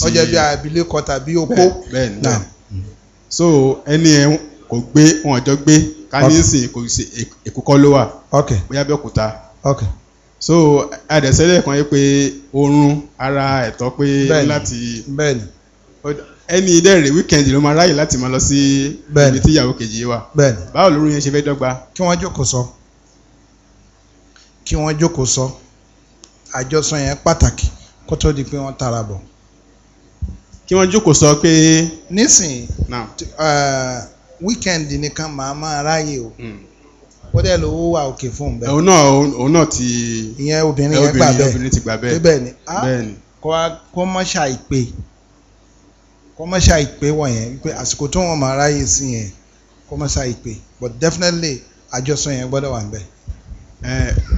ọjọ́ bí abilékọ tàbí opó. bẹ́ẹ̀ ni so ẹni yẹn kò gbé wọn jọ gbé ká ní sìn èkó kọ́ ló wà bóyá Abẹ́òkúta so àdẹ̀sẹ́lẹ̀ kan yẹ pé oorun ara ẹ̀tọ́ pé láti ẹni ìdẹ́rẹ̀ wíkẹ́ndì ló máa ráyè láti máa lọ sí ibi tí ìyàwó kejì wà báwo lóorun yẹn ṣe fẹ́ dọ́gba. kí wọ́n jókòó sọ kí wọ́n jókòó sọ àjọsọ yẹn pàtàkì kó tó di pé wọ́n tara bọ̀. kí wọ́n jókòó sọ pé. nísìnyí weekend nìkan màá máa ráyè o hmm. ó dẹ̀ lówó wà òkè fún un bẹ́ẹ̀. òun náà òun náà ti ìyẹn obìnrin yẹn gbà bẹ́ẹ̀ obìnrin ti gbà bẹ́ẹ̀ ah, bẹ́ẹ̀ ni kó mọ́ ṣàìpè kó mọ́ ṣàìpè wọ̀nyẹn pé àsìkò tó wọn máa ráyè sí yẹn kó mọ́ ṣàìpè but definitely àjọsọ yẹn gbọ́dọ̀ wà níbẹ̀.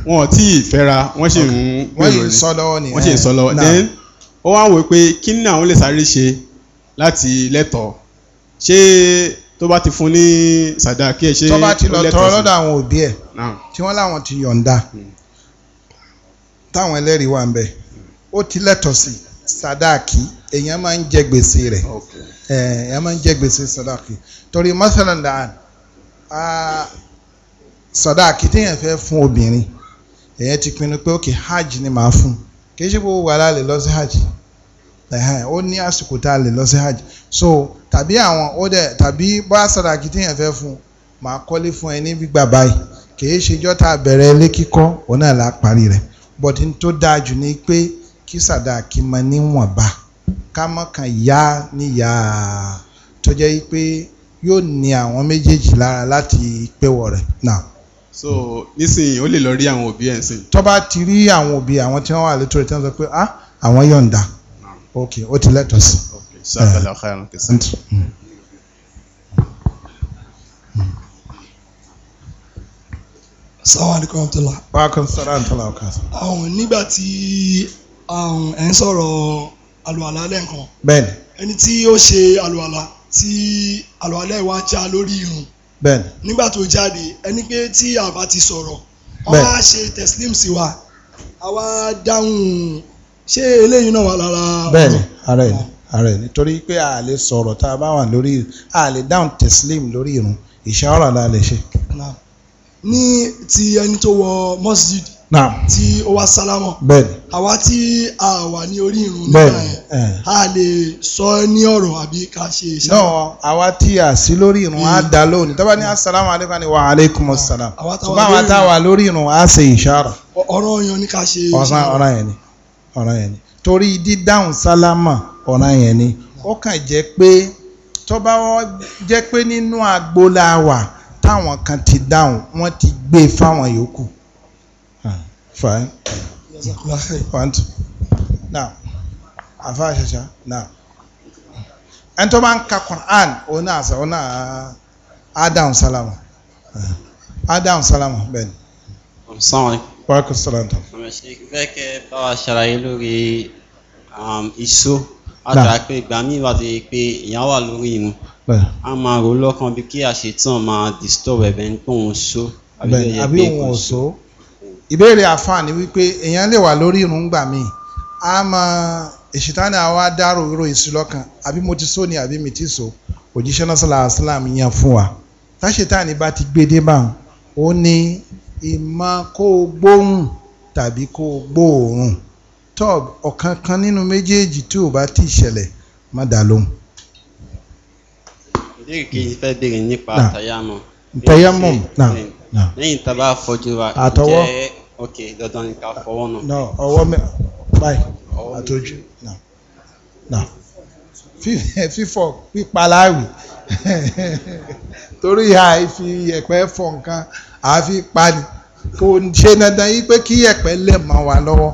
wọn ò tí ì fẹ́ra wọ́n sì ń pèrò ní wọ́n sì ń sọ lọ́wọ́ then ó wá wò pé kí ni àwọn lè sáré ṣe láti lẹ́tọ̀ọ́ ṣé tó bá ti fún ní sàdáàkì ẹ̀ ṣe tó bá ti lọ tọrọ lọ́dọ̀ àwọn òbí ẹ̀ tí wọ́n láwọn ti yọ̀ǹda táwọn ẹlẹ́rìí wà ń bẹ̀ ó ti lẹ́tọ̀ọ́ sí sàdáàkì èèyàn máa ń jẹ gbèsè rẹ̀ èèyàn máa ń jẹ gbèsè sàdáàkì torí masalan dàn sàdáàkì téèyàn fẹ́ fún obìnrin èèyàn ti pinnu pé òkè hajj ni màá fún kì í ṣe gbogbo wàhálà lè lọ sí hajj ó ní àsìkò tá a lè lọ sí hajj so tàbí àwọn ó dẹ̀ tàbí bóyá sàràkí téèyàn fẹ́ fún màá kọ́lé fún ẹ ní gbígbà báyìí kìí ṣèjọ́ tá a bẹ̀rẹ̀ ilé kíkọ́ òun náà la parí rẹ̀ but n tó dáa jù ni pé kí sàdáàkì máa níwọ̀nba ká má yá níyà tó jẹ́ pé yóò ní àwọn méjèèjì lára láti pẹ́wọ̀ rẹ̀ náà so nísìnyí ó lè lọ rí àwọn òbí ẹ̀ sìn. tó bá ti rí àwọn òbí àwọn tí wọ́n wà létò rẹ̀ tí wọ́n sọ pé ah àwọn yọ̀ǹda ok ó ti lẹ́tọ̀ sí. sàwádìí kọ́ńtàlá. wákàn sọ̀rọ̀ àǹtàlá ọ̀ka. àwọn nígbà tí ẹ̀ ń sọ̀rọ̀ àlùwàlá lẹ́ẹ̀kan. bẹ́ẹ̀ni. ẹni tí ó ṣe àlùwàlá tí àlùwàlá ìwà já lórí irun. bẹ́ẹ̀ni. nígbà tó jáde ẹni pé tí àbá ti sọ̀rọ̀ wọ́n á ṣe tẹ̀sílímù sí wa àwa dáhùn ṣé eléyìí náà wà lára. bẹ́ẹ̀ni ara ẹni ara ẹni torí pé a lè sọ̀rọ̀ tá a bá wà lórí a lè dáhùn tẹsílẹmù lórí irun ìṣàwọrà la lè ṣe. ní ti ẹni tó wọ masjid tí ó wá sálámọ̀ bẹ́ẹ̀ni àwa tí a wà ní orí irun nígbà yẹn a le sọ ní ọ̀rọ̀ àbí ká ṣe iṣẹ́. náà àwa tí a sí lórí irun á hmm. dá lónìí tó bá ní asalaamu alaykum ni wa aleykum asalaam ṣùgbọ́n àwa tá a wà lórí irun á ṣe ìṣàrà. ọ̀rọ̀ yan ni ká ṣe ìṣàrà. ọ̀ràn yẹn ni ọ̀ràn yẹn ni torí dídáhùn sálámà ọ̀ràn yẹn ni ó kàn jẹ́ pé tó bá jẹ́ pé nínú agboolá wa táwọn kan ti dáhùn wọ́n ti gbé e fáwọn yòókù. Ah, fine. one two now afa ṣaṣa now ẹni tó bá ń ka Quran òun náà sọ òun náà á dáhùn sálámà ah, á dáhùn sálámà bẹ́ẹ̀ ni wàhálà sàlàntà. ọmọ ṣe fẹ́ kẹ́ bá wa ṣàlàyé lórí um, ìṣó àtàrà pé ìgbà míì wà tó yẹ pé èèyàn wà lórí irun a máa rò lọ́kàn bí kí àṣetán máa disturb ẹ̀bẹ̀ ń pọ̀ òun ṣó. àbí òun ò ṣó ìbéèrè àfààní wípé èèyàn lè wà lórí irun gbà míì a máa ìṣìtánì àwa dárò ìró ìṣúlọ́kan àbí mo ti sọ ni àbí mi ti sọ òjíṣẹ́ náà sọ́la àṣìláàmù yẹn fún wa táṣetánì bá ti gbé dé báwọn ó ní ìmọ̀ kó o gbóhùn tàbí kó o gbóòórùn tó ọ̀kan kan nínú méjèèjì tí ò bá ti ṣẹlẹ̀ má dà lóhùn. ìbéèrè kejì fẹ́ béèrè nípa àtàyàmọ̀. àtàyàmọ̀ náà náà. lẹ́yìn tá a bá fọjú wa. àtọwọ́ jẹ́ ok dandan ni ká fọwọ́ náà. ọwọ́ mi báyìí àtọ́jú fífọ̀ pípa láàwì. torí àìfi yẹ̀pẹ̀ fọ nǹkan àfi pani kò ṣe dandan yìí pé kí yẹ̀pẹ̀ lè mọ́ wa lọ́wọ́.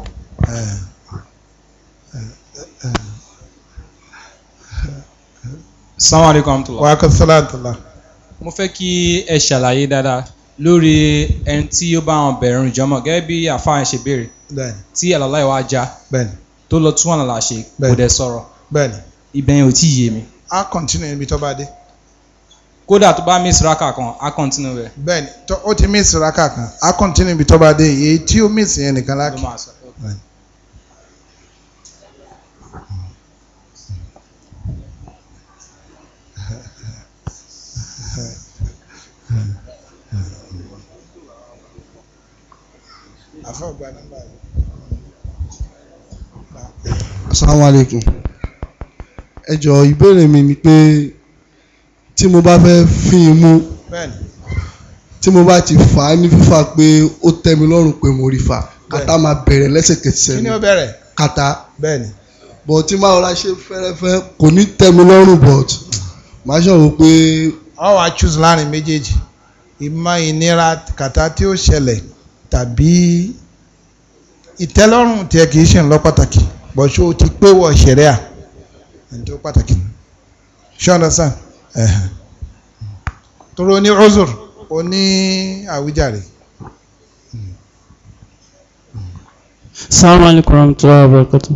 salamu alaykum tula. wa alaykum salaam tula. mo fẹ́ kí ẹ ṣàlàyé dáadáa lórí ẹni tí ó bá àwọn bẹ̀rùn jọmọ gẹ́gẹ́ bí àfáà ṣe béèrè tí àlàlá ìwà ajá tó lọ tún àlàlà ṣe kò dẹ̀ sọ̀rọ̀ ibẹ̀ ò tí ì yé mi. a continue ibi tó bá dé kódà tó bá miss raka kan á continue rẹ̀. bẹ́ẹ̀ni ó ti miss raka kan á continue ibi tó bá dé èyí tí ó miss yẹn nìkan lákì. asalaamualeykum ẹ jọ ìbéèrè mi ni pé tí mo bá fẹ́ fi imú tí mo bá ti fà á ní fífà pé ó tẹ́ mi lọ́rùn pé mo rí fà kàtà máa bẹ̀rẹ̀ lẹ́sẹ̀kẹsẹ̀ ni kàtà bọ̀ tí máa rọra ṣe fẹ́rẹ́fẹ́ kò ní tẹ́ mi lọ́rùn but màá ṣọ̀rọ̀ pé. wọ́n wá choose láàrin méjèèjì ìmọ̀ ìnira kàtà tí ó ṣẹlẹ̀ tàbí ìtẹ́lọ́rùn tiẹ̀ kì í ṣe ńlọ pàtàkì bọ̀ ṣó o ti pé wọ̀ ṣẹ̀rẹ́ à ẹni tó pàtàkì ṣé ọ̀nà sàn toro ní ọ́sùr ó ní àwíjàre. sáwọn alikuram tó wà bẹ́ẹ̀kọ́tù.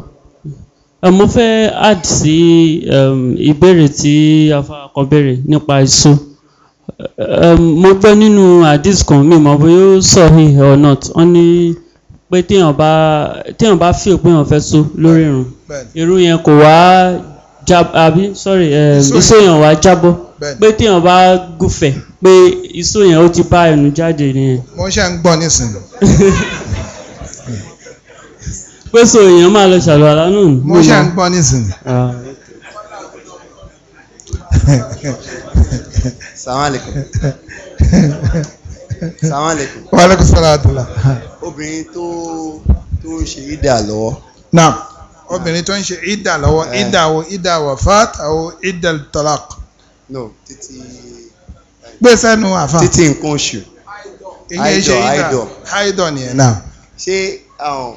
mo fẹ́ add sí um, ìbéèrè tí afa kan béèrè nípa èso um, mo gbọ́ nínú hadith kan mi mọ̀ bóyá ó sọ hìn or not wọ́n ní pé téèyàn bá téèyàn bá feel pé èèyàn so lórí irun irú yẹn kò wá àbí sorry um, iṣó yẹn wá jábọ́ pé téèyàn bá gùfẹ̀ pé iṣó yẹn ó ti bá ẹnu jáde nìyẹn. mo ṣe ń gbọ́ nísìnyí. pé so èèyàn máa lọ ṣàlùwàlá náà. mo ṣe ń gbọ́ nísìnyí. Ah. salaam aleykum salaam aleykum. wa aleykum obìnrin tó tó ń ṣe ìdà lọ́wọ́. náà obìnrin tó ń ṣe ìdà lọ́wọ́ eh. ìdà wo ìdà wafat àwọ ìdà talaq. no Titi. Eh, gbé sẹ́nu àfa. Titi nǹkan oṣù. haidọ haidọ haidọ nìyẹn náà. ṣé ah,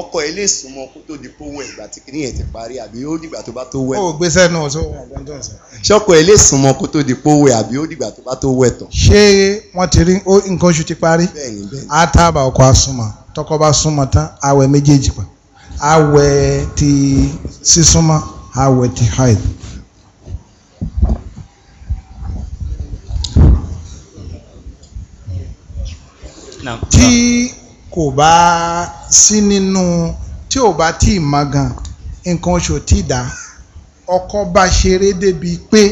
ọkọ ẹ lè súnmọ́ kó tó di pówó ìgbà tí kìnìyàn ti parí àbí ó dìgbà tó bá tó wẹ̀. ó gbé sẹ́nu ọ̀ṣọ́ ṣọkọ ẹ lè súnmọ́ kó tó di pówó àbí ó dìgbà tó bá tó wẹ̀ tán. ṣé wọ́n ti rí nǹkan oṣù ti parí. bẹ́ẹ̀ni bẹ́ẹ̀ni. á tábà ọkọ asúnmọ́ tọkọ bá súnmọ́ tán àwẹ̀ méjèèjì pa àwẹ̀ ti sísúnmọ́ àwẹ̀ ti haid. tí kò bá sí nínú tí ò bá tí ì mọ gan nǹkan oṣù tí dá ọkọ bá ṣeré débi pé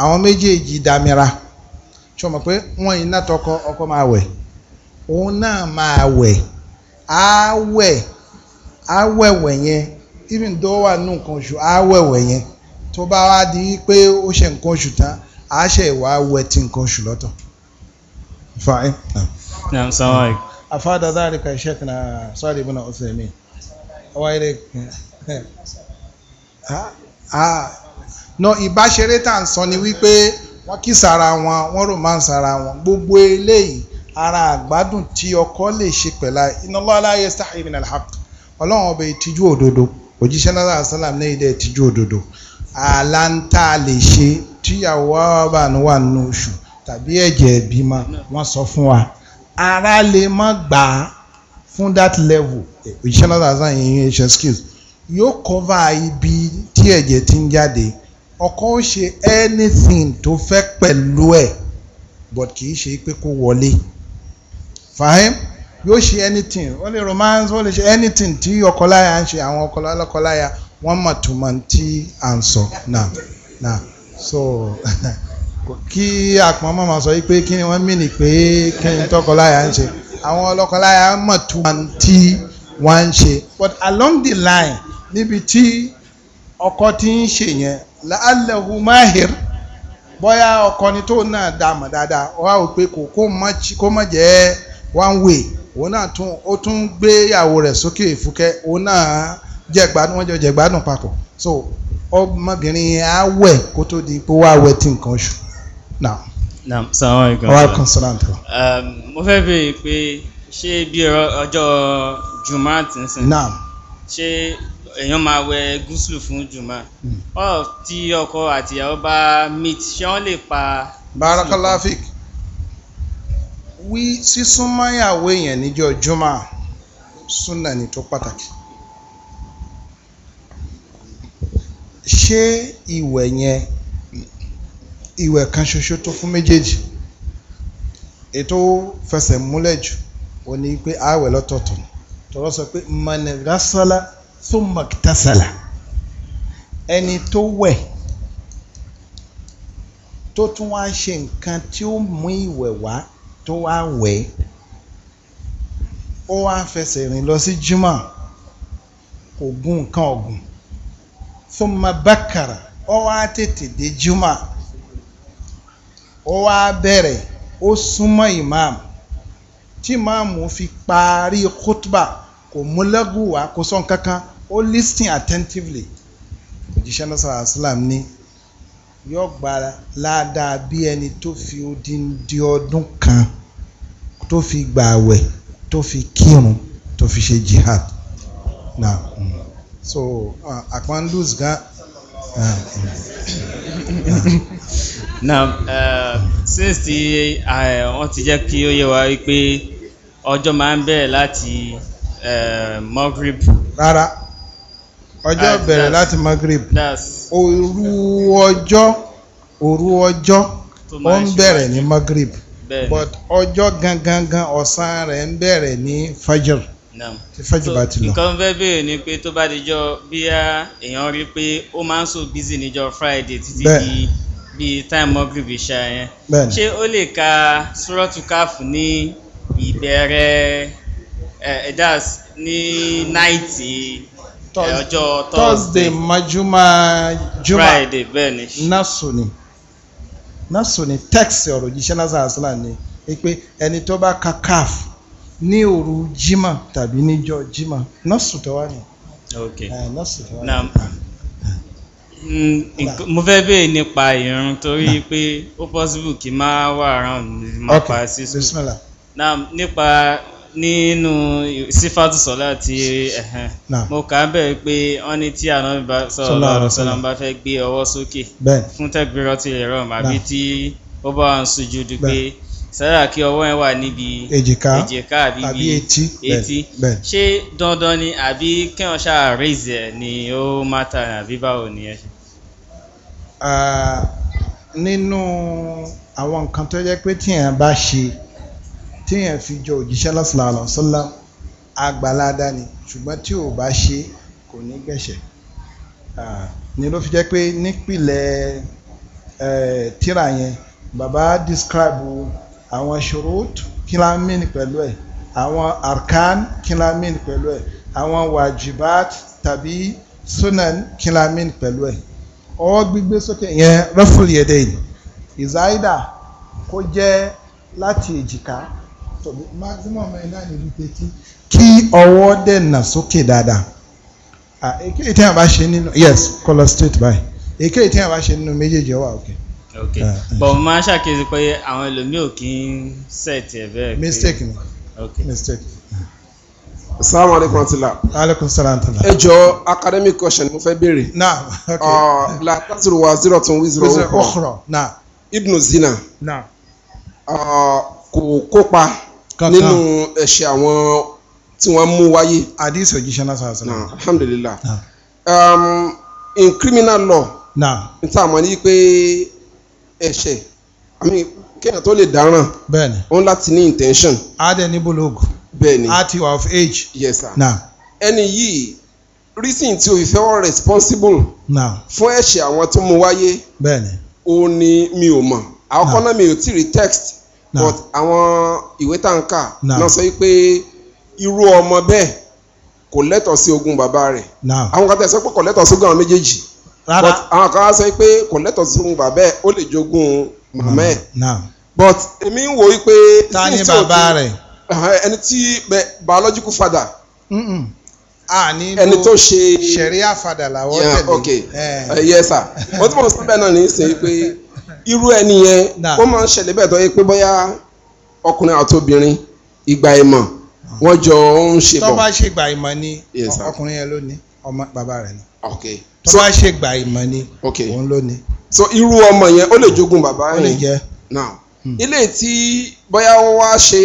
àwọn méjèèjì dámira tí wọn mọ pé wọn iná tọkọ ọkọ máa wẹ̀ òun náà máa wẹ̀ á wẹ̀ a yẹn even though wà nínú nǹkan oṣù á yẹn tó bá wá di pé ó ṣe nǹkan oṣù tán á ṣe ìwà ti nǹkan oṣù lọ́tọ̀. ìbáṣeré tá à ń sọ ni wípé kì sára wọn rò máa gbogbo eléyìí ara àgbádùn tí ọkọ lè ọlọ́run ọba ìtìjú òdodo òjíṣẹ́ náírà asálàm náà ìdẹ́ ìtìjú òdodo ààlà ń tá a lè ṣe tíyàwó wàhálà wà nínú oṣù tàbí ẹ̀jẹ̀ ìbímọ wọ́n sọ fún wa ara lè má gbà á fún that level òjíṣẹ́ náírà asálàm yẹn ṣe skills yóò cover ibi tí ẹ̀jẹ̀ ti ń jáde ọkọ ó ṣe anything tó fẹ́ pẹ̀lú ẹ̀ but kì í ṣe pé kó wọlé fahim yóò ṣe anything wọ́n lè romance wọ́n lè ṣe anything tí ọkọláya ń ṣe àwọn ọkọláya wọ́n mọ̀ tó mọ̀ tí à ń sọ náà náà so kí àpọ̀n mọ̀ máa sọ yìí pé kí ni wọ́n mìíní pé kí ni tọkọláya ń ṣe àwọn ọlọ́kọláya mọ̀ tó mọ̀ tí wọ́n ń ṣe but along the line níbi tí ọkọ ti ń ṣe yẹn la'allahu mahir bóyá ọkọ ni tó náà dá mọ̀ dáadáa wá ò pé kò kó mọ̀ jẹ́ one way òun náà tún ó tún gbé ìyàwó rẹ̀ sókè ìfúkẹ́ òun náà jẹ̀gbádùn wọ́n jọ jẹ̀gbádùn papọ̀ so ọmọbìnrin yẹn á wẹ̀ kó tó di pé wàá wẹ̀ tí nǹkan oṣù náà. naam sàwọn ìgbà wa wà consulant. Um, mo fẹ́ béèrè pé ṣé bí ọjọ́ jùmọ̀ àti nsìn. naam. ṣé èèyàn máa wẹ gúúsùlù fún jùmọ̀ hmm. ọ̀ tí ọkọ àtìyàwó bá meet ṣé wọ́n lè pa. barakalafik wí sísúnmọ́ ìyàwó èèyàn níjọ́ jùmọ̀ súnà ní tó pàtàkì ṣé ìwẹ̀ yẹn ìwẹ̀ kan ṣoṣo tó fún méjèèjì ètò fẹsẹ̀ múlẹ̀ jù ó ní pé àwẹ̀ lọ́tọ̀ọ̀tọ̀ tọ́rọ sọ pé mọ̀nẹ̀gásọ́lá tó mọ̀kítàsálà ẹni tó wẹ̀ tó tún wá ṣe nǹkan tí ó mú ìwẹ̀ wá tó wá wẹ̀ ó wá fẹsẹ̀ rìn lọ sí jimá kò gun nǹkan ọ̀gùn thumma bakara ó wá tètè dé jimá ó wá bẹ̀rẹ̀ ó súnmọ́ imam tí imaamu fi parí khutba kò mú lẹ́gùn wá kò sọ nǹkan kan ó listen attentively òjíṣẹ́ náà sọ̀rọ̀ àṣìlám ní yóò gba ládàá bí ẹni tó fi odindi ọdún kan tó fi gbààwẹ̀ tó fi kírun tó fi ṣe jihad na so uh, akpandus gan. Uh, since ti uh, wọ́n ti jẹ́ kí ó yé wa wípé ọjọ́ máa ń bẹ̀rẹ̀ láti uh, rárá ọjọ́ bẹ̀rẹ̀ láti magrib òru ọjọ́ òru ọjọ́ ó ń bẹ̀rẹ̀ ní magrib but ọjọ́ gangan gan ọ̀sán rẹ̀ ń bẹ̀rẹ̀ ní fajr tí fajr bá ti lọ. nǹkan fẹ́ bèèrè ni pé tó bá di jọ bí a èèyàn rí pé ó máa ń so busy níjọ́ friday títí di bíi time magrib ṣá yẹn ṣé ó lè ka suratu káfù ní ìbẹ̀rẹ̀ ẹ̀dá eh, eh, ní náìtì. Eh, ọjọ́ thursday majuma juma friday bẹ́ẹ̀ ni. nasu ni nasu ni text ọ̀rọ̀ jíṣẹ́ nasa asala ni pé ẹni tó bá ka caf ní òru jimá tàbí níjọ́ jimá nasu tó wà ní. ok eh, nasu tó wà ní. Mm, mo fẹ́ bèèrè nípa ìrun torí pé ó possible kí n máa wà around ma pa sísun. ok bismillah. nípa nínú sífàtù sọlá ti ẹ̀hẹ̀n mo kà á bẹ̀rẹ̀ pé wọ́n ní tí ànábì bá sallallahu alaihi wasallam bá fẹ́ gbé ọwọ́ sókè fún tẹ́gbẹ́rọ́ ti rẹ̀ rọrùn àbí tí ó bá ń sùjúdù pé sára kí ọwọ́ ẹ̀ wà níbi èjìká àbí etí etí ṣé dandan ni àbí kẹ́hàn ṣáà raise ẹ̀ ni ó mátà àbí báwo ni ẹ ṣe. Ah, nínú àwọn nǹkan tó jẹ́ pé tíyẹn bá ṣe téèyàn fi jọ òjíṣẹ́ lọ́sọ̀lá àlọ́sọ́lá àgbàládá ni ṣùgbọ́n tí ò bá ṣe kò ní gbẹ̀ṣẹ̀ ni ló fi jẹ́ pé nípìnlẹ̀ tíra yẹn bàbá describe àwọn shurut kilamin pẹ̀lú ẹ̀ àwọn arkan kilamin pẹ̀lú ẹ̀ àwọn wajibat tàbí sunan kilamin pẹ̀lú ẹ̀ ọwọ́ gbígbé sókè yẹn raful yedain ìzáídà kó jẹ́ láti èjìká tòbí maximum ẹ̀ náà níbi pé kí kí ọwọ́ dẹ̀nà sókè dáadáa èké tí a ṣe nínú yes color state báyìí èké tí a bá ṣe nínú méjèèjì ọwọ́ òkè. ok but mo máa ṣàkíyèsí pé àwọn ẹlòmíì ò kí ń set ẹ bẹ́ẹ̀. mistake ni okay. mistake. Assalamu alaikum warahmatullahi. Alaikum salam tala. Ẹ jọ academic question mo fẹ́ béèrè. Na ok. Uh, La tasiru wa zero tun wizero okoro. Okoro na. Ibnu Zina. Na. Uh, ah, kò kópa nínú ẹ̀ṣẹ̀ àwọn tí wọ́n mú wáyé. àdìsí òjíṣẹ́ náà sàásì. na alhamdulilah um, in criminal law. na n ta mọ̀ ní pé ẹ̀ṣẹ̀ kéèyàn tó lè dáràn. bẹ́ẹ̀ni òun láti ní intention. adé ní búlóògù. bẹ́ẹ̀ni at you of age. yes sir. na ẹni yìí reason tí o fi fẹ́ wọ́n responsible. na fún ẹ̀ṣẹ̀ àwọn tó mú wáyé. bẹ́ẹ̀ni. o ní mi ò mọ̀ àkọ́kọ́ náà mi ò tí rí text but àwọn ìwé tá n kà náà sọ pé irú ọmọ bẹ́ẹ̀ kò lẹ́tọ̀ọ́ sí ogún bàbá rẹ̀ àwọn kan tẹ̀ sọ pé kò lẹ́tọ̀ọ́ sí ogún àwọn méjèèjì but àwọn kan sọ pé kò lẹ́tọ̀ọ́ sí ogún bàbá ẹ̀ ó lè jogún màmá ẹ̀ but èmi ń wò ó pé. ta ni bàbá rẹ̀. ẹni tí biological father. Mm -mm àní ẹni tó ṣe sẹ̀ríà fadà làwọn tẹ̀lé. ok ẹ yẹ sà wọ́n tún bọ̀ sọ́bẹ̀ náà ní í ṣe pé irú ẹni yẹn ó máa ń ṣẹlẹ̀ bẹ́ẹ̀ tó yẹ pé bóyá ọkùnrin àti obìnrin ìgbà ìmọ̀ wọ́n jọ ń ṣe bọ̀. tó bá ṣe ìgbà ìmọ̀ ni ọkùnrin yẹn ló ní ọmọ bàbá rẹ̀ ni. tó bá ṣe ìgbà ìmọ̀ ni òun ló ní. so irú ọmọ yẹn ó lè jogún bàbá yẹn. ó lè jẹ. now hmm. ilé tí bóyá ó wá ṣe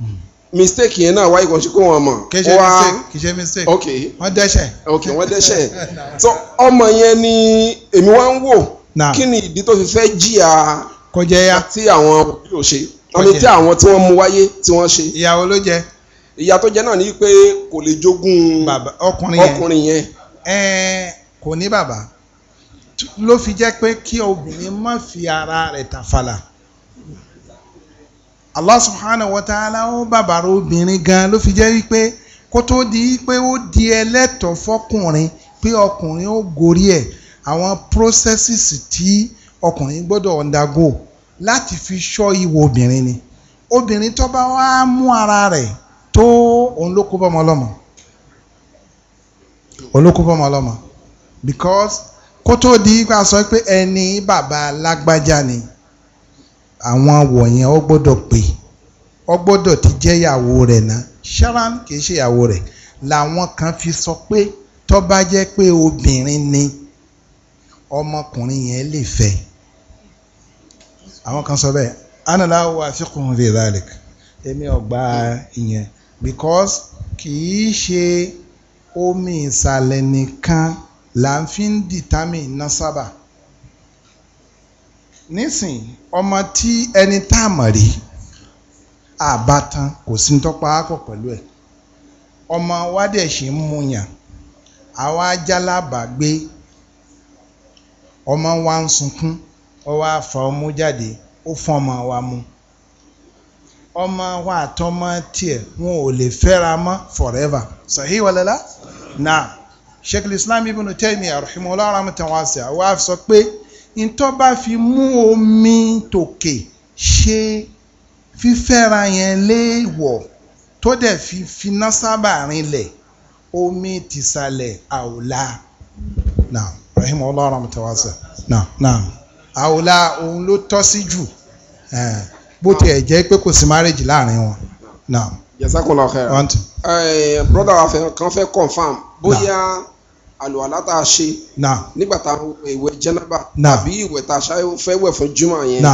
hmm. mistake yẹn náà wáyé kan ṣe kó wọn mọ̀. kì í ṣe mistake ṣe mistake. ok wọ́n dẹ́ṣẹ̀. ok wọ́n dẹ́ṣẹ̀. so ọmọ yẹn ni èmi wá ń wò kí ni ìdí tó fi fẹ́ jìyà kọjẹ́yà tí àwọn òbí ò ṣe àmì tí àwọn tí wọ́n mú wáyé tí wọ́n ṣe. ìyàwó ló jẹ. ìyà tó jẹ náà ni pé kò lè jogún ọkùnrin yẹn. ẹẹ kò ní bàbá ló fi jẹ́ pé kí obìnrin má fi ara rẹ̀ tàfàlà. Allah subhanahu wa ta'ala ó bàbàrà obìnrin gan ló fi jẹ́ wípé kó tó di pé ó di ẹlẹ́tọ̀ọ́ fọkùnrin pé ọkùnrin ó gorí ẹ̀ àwọn processes tí ọkùnrin gbọ́dọ̀ undergo láti fi ṣọ́ ìwọ obìnrin ni obìnrin tó bá wá mú ara rẹ̀ tó òun ló kó bọ́mọ lọ́mọ òun ló kó bọ́mọ lọ́mọ because kó tó di ipa sọ pé ẹni bàbá lágbájá ni àwọn wọ̀nyẹn ó gbọ́dọ̀ pè ó gbọ́dọ̀ ti jẹ́ ìyàwó rẹ̀ náà sharon kì í ṣe ìyàwó rẹ̀ làwọn kan fi sọ pé tó bá jẹ́ pé obìnrin ni ọmọkùnrin yẹn lè fẹ́ àwọn kan sọ bẹ́ẹ̀ anala wa fikun fi dhalik èmi ọgbà ìyẹn because kì í ṣe omi ìsàlẹ̀ nìkan là ń fi ń dìtámì násábà nísìn ọmọ tí ẹni tá a mọ̀ rí àbátan kò sí ń tọ́pa pẹ̀lú ẹ̀ ọmọ wa dẹ̀ ṣe ń múyàn àwa ajá ọmọ wa ń sunkún ó wá fa ọmú jáde ó fún ọmọ wa mu ọmọ wa àtọmọ tiẹ̀ wọn ò lè fẹ́ra mọ́ forever sàhí wàlẹ́lá na sheikh islam ibn taymiya arhimahulah rahmatan wasi'a wa sọ pé ntọ́ bá fi mú omi tòkè ṣe fífẹ́ra yẹn léèwọ̀ tó dẹ̀ fi finá sábà rinlẹ̀ omi tìsàlẹ̀ àwòlá náà rahim Allah ramtawasa náà náà àwòlá òun ló tọ́ sí jù bó tiẹ̀ jẹ́ pé kò sí márèjì láàrin wọn náà. yasakula ọkẹrẹ ẹ broda wa kan fẹ́ confam bóyá àlùwàlá tá a ṣe nígbà tá a ìwẹ̀ jẹnaba àbí ìwẹ̀ tá a fẹ́ wẹ̀ fún juma yẹn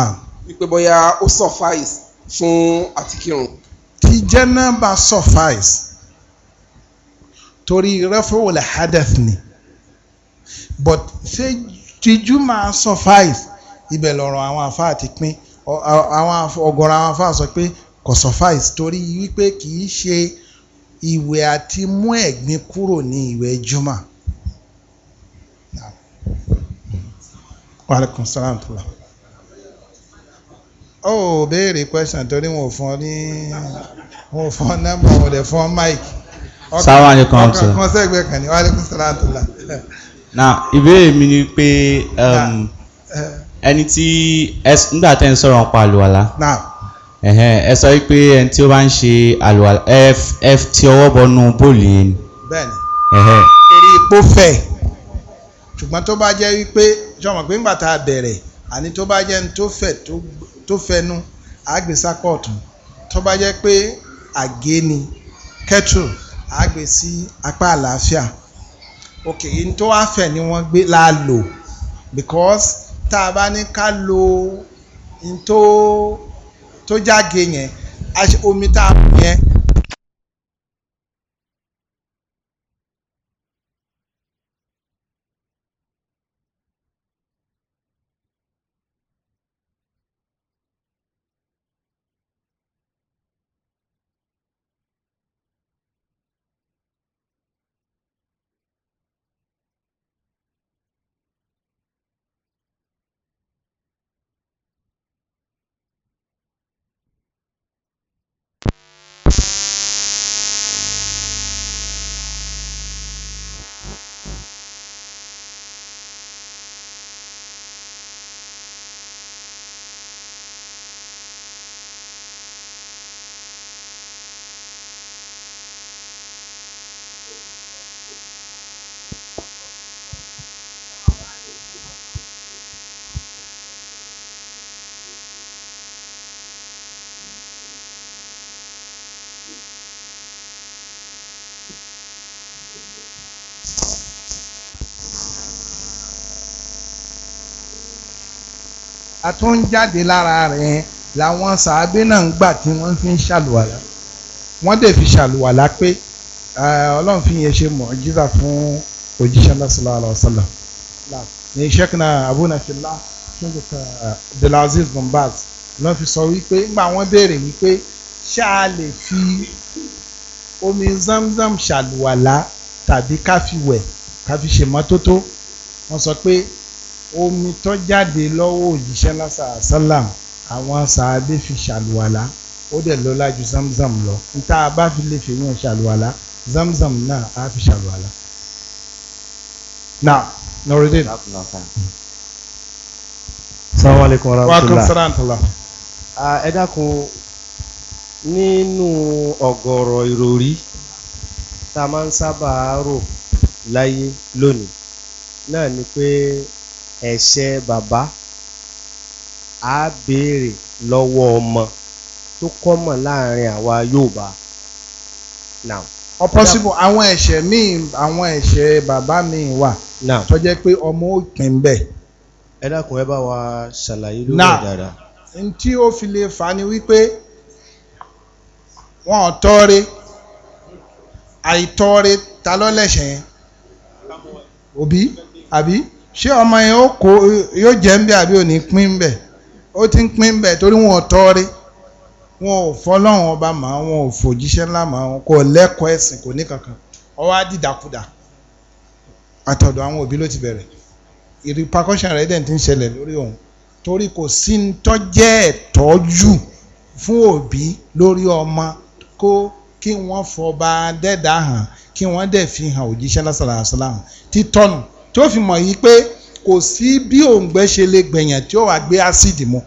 wípé bóyá ó suffice fún àtikírun. tí jẹnaba suffice torí rẹfọwọlẹ hadith ni but ṣé jíjú máa suffice ibẹ̀ lọ̀rọ̀ àwọn àfa àti pín àwọn ọ̀gọ̀rọ̀ àwọn àfa sọ pé kò suffice torí wípé kì í ṣe ìwẹ̀ àti mú ẹ̀gbin kúrò ní ìwẹ̀ juma. wàlẹ́kùn sálàm ó béèrè question torí wọn ò fún ọ ní wọn ò fún ọ nọ́mbà wọn ò dẹ̀ fún ọ máìkì. sáwọn àyè kan ọ̀sẹ̀. ọkàn kan sẹ́gbẹ̀ẹ́ kan ní wàlẹ́kùn sálàm na ìbéèrè mi ni pé um, uh, ẹni tí nígbà tẹ́ ń sọ̀rọ̀ pa àlùwàlá ẹ sọ pé ẹni tí ó bá ń ṣe àlùwàlá ẹ ti ọwọ́ bọnú bóòlù yẹn ni. bẹ́ẹ̀ni torí ipò fẹ́ ṣùgbọ́n tó bá jẹ́ wípé jọmọ pé ńgbà tá a bẹ̀rẹ̀ àní tó bá jẹ́ ní tó fẹ́ tó fẹnu àgbèsápọ̀ ọ̀tún tó bá jẹ́ pé àgé ni kẹ́tù àgbè apá àlàáfíà okay n tó wá fẹ̀ ni wọ́n gbé la lò because tá a bá ní ká lo n tó tó jáde yẹn omi tá a mú yẹn àtúnjáde lára rẹ̀ làwọn sàábé náà ń gbà tí wọ́n fi ń ṣàlùwàlà wọ́n dẹ̀ fi ṣàlùwàlà pé ọlọ́run fi yẹn ṣe mọ̀ọ́jísà fún òjíṣẹ́ náà sallallahu alaihi wasallam ní sẹ́kìnà abúnafilá ṣẹ́jọ́ka abdulaziz bombaz lọ́n fi sọ wípé nígbà wọ́n béèrè wípé ṣá a lè fi omi zamzam ṣàlùwàlà tàbí ká fi wẹ̀ wọ́n sọ pé omi tó jáde lọ́wọ́ òjíṣẹ́ lásàá sálàm àwọn sàádé fi ṣàlùwàlá ó dẹ̀ lọ́lá ju zamzam lọ níta bá fi lè fèyàn ṣàlùwàlá zamzam náà á fi ṣàlùwàlá. na nọrọdẹ. salamu alaykum wa rahmatulah. nínú ọ̀gọ̀rọ̀ ìròrí tá a máa ń sábà rò láyé lónìí náà ni pé ẹ̀ṣẹ̀ bàbá á béèrè lọ́wọ́ ọmọ tó kọ́mọ̀ láàrin àwa Yorùbá now. O possible àwọn ẹ̀ṣẹ̀ míì àwọn ẹ̀ṣẹ̀ bàbá míì wà tó jẹ́ pé ọmọ ò kì í bẹ̀. ẹ dákun ẹ bá wa ṣàlàyé lórí dára. n tí ó fi lè fà ni wípé wọn ò tọ́re àìtọ́re ta lọ́lẹ̀ṣẹ̀ yẹn òbí àbí. ṣé ọmọ yẹn ó kó yóò jẹ́ ń bẹ́ àbí òní pín ó ti ń pín torí wọn ò tọ́rí wọn ò fọlọ́run ọba màá wọn ò fòjíṣẹ́ ńlá màá wọn kò lẹ́kọ̀ọ́ ẹ̀sìn kò ní kankan ọwọ́ á àtọ̀dọ̀ àwọn òbí ló ti bẹ̀rẹ̀ rẹ̀ dẹ̀ ti ń ṣẹlẹ̀ lórí òun torí kò sí ń tọ́jẹ́ fún òbí lórí ọmọ kó kí wọ́n fọba hàn kí wọ́n dẹ̀ fi tí ó fi mọ̀ yìí pé kò sí bí òǹgbẹ ṣe lè gbẹ̀yàn tí ó wà gbé ásíìdì mu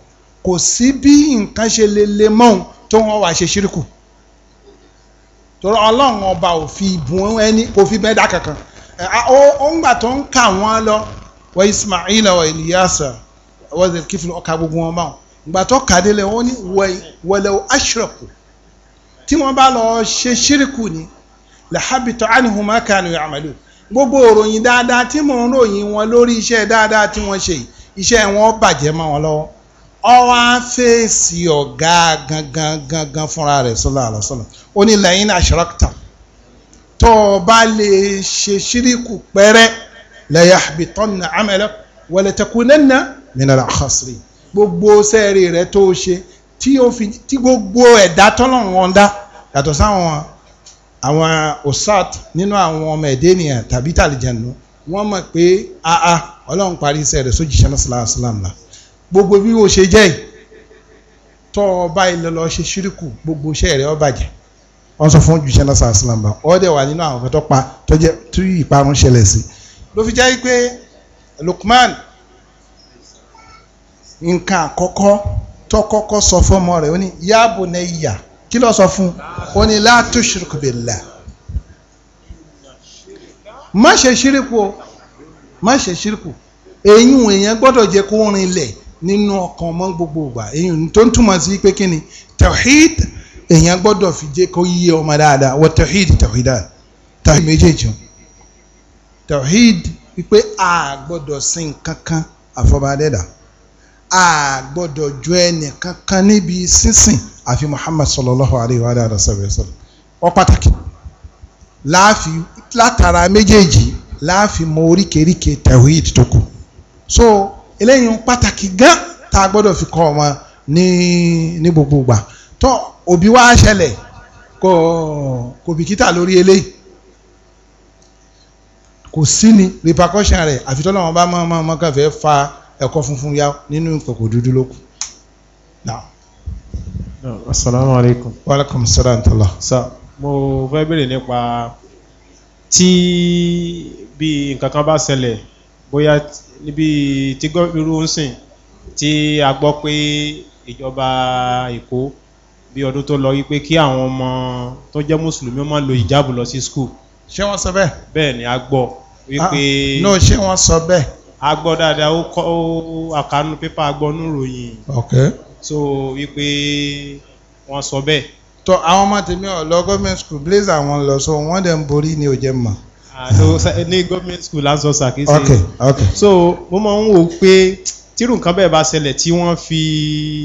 kò sí bí nǹkan ṣe lè le mọ́hun tó wọ́n wà ṣe ṣírìkù torí ọlọ́run ọba ò fi bùn ẹni kò fi bẹ́ẹ̀ dá kankan ó ń gbà tó ń kà wọ́n lọ wọ́n Ismaila wọ́n Iliyasa wọ́n ṣe kí fún ọkà gbogbo wọn báwọn ìgbà tó kàdé lẹ̀ wọ́n ní wọlé aṣọ́kù tí wọ́n bá lọ ṣe ṣírìkù ni làhábìtọ́ ánìhùn mákàánù yàmàlú gbogbo òròyìn dáadáa tí mò ń ròyìn wọn lórí iṣẹ́ dáadáa tí wọ́n ṣe iṣẹ́ wọn bàjẹ́ mọ́ wọn lọ́wọ́ ọwọ́ fèsì ọ̀gá gangan gangan fúnra rẹ̀ sọ́lá àlọ́sọ́lá ó ní lẹ́yìn àṣírọ́kítà tó o bá lè ṣe ṣíríkù pẹ́rẹ́ lẹ́yà àbítọ́nà àmẹ́lẹ́ wẹ̀lẹ̀tẹ̀kùnẹ́nà mìíràn àkọsílẹ̀ gbogbo sẹ́ẹ̀rì rẹ̀ tó o ṣe tí gbogbo ẹ̀dá tọ́lọ́run wọn dá yàtọ̀ sáwọn àwọn osat nínú àwọn ọmọ ẹ̀dẹ́ ènìyàn tàbí tàlìjẹ̀nu wọ́n mọ̀ pé aa ọlọ́run parí iṣẹ́ rẹ̀ sójìṣẹ́ náà sàlá sàlám la gbogbo bí o ṣe jẹ́ tọ́ ọba ilẹ̀ lọ ṣe ṣíríkù gbogbo iṣẹ́ rẹ̀ ó bàjẹ́ wọ́n sọ fún jùṣẹ́ náà sàlá sàlám la ó dẹ̀ wà nínú àwọn kan tó pa tó tí ìparun ṣẹlẹ̀ sí ló fi jẹ́ pé Lukman nǹkan àkọ́kọ́ tó kọ́kọ́ sọ fọ́mọ rẹ̀ ó ní yáàbò náà yà kí ló sọ fún ó ní la tushrik billah má ṣe ṣíríkù o má ṣe ṣíríkù èyí èèyàn gbọ́dọ̀ jẹ́ kó rin ilẹ̀ nínú ọkàn mọ́ gbogbo ìgbà èyí tó ń túmọ̀ sí pé kí ni tawhid èèyàn gbọ́dọ̀ fi jẹ́ kó yí ọmọ dáadáa wọ tawhid tawhid tawhid méjèèjì tawhid wípé a gbọ́dọ̀ sin kankan àfọbàdẹ́dà a gbọ́dọ̀ jọ ẹnì kankan níbi sísìn àfi muhammad sallallahu alayhi wa alayhi wa sallam ọ pàtàkì láàfi látara méjèèjì láàfi mọ oríkèéríkèé tawhid tó kù so eléyìí pàtàkì gan tá a gbọ́dọ̀ fi kọ́ ọmọ ní ní gbogbo ìgbà tó òbí wa ṣẹlẹ̀ kò kò bìkítà lórí eléyìí kò sí ni repercussion rẹ̀ àfi wọn bá mọ́ ọmọ ọmọ kan fẹ́ fa ẹ̀kọ́ funfun ya nínú ìkòkò dúdú lókù. now asalaamu aleykum. waaleykum salaam tala. sa mo fẹ́ béèrè nípa tí bí nǹkan kan bá ṣẹlẹ̀ bóyá níbi tí irú ń sìn tí a gbọ́ pé ìjọba èkó bí ọdún tó lọ wípé kí àwọn ọmọ tó jẹ́ mùsùlùmí máa lo ìjáàbù lọ sí skul. ṣé wọ́n sọ bẹ́ẹ̀. bẹ́ẹ̀ ni a gbọ́ wípé. Ah, no ṣé wọ́n sọ bẹ́ẹ̀. a gbọ́ dáadáa ó kọ́ àkànú pépà a gbọ́ nù ròyìn. okay so wípé wọ́n sọ bẹ́ẹ̀. tọ àwọn ọmọ tèmi ọ̀lọ́ government school blaze àwọn lọ so wọ́n dẹ̀ ń borí ní òjẹ́ mọ̀. àdó ní government school lásán ṣàkíyèsí. ok ok. so mo máa ń wò pé tírù nǹkan bẹ́ẹ̀ bá ṣẹlẹ̀ tí wọ́n fi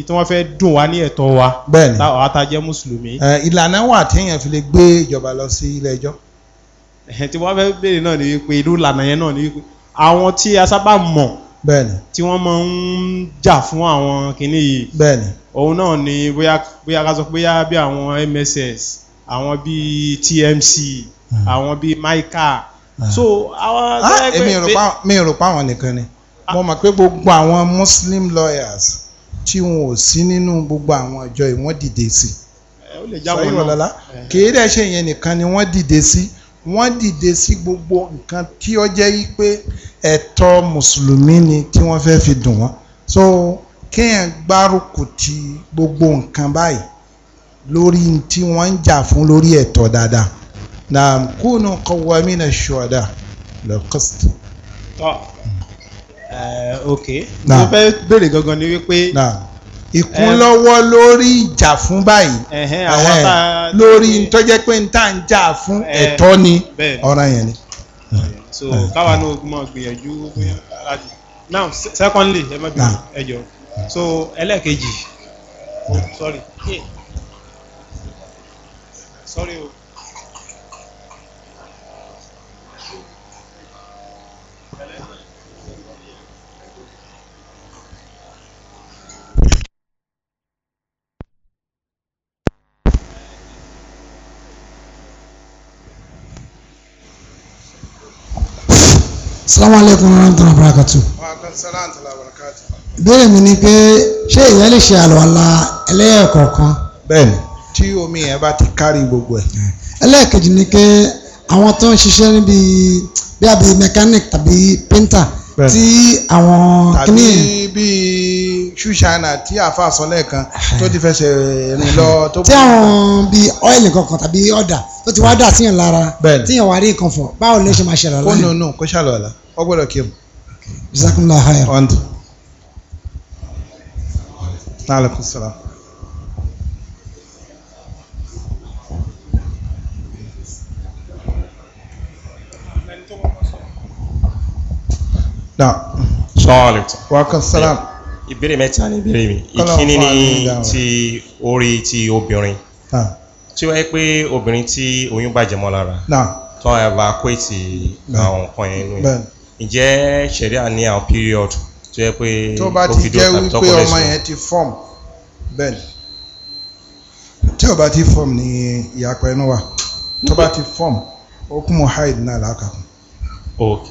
tí wọ́n fẹ́ dùn wá ní ẹ̀tọ́ wa. bẹ́ẹ̀ni táwọn atajẹ́ mùsùlùmí. ìlànà wà téèyàn fi lè gbé ìjọba lọ sí ilé ẹjọ́. tí wọ́n fẹ́ béèrè náà ni wípé irú ìlànà yẹn náà ni wípé àwọn tí a sábà mọ̀ bẹ́ẹ̀ni tí wọ́n máa ń jà fún àwọn kinní yìí bẹ́ẹ̀ni òun náà ni bóyá bóyá ká sọ bóyá bí àwọn MSS àwọn bíi TMC hmm. àwọn bíi maika hmm. so àwọn. Ah, mi ò rò pa àwọn nìkan ni ah. mo mọ̀ pé gbogbo àwọn Muslim lawyers tí wọn ò sí nínú gbogbo àwọn àjọ yìí wọ́n dìde sí. ó lè jáwé lọ sọ ìmọ̀lọ́lá eh. kì í dẹ̀ ṣe ìyẹn nìkan ni wọ́n dìde sí. Si wọ́n dìde sí gbogbo nǹkan tí ó jẹ́ wípé ẹ̀tọ́ mùsùlùmí ni tí wọ́n fẹ́ fi dùn wọ́n so kéèyàn gbárùkù ti gbogbo nǹkan báyìí lórí tí wọ́n ń jà fún lórí ẹ̀tọ́ dáadáa na kúnnù kọwàmínà ṣọ́dá lọ́kọ́sìtì. tọ́ ok mo fẹ́ béèrè gangan ni wípé ìkúnlọ́wọ́ lórí ìjà fún báyìí lórí tó jẹ́ pé n tá n jà fún ẹ̀tọ́ ni ọ̀ràn yẹn ni. so káwa náà mọ̀ gbìyànjú now secondly ẹ má bí ẹjọ so ẹlẹ́ẹ̀kejì sorry sorry o. salamu aleykum wa rahmatulah barakatu. ìbéèrè mi ni pé ṣé ìyẹn lè ṣe àlùwàlá ẹlẹ́ẹ̀kọ̀ọ̀kan. bẹ́ẹ̀ni tí omi yẹn bá ti kárí gbogbo ẹ̀. ẹlẹ́ẹ̀kejì ni pé àwọn tó ń ṣiṣẹ́ níbi bí àbí mechanic tàbí painter tí àwọn kìíní. tàbí bíi ṣùṣàánà tí àáfàá sọ lẹ́ẹ̀kan tó ti fẹsẹ̀ rìn lọ. tí àwọn bíi ọ́ìlì kankan tàbí ọ̀dà tó ti wá dà síyàn lára tíyàn wá rí nǹkan fọ̀ báwo ló ṣe máa ṣe àlùwàlá. kó nùnú kó ṣàlùwàlá ọ gbọ́dọ̀ kí mu. jazakumullahu khairan. ọ̀ndì. aleykum salaam. wàkàsálàm. ìbéèrè mẹ́ta ni ìbéèrè mi ìkíní ni ti orí ti obìnrin tí ó yẹ pé obìnrin tí oyún bàjẹ́ mọ́ lára tó ẹ̀ bá kó ètì àwọn nǹkan yẹn nù yẹn ìjẹ́ ṣẹ̀ríà ní àwọn period tó yẹ pé tó bá ti jẹ́ wípé ọmọ yẹn ti form bẹ́ẹ̀ tí ó ti form ní ìyàpẹ́ inú wa tó bá ti form okumu hide náà lákàkùn ok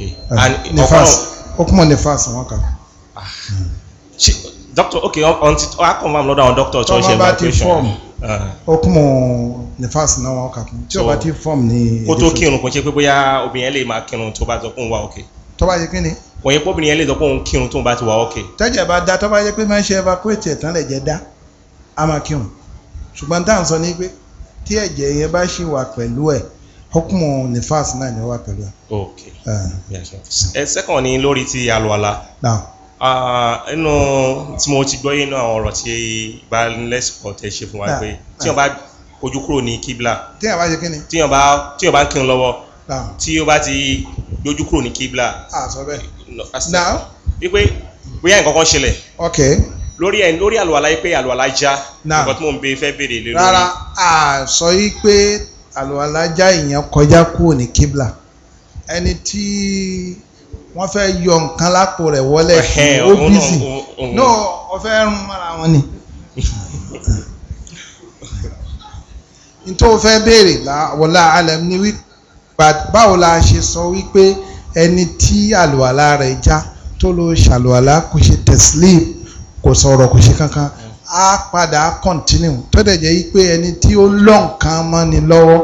nefas okumu nefas wọn kà. Ah. doctor ok until i come am lọ́dọ̀ àwọn doctor tó ń ṣe evacuation okumu ah. nefas náà wọn kà kùn tí ó ti form ní. kó tó kírun kò ṣe pé bóyá obìnrin lè máa kírun tó bá sọ fún wa ok tọ́ba yẹ kí ni. kò yẹ pọ́bìnrin yẹn lè sọ pé òun kírun tóun bá ti wà ókè. tẹ́jẹ̀ bá da tọ́ba yẹ pé máa ń ṣe evacuate ẹ̀tàn lẹ̀jẹ̀ dá a máa kírun ṣùgbọ́n táà ń sọ ní pé tí ẹ̀jẹ̀ yẹn bá ṣì wà pẹ̀lú ẹ̀ hukumu nifas náà ni ó wà pẹ̀lú ẹ̀. ok ah. ẹ sẹ́kàn ni lórí ti àlùwàlá. Ah, inú tí mo ti gbọ́ inú àwọn ọ̀rọ̀ tí ìbánilẹ́sọ̀kọ̀ tẹ ṣe fún wa ah. pé tí wọ́n bá ojú kúrò ní kíbla. tí wọ́n bá kírun lọ́wọ́ tí ó bá ti dojú kúrò ní kíbla wípé bóyá nǹkan kan ṣẹlẹ̀ lórí ẹ̀ lórí àlùwàlá yìí pé àlùwàlá já nǹkan tí mò ń bẹ fẹ́ béèrè lórí. rárá a sọ yìí pé àlùwàlá já ìyẹn kọjá kúrò ní kíbla ẹni tí wọ́n fẹ́ yọ nǹkan lápò rẹ̀ wọlé ó bísì náà wọ́n fẹ́ rún mọ́ra wọn ni nítorí wọ́n fẹ́ béèrè wọlé alẹ́ ni wípé báwo la ṣe sọ wípé ẹni tí àlùwàlá rẹ̀ já tó lọ ṣàlùwàlá kò ṣe tẹ̀sílíìmù kò sọ̀rọ̀ kò ṣe kankan á padà continue tó dẹ̀ jẹ́ wípé ẹni tí ó lọ́ nǹkan mọ́ni lọ́wọ́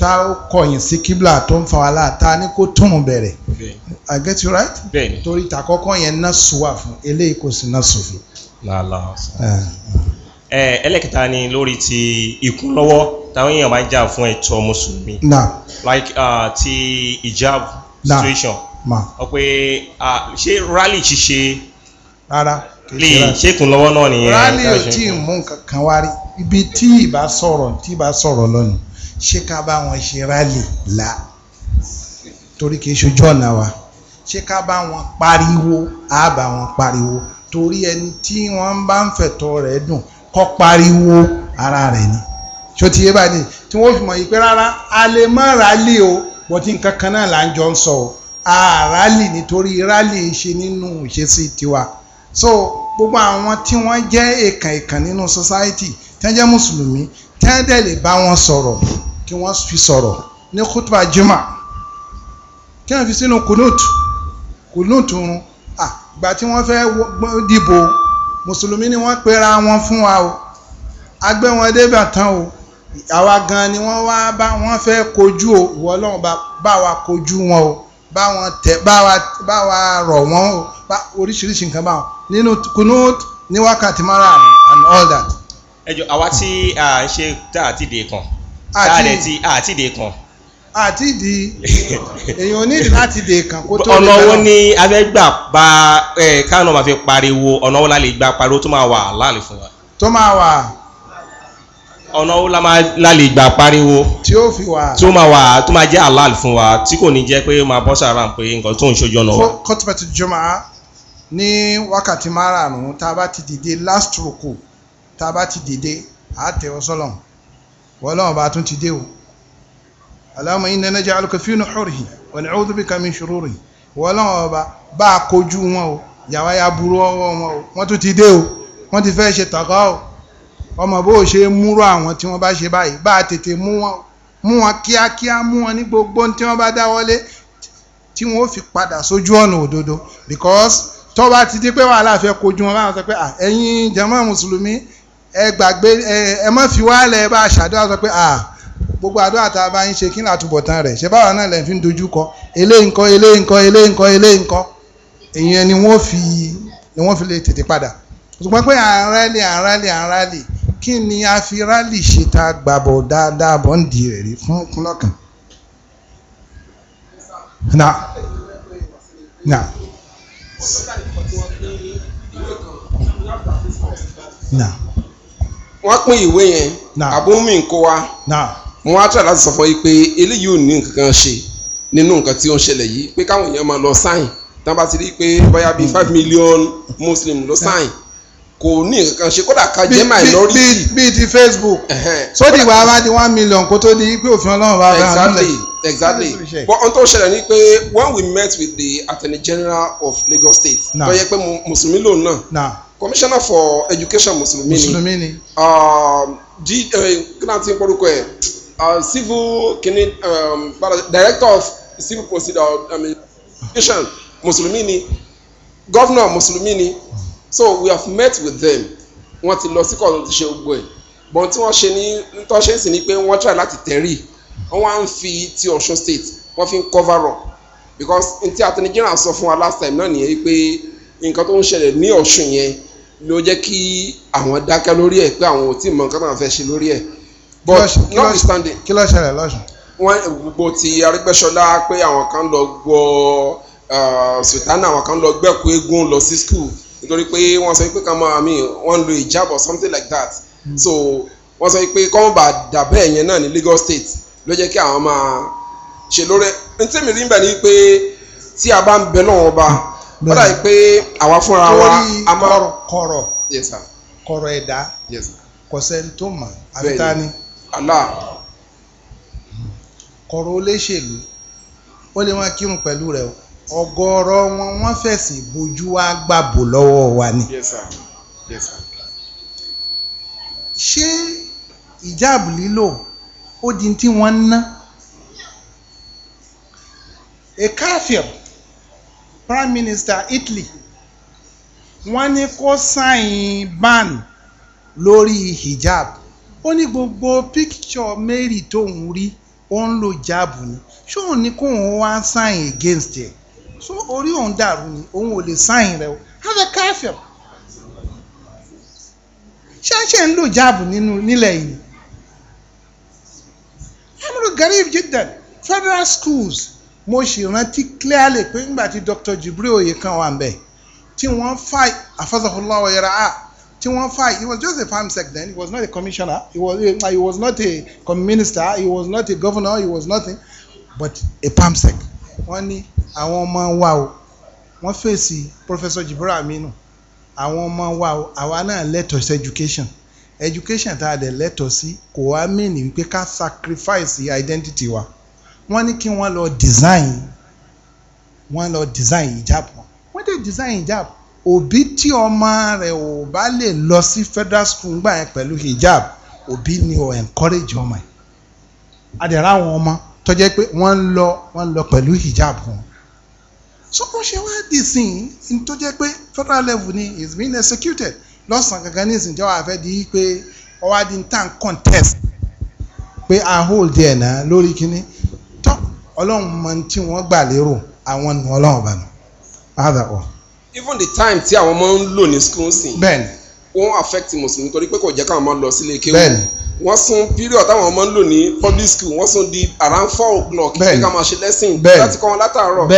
tá ó kọ̀yìn sí kíblà tó ń fa wàhálà tá a ní kó tún bẹ̀rẹ̀ I get you right torí tàkọ́kọ́ yẹn náà sùn wà fún eléyìí kò sí náà sùn fún. Eh. Eh, ẹlẹ́kẹta ni lórí ti ìkúnlọ́wọ́ táwọn èèyàn bá jà fún ẹ̀tọ́ mùsùlùmí. na like uh, ti hijab na. situation. ma ọ ṣé rally ṣíṣe. rárá lè ṣèkùn lọ́wọ́ náà nìyẹn. rally ò tí ì mú nǹkan kan wá rí ibi tí ìbá sọ̀rọ̀ tí ìbá sọ̀rọ̀ lọ́nu ṣé ká bá wọn ṣe rally la torí kì í ṣojú ọ̀nà wa ṣé ká bá wọn pariwo á bá wọn pariwo torí ẹni tí wọ́n bá ń fẹ̀tọ́ rẹ̀ dùn kọ́ pariwo ara rẹ̀ ni ṣòtì yé ni, tí wọ́n fi mọ̀ yìí pé rárá a lè má rálì o bọ̀tí nǹkan kan náà là ń jọ ń sọ o a rálì nítorí rálì ṣe nínú ìṣesí tiwa so gbogbo àwọn tí wọ́n jẹ́ èkàn èkàn nínú society tí wọ́n jẹ́ mùsùlùmí tí wọ́n dẹ̀ lè bá wọn sọ̀rọ̀ kí wọ́n fi sọ̀rọ̀ ní kútùbà jimá kí wọ́n fi sínú kùnúùtù kùnúùtù run ìgbà tí wọ́n fẹ́ dìbò mùsùlùmí ni wọ́n pera wọn fún wa o agbẹ́ wọn débà tán o àwa gan ni wọ́n wá bá wọ́n fẹ́ kojú o ìwọ ọlọ́run bá wa kojú wọn o bá wọn tẹ bá wa bá wa rọ̀ wọ́n o bá oríṣiríṣi nǹkan báwọn nínú kunut ní wákàtí mara and all that. ẹ jọ àwa tí a ṣe tá a ti dé kan tá a lè ti a ti dé kan àti ìdí èyàn ò nídìí láti dè kàn kó tó lè bẹ̀rẹ̀. ọ̀nà wo ni abẹ́gbà bá kánò máa fi pariwo ọ̀nà la lè gba pariwo tó máa wà láàlè fún wa. tó máa wà ọ̀nà wo la lè gbà pariwo tí ó fi wà tó máa wà tó máa jẹ́ halal fún wa tí kò ní jẹ́ pé máa bọ́ sára pé nǹkan tó ń ṣojú ọ̀nà wa. kọ́tùbẹ̀tì jọmọ ní wákàtí márààrún tá a bá ti dìde last roko tá a bá ti dìde a tẹ ọ sọlọ wọlọ́wọ́ bá tún ti dé o aláwọ̀ iná náà jẹ́ alukọ̀fínú xurì wọn ẹ̀wọ́n tó bí kàmí ṣòro rì wọlọ́wọ́ bá a kojú wọn o yàwá ya burú ọwọ́ wọn o wọ́n tún ti dé o wọ́n ti fẹ́ ṣe tàkọ́ o ọmọ bó ṣe múrò àwọn tí wọ́n bá ṣe báyìí bá a tètè mú wọn mú wọn kíákíá mú wọn ní gbogbo tí wọ́n bá dáwọ́lé tí wọ́n fi padà sójú ọ̀nà òdodo because tó bá ti di pé wàhálà fẹ́ kojú wọn báwọn sọ pé ẹ̀yin jàmá mùsùlùmí ẹ gbàgbé ẹ mọ́ fi wálẹ̀ bá a ṣàdúrà sọ pé gbogbo àdúrà tá a bá ń ṣe kí ní àtúbọ̀tán rẹ̀ ṣe báwa náà lẹ́yìn fi dojú kọ eléyìí ńkọ́ eléyìí ńkọ́ eléyìí ńkọ́ eléyìí ńkọ́ èyí ni wọ́n fi ni wọ́n fi lè tètè padà ṣùgbọ́n pé à ń rálì à ń rálì à ń rálì kí ni a fi rálì ṣe ta gbàbọ̀ dáadáa bọ́ rẹ̀ rí fún kúlọ́kàn. na na na. wọ́n pín ìwé yẹn àbúmí nǹkó wa wọ́n á tẹ̀ láti sọ fún yín pé eléyìí ò ní nǹkan kan ṣe nínú nǹkan tí ó ń ṣẹlẹ̀ yìí pé káwọn èèyàn máa lọ sáìn tí wọ́n bá ti rí i pé bóyá bíi five million muslim ló sáìn kò ní nǹkan ṣe kódà kan jẹ́ minority. bíi bíi ti Facebook so di wàá wá di one million kó tó di pé òfin ọlọ́run wàá bá a nílẹ̀. exactly exactly but ohun tó ṣẹlẹ̀ ni pé when we met with the attorney general of Lagos State tó yẹ pé mùsùlùmí lòun náà commissioner for education mùsùlùmí ni mùsùlùmí ni um, eh, kí náà uh, civil kini um, director of civil procedure education mùsùlùmí ni governor mùsùlùmí ni so we have met with them wọ́n ti lọ sí kọ̀ọ̀tún ti ṣe gbogbo ẹ̀ bọ́n tí wọ́n ṣe ní tó ṣe ń sìn ni pé wọ́n try láti tẹ̀rí wọ́n wá ń fi ti ọ̀ṣun state wọ́n fi ń cover up because n tí àti nigeria sọ fún wa last time náà nìyẹn pé nǹkan tó ń ṣẹlẹ̀ ní ọ̀ṣun yẹn ló jẹ́ kí àwọn dákẹ́ lórí ẹ̀ pé àwọn ò tí ì mọ nǹkan tó ń fẹ́ ṣe lórí ẹ̀ but notwithstanding kí ló ṣẹlẹ̀ lọ́sùn. wọ́n gbogbo ti arígbẹ́sọlá pé àwọn kan lọ gbọ́ uh, sultana àwọn kan lọ gbẹ́kú eégún lọ sí school nítorí pé wọ́n sọ pé ká máa mi wọ́n lo hijab or something like that hmm. so wọ́n sọ pé kọ́n bá dàbẹ́ ẹ̀yẹn náà ní Lagos State ló jẹ́ kí àwọn máa ṣe lórí ẹni tí mi rí bẹ̀ ni pé tí a bá ń bẹ lọ́wọ́ ọba ó dà pé àwa fúnra wa a máa kọ̀rọ̀ kọ̀rọ̀ yes sir kọ̀rọ̀ ẹ̀dá yes sir kò sẹ́ni Allah kọ̀rọ̀ olóṣèlú ó lè máa kírun pẹ̀lú rẹ̀ o ọ̀gọ̀rọ̀ wọn wọ́n fẹ̀sìn bojú wá gbàbò lọ́wọ́ wa ni. Yes sir. Yes sir. ṣé ìjáàbù lílò ó di tí wọ́n ń ná. a kafir prime minister Italy wọ́n ní kó sáìn ban lórí hijab ó ní gbogbo picture Mary tóun rí ó ń lo jáàbù ni ṣóun ní kóun wá sáìn against ẹ̀ so orí òun dàrú ni òun ò lè sáyìn rẹ o hafẹ káfíọ ṣáṣẹ ń lò jáàbù nínú nílẹ̀ yìí amúlò garib jidan federal schools mo sì rántí clearly pé nígbà tí Dr. Jibril Oyekan wà ń bẹ tí wọ́n fà afazahulawo yẹra a tí wọ́n fà he was just a farm sec then he was not a commissioner he was a, he was not a minister he was not a governor he was nothing but a farm sec wọ́n ní àwọn ọmọ wa o wọ́n fèsì Professor Jibril Aminu àwọn ọmọ wa o àwa náà lẹ́tọ̀ọ́ sí education education tá a dẹ̀ lẹ́tọ̀ọ́ sí kò wá mìíní wípé ká sacrifice identity wa wọ́n ní kí wọ́n lọ design wọ́n lọ design hijab wọn wọ́n dẹ̀ design hijab òbí tí ọmọ rẹ̀ ò bá lè lọ sí federal school gbà yẹn pẹ̀lú hijab òbí ni ò encourage ọmọ yẹn adẹ̀rẹ̀ àwọn ọmọ tó jẹ́ pé wọ́n ń lọ wọ́n lọ pẹ̀lú hijab wọn so wọ́n ṣe wá dì sí i tó jẹ́ pé federal level ni is being executed lọ́sàn-án gangan ní ìsìnjẹ́ wàá fẹ́ di pé ọwọ́ adi ní tan contest pé a hold ẹ̀ náà lórí kínní tọ́ ọlọ́run mọ tí wọ́n gbà lérò àwọn nù ọlọ́run bá nù bàdà ọ. even the time tí àwọn ọmọ ń lò ní school sí. bẹ́ẹ̀ni. wọ́n affect mùsùlùmí torí pé kò jẹ́ káwọn máa lọ sílé kéwù. bẹ́ẹ̀ni wọ́n sún period táwọn ọmọ ń lò ní public school wọ́n sún di around four o'clock kí ká máa ṣe lesson láti kọ́ wọn látàárọ̀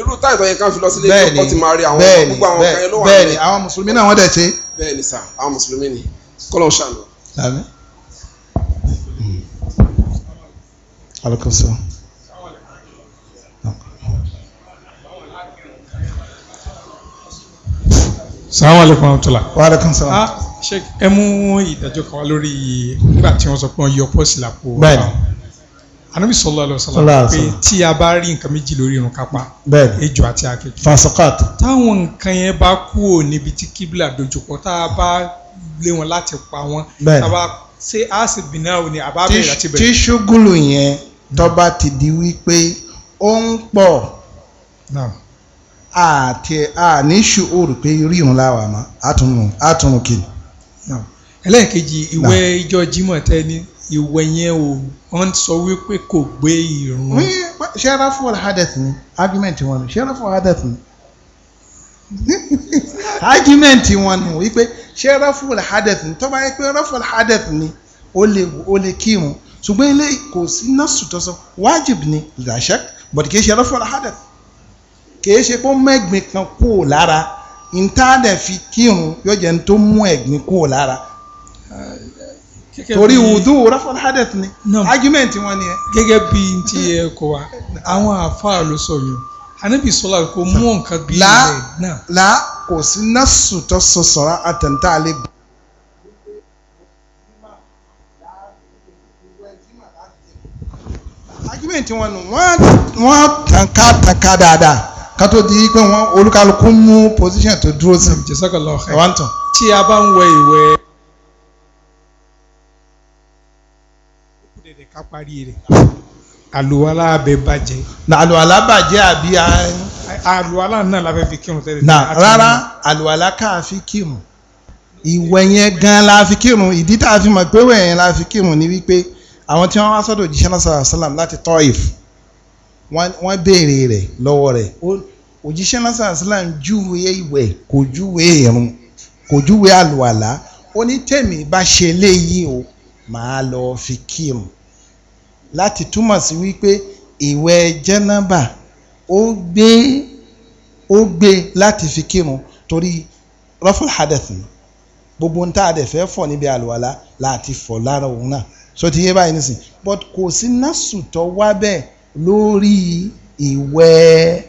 irú táyì tó yẹ ká fi lọ sílé ìjọ kọ́ ti máa rí àwọn gbogbo àwọn kan yẹn ló wà nílẹ̀. bẹ́ẹ̀ni àwọn mùsùlùmí náà wọ́n dẹ̀ ṣe. bẹ́ẹ̀ni sà àwọn mùsùlùmí ni kọ́lọ̀ ṣàlù. àmín. alakoso. salamu alaykum wa rahmatulah. wa alaykum salaam. Ah ṣe ẹ mú ìdájọ́ kan wá lórí nígbà tí wọ́n sọ pé wọ́n yọ pọ́sì lápò báyìí anabi sọlọ alọ sọlọ pé tí a bá rí nǹkan méjì lórí irun kápá ejò àti akéjì fasokat táwọn nǹkan yẹn bá kú ò níbi tí kíbla dojúkọ tá a bá lé wọn láti pa wọn tá a bá ṣe a sì bìnná o ní àbá bẹ̀rẹ̀ láti bẹ̀rẹ̀. tí ṣúgùlù yẹn tó ti di wípé ó ń pọ̀ àti àní ṣùgbọ́n rò irun láwàá àtúnrún àtúnrún kìnnì ẹlẹ́ẹ̀kejì ìwẹ̀ ìjọ Jímọ̀ tẹ́ni ìwẹ̀ yẹn o wọ́n sọ wípé kò gbé ìrun. ṣẹ́ra fún hadith ni argument wọn ni ṣẹ́ra fún hadith ni argument wọn ni wípé ṣẹ́ra fún hadith ni tó bá yẹ pé ṣẹ́ra fún hadith ni ó lè ó lè kírun ṣùgbọ́n ilé kò sí nọ́ọ̀sì tó sọ wájib ni làṣẹ bọ̀dì kì í ṣẹ́ra fún hadith kì í ṣe pé ó mẹ́gbin kan kú lára ntaadẹ fi kírun yóò jẹ́ ní tó mú ẹ̀gbin kúrò lára torí wudu rafal hadith ni argument wọn ni ẹ. gẹ́gẹ́ bí n ti ẹ kọ wa àwọn àfáà ló sọ yìí anabi sọlá kò mú nǹkan bí ilẹ̀ náà. la kò sí násù tó sọ sọ̀rọ̀ àtẹ̀ntà àlẹ́ gbọ́. argument wọn nù wọ́n tànká tànká dáadáa kátó di pé wọn olúkálukú mú position tó dúró sí. jẹ́sọ́kọ̀lọ́ ọ̀hẹ́ ẹ̀wá ń tàn. tí a bá ń wẹ ìwẹ̀. òkúdẹ̀dẹ̀ ká parí rẹ̀ àlùwalá abẹ bàjẹ́. na àlùwalá bàjẹ́ àbí. àlùwalá náà la fẹ́ fi kírun tẹ́lẹ̀. na rárá àlùwalá ká fi kírun ìwẹ̀ yẹn gan la fi kírun ìdí tá a fi mọ̀ pé wẹ̀ yẹn la fi kírun ni wípé àwọn tí wọ́n wá sọ́dọ̀ òjíṣẹ́ náà sọ̀rọ̀ sálàm láti Taif wọ́n béèrè rẹ̀ lọ́wọ́ rẹ̀ òjíṣẹ́ lásán àṣìlá ń júwe ìwẹ̀ kò júwe ìrun kò júwe àlùwàlá ó ní tèmi bá ṣe léyìí o màá lọ fi kírun láti túmọ̀ sí wípé ìwẹ̀ jẹ́nàbà ó gbé ó gbé láti fi kírun torí rọ́fúl hadith ni gbogbo ń tá a dẹ̀ fẹ́ fọ̀ níbi àlùwàlá láti fọ̀ lára òun náà so ti yé báyìí nísìnyí but kò sí násù wá bẹ́ẹ̀ lórí ìwẹ̀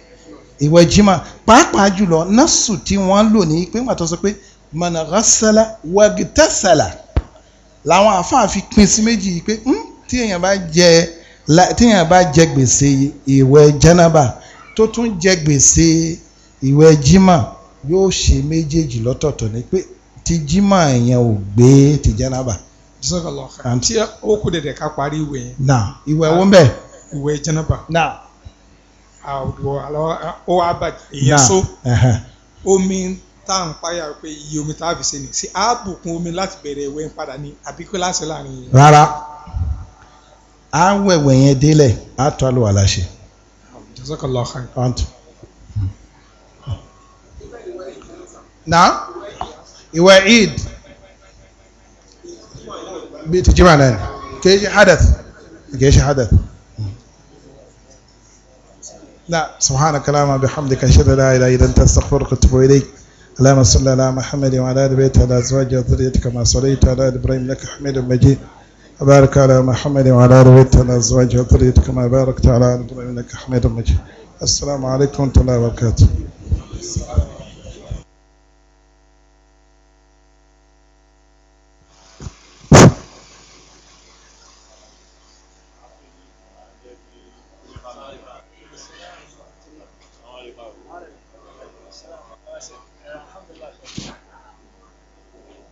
ìwẹ̀ jimá pàápàá jùlọ násù tí wọ́n lò ní pé wọ́n tó sọ pé mọ̀nàgásálà wẹ̀gítẹ́sálà làwọn àfáà fi pín sí méjì pé hmm, tí èèyàn bá jẹ tí èèyàn bá jẹ gbèsè ìwẹ̀ jánábà tó tún jẹ gbèsè ìwẹ̀ jimá yóò ṣe méjèèjì lọ́tọ̀ọ̀tọ̀ ni pé ti jimá èèyàn ò gbé ti jánábà. sọ́kàlọ́ kan tí ó kù ká parí ìwé yẹn. na ìwẹ̀ ah. wo ń bẹ̀ ìwẹ̀ jẹnaba ó wá bàjẹ́ ìyẹn so omi tá à ń payà pé iye omi tá a fi ṣe ni ṣe á bùkún omi láti bẹ̀rẹ̀ ìwẹ̀ ń padà ní àbí kí láṣẹ láàrin yẹn. rárá a wẹ̀wẹ̀ yẹn délẹ̀ a tọ́ àlọ́ àlàṣe. jazakallah khair. na ìwẹ̀ eid bíi ti jimá náà kì í hadath kì hadath. لا نعم. سبحانك اللهم وبحمدك اشهد ان لا اله الا انت استغفرك واتوب اليك اللهم صل على محمد وعلى ال بيته وعلى ازواجه وذريته كما صليت على ال ابراهيم انك حميد مجيد وبارك على محمد وعلى ال بيته وعلى ازواجه وذريته كما باركت على ال ابراهيم انك حميد مجيد السلام عليكم ورحمه الله وبركاته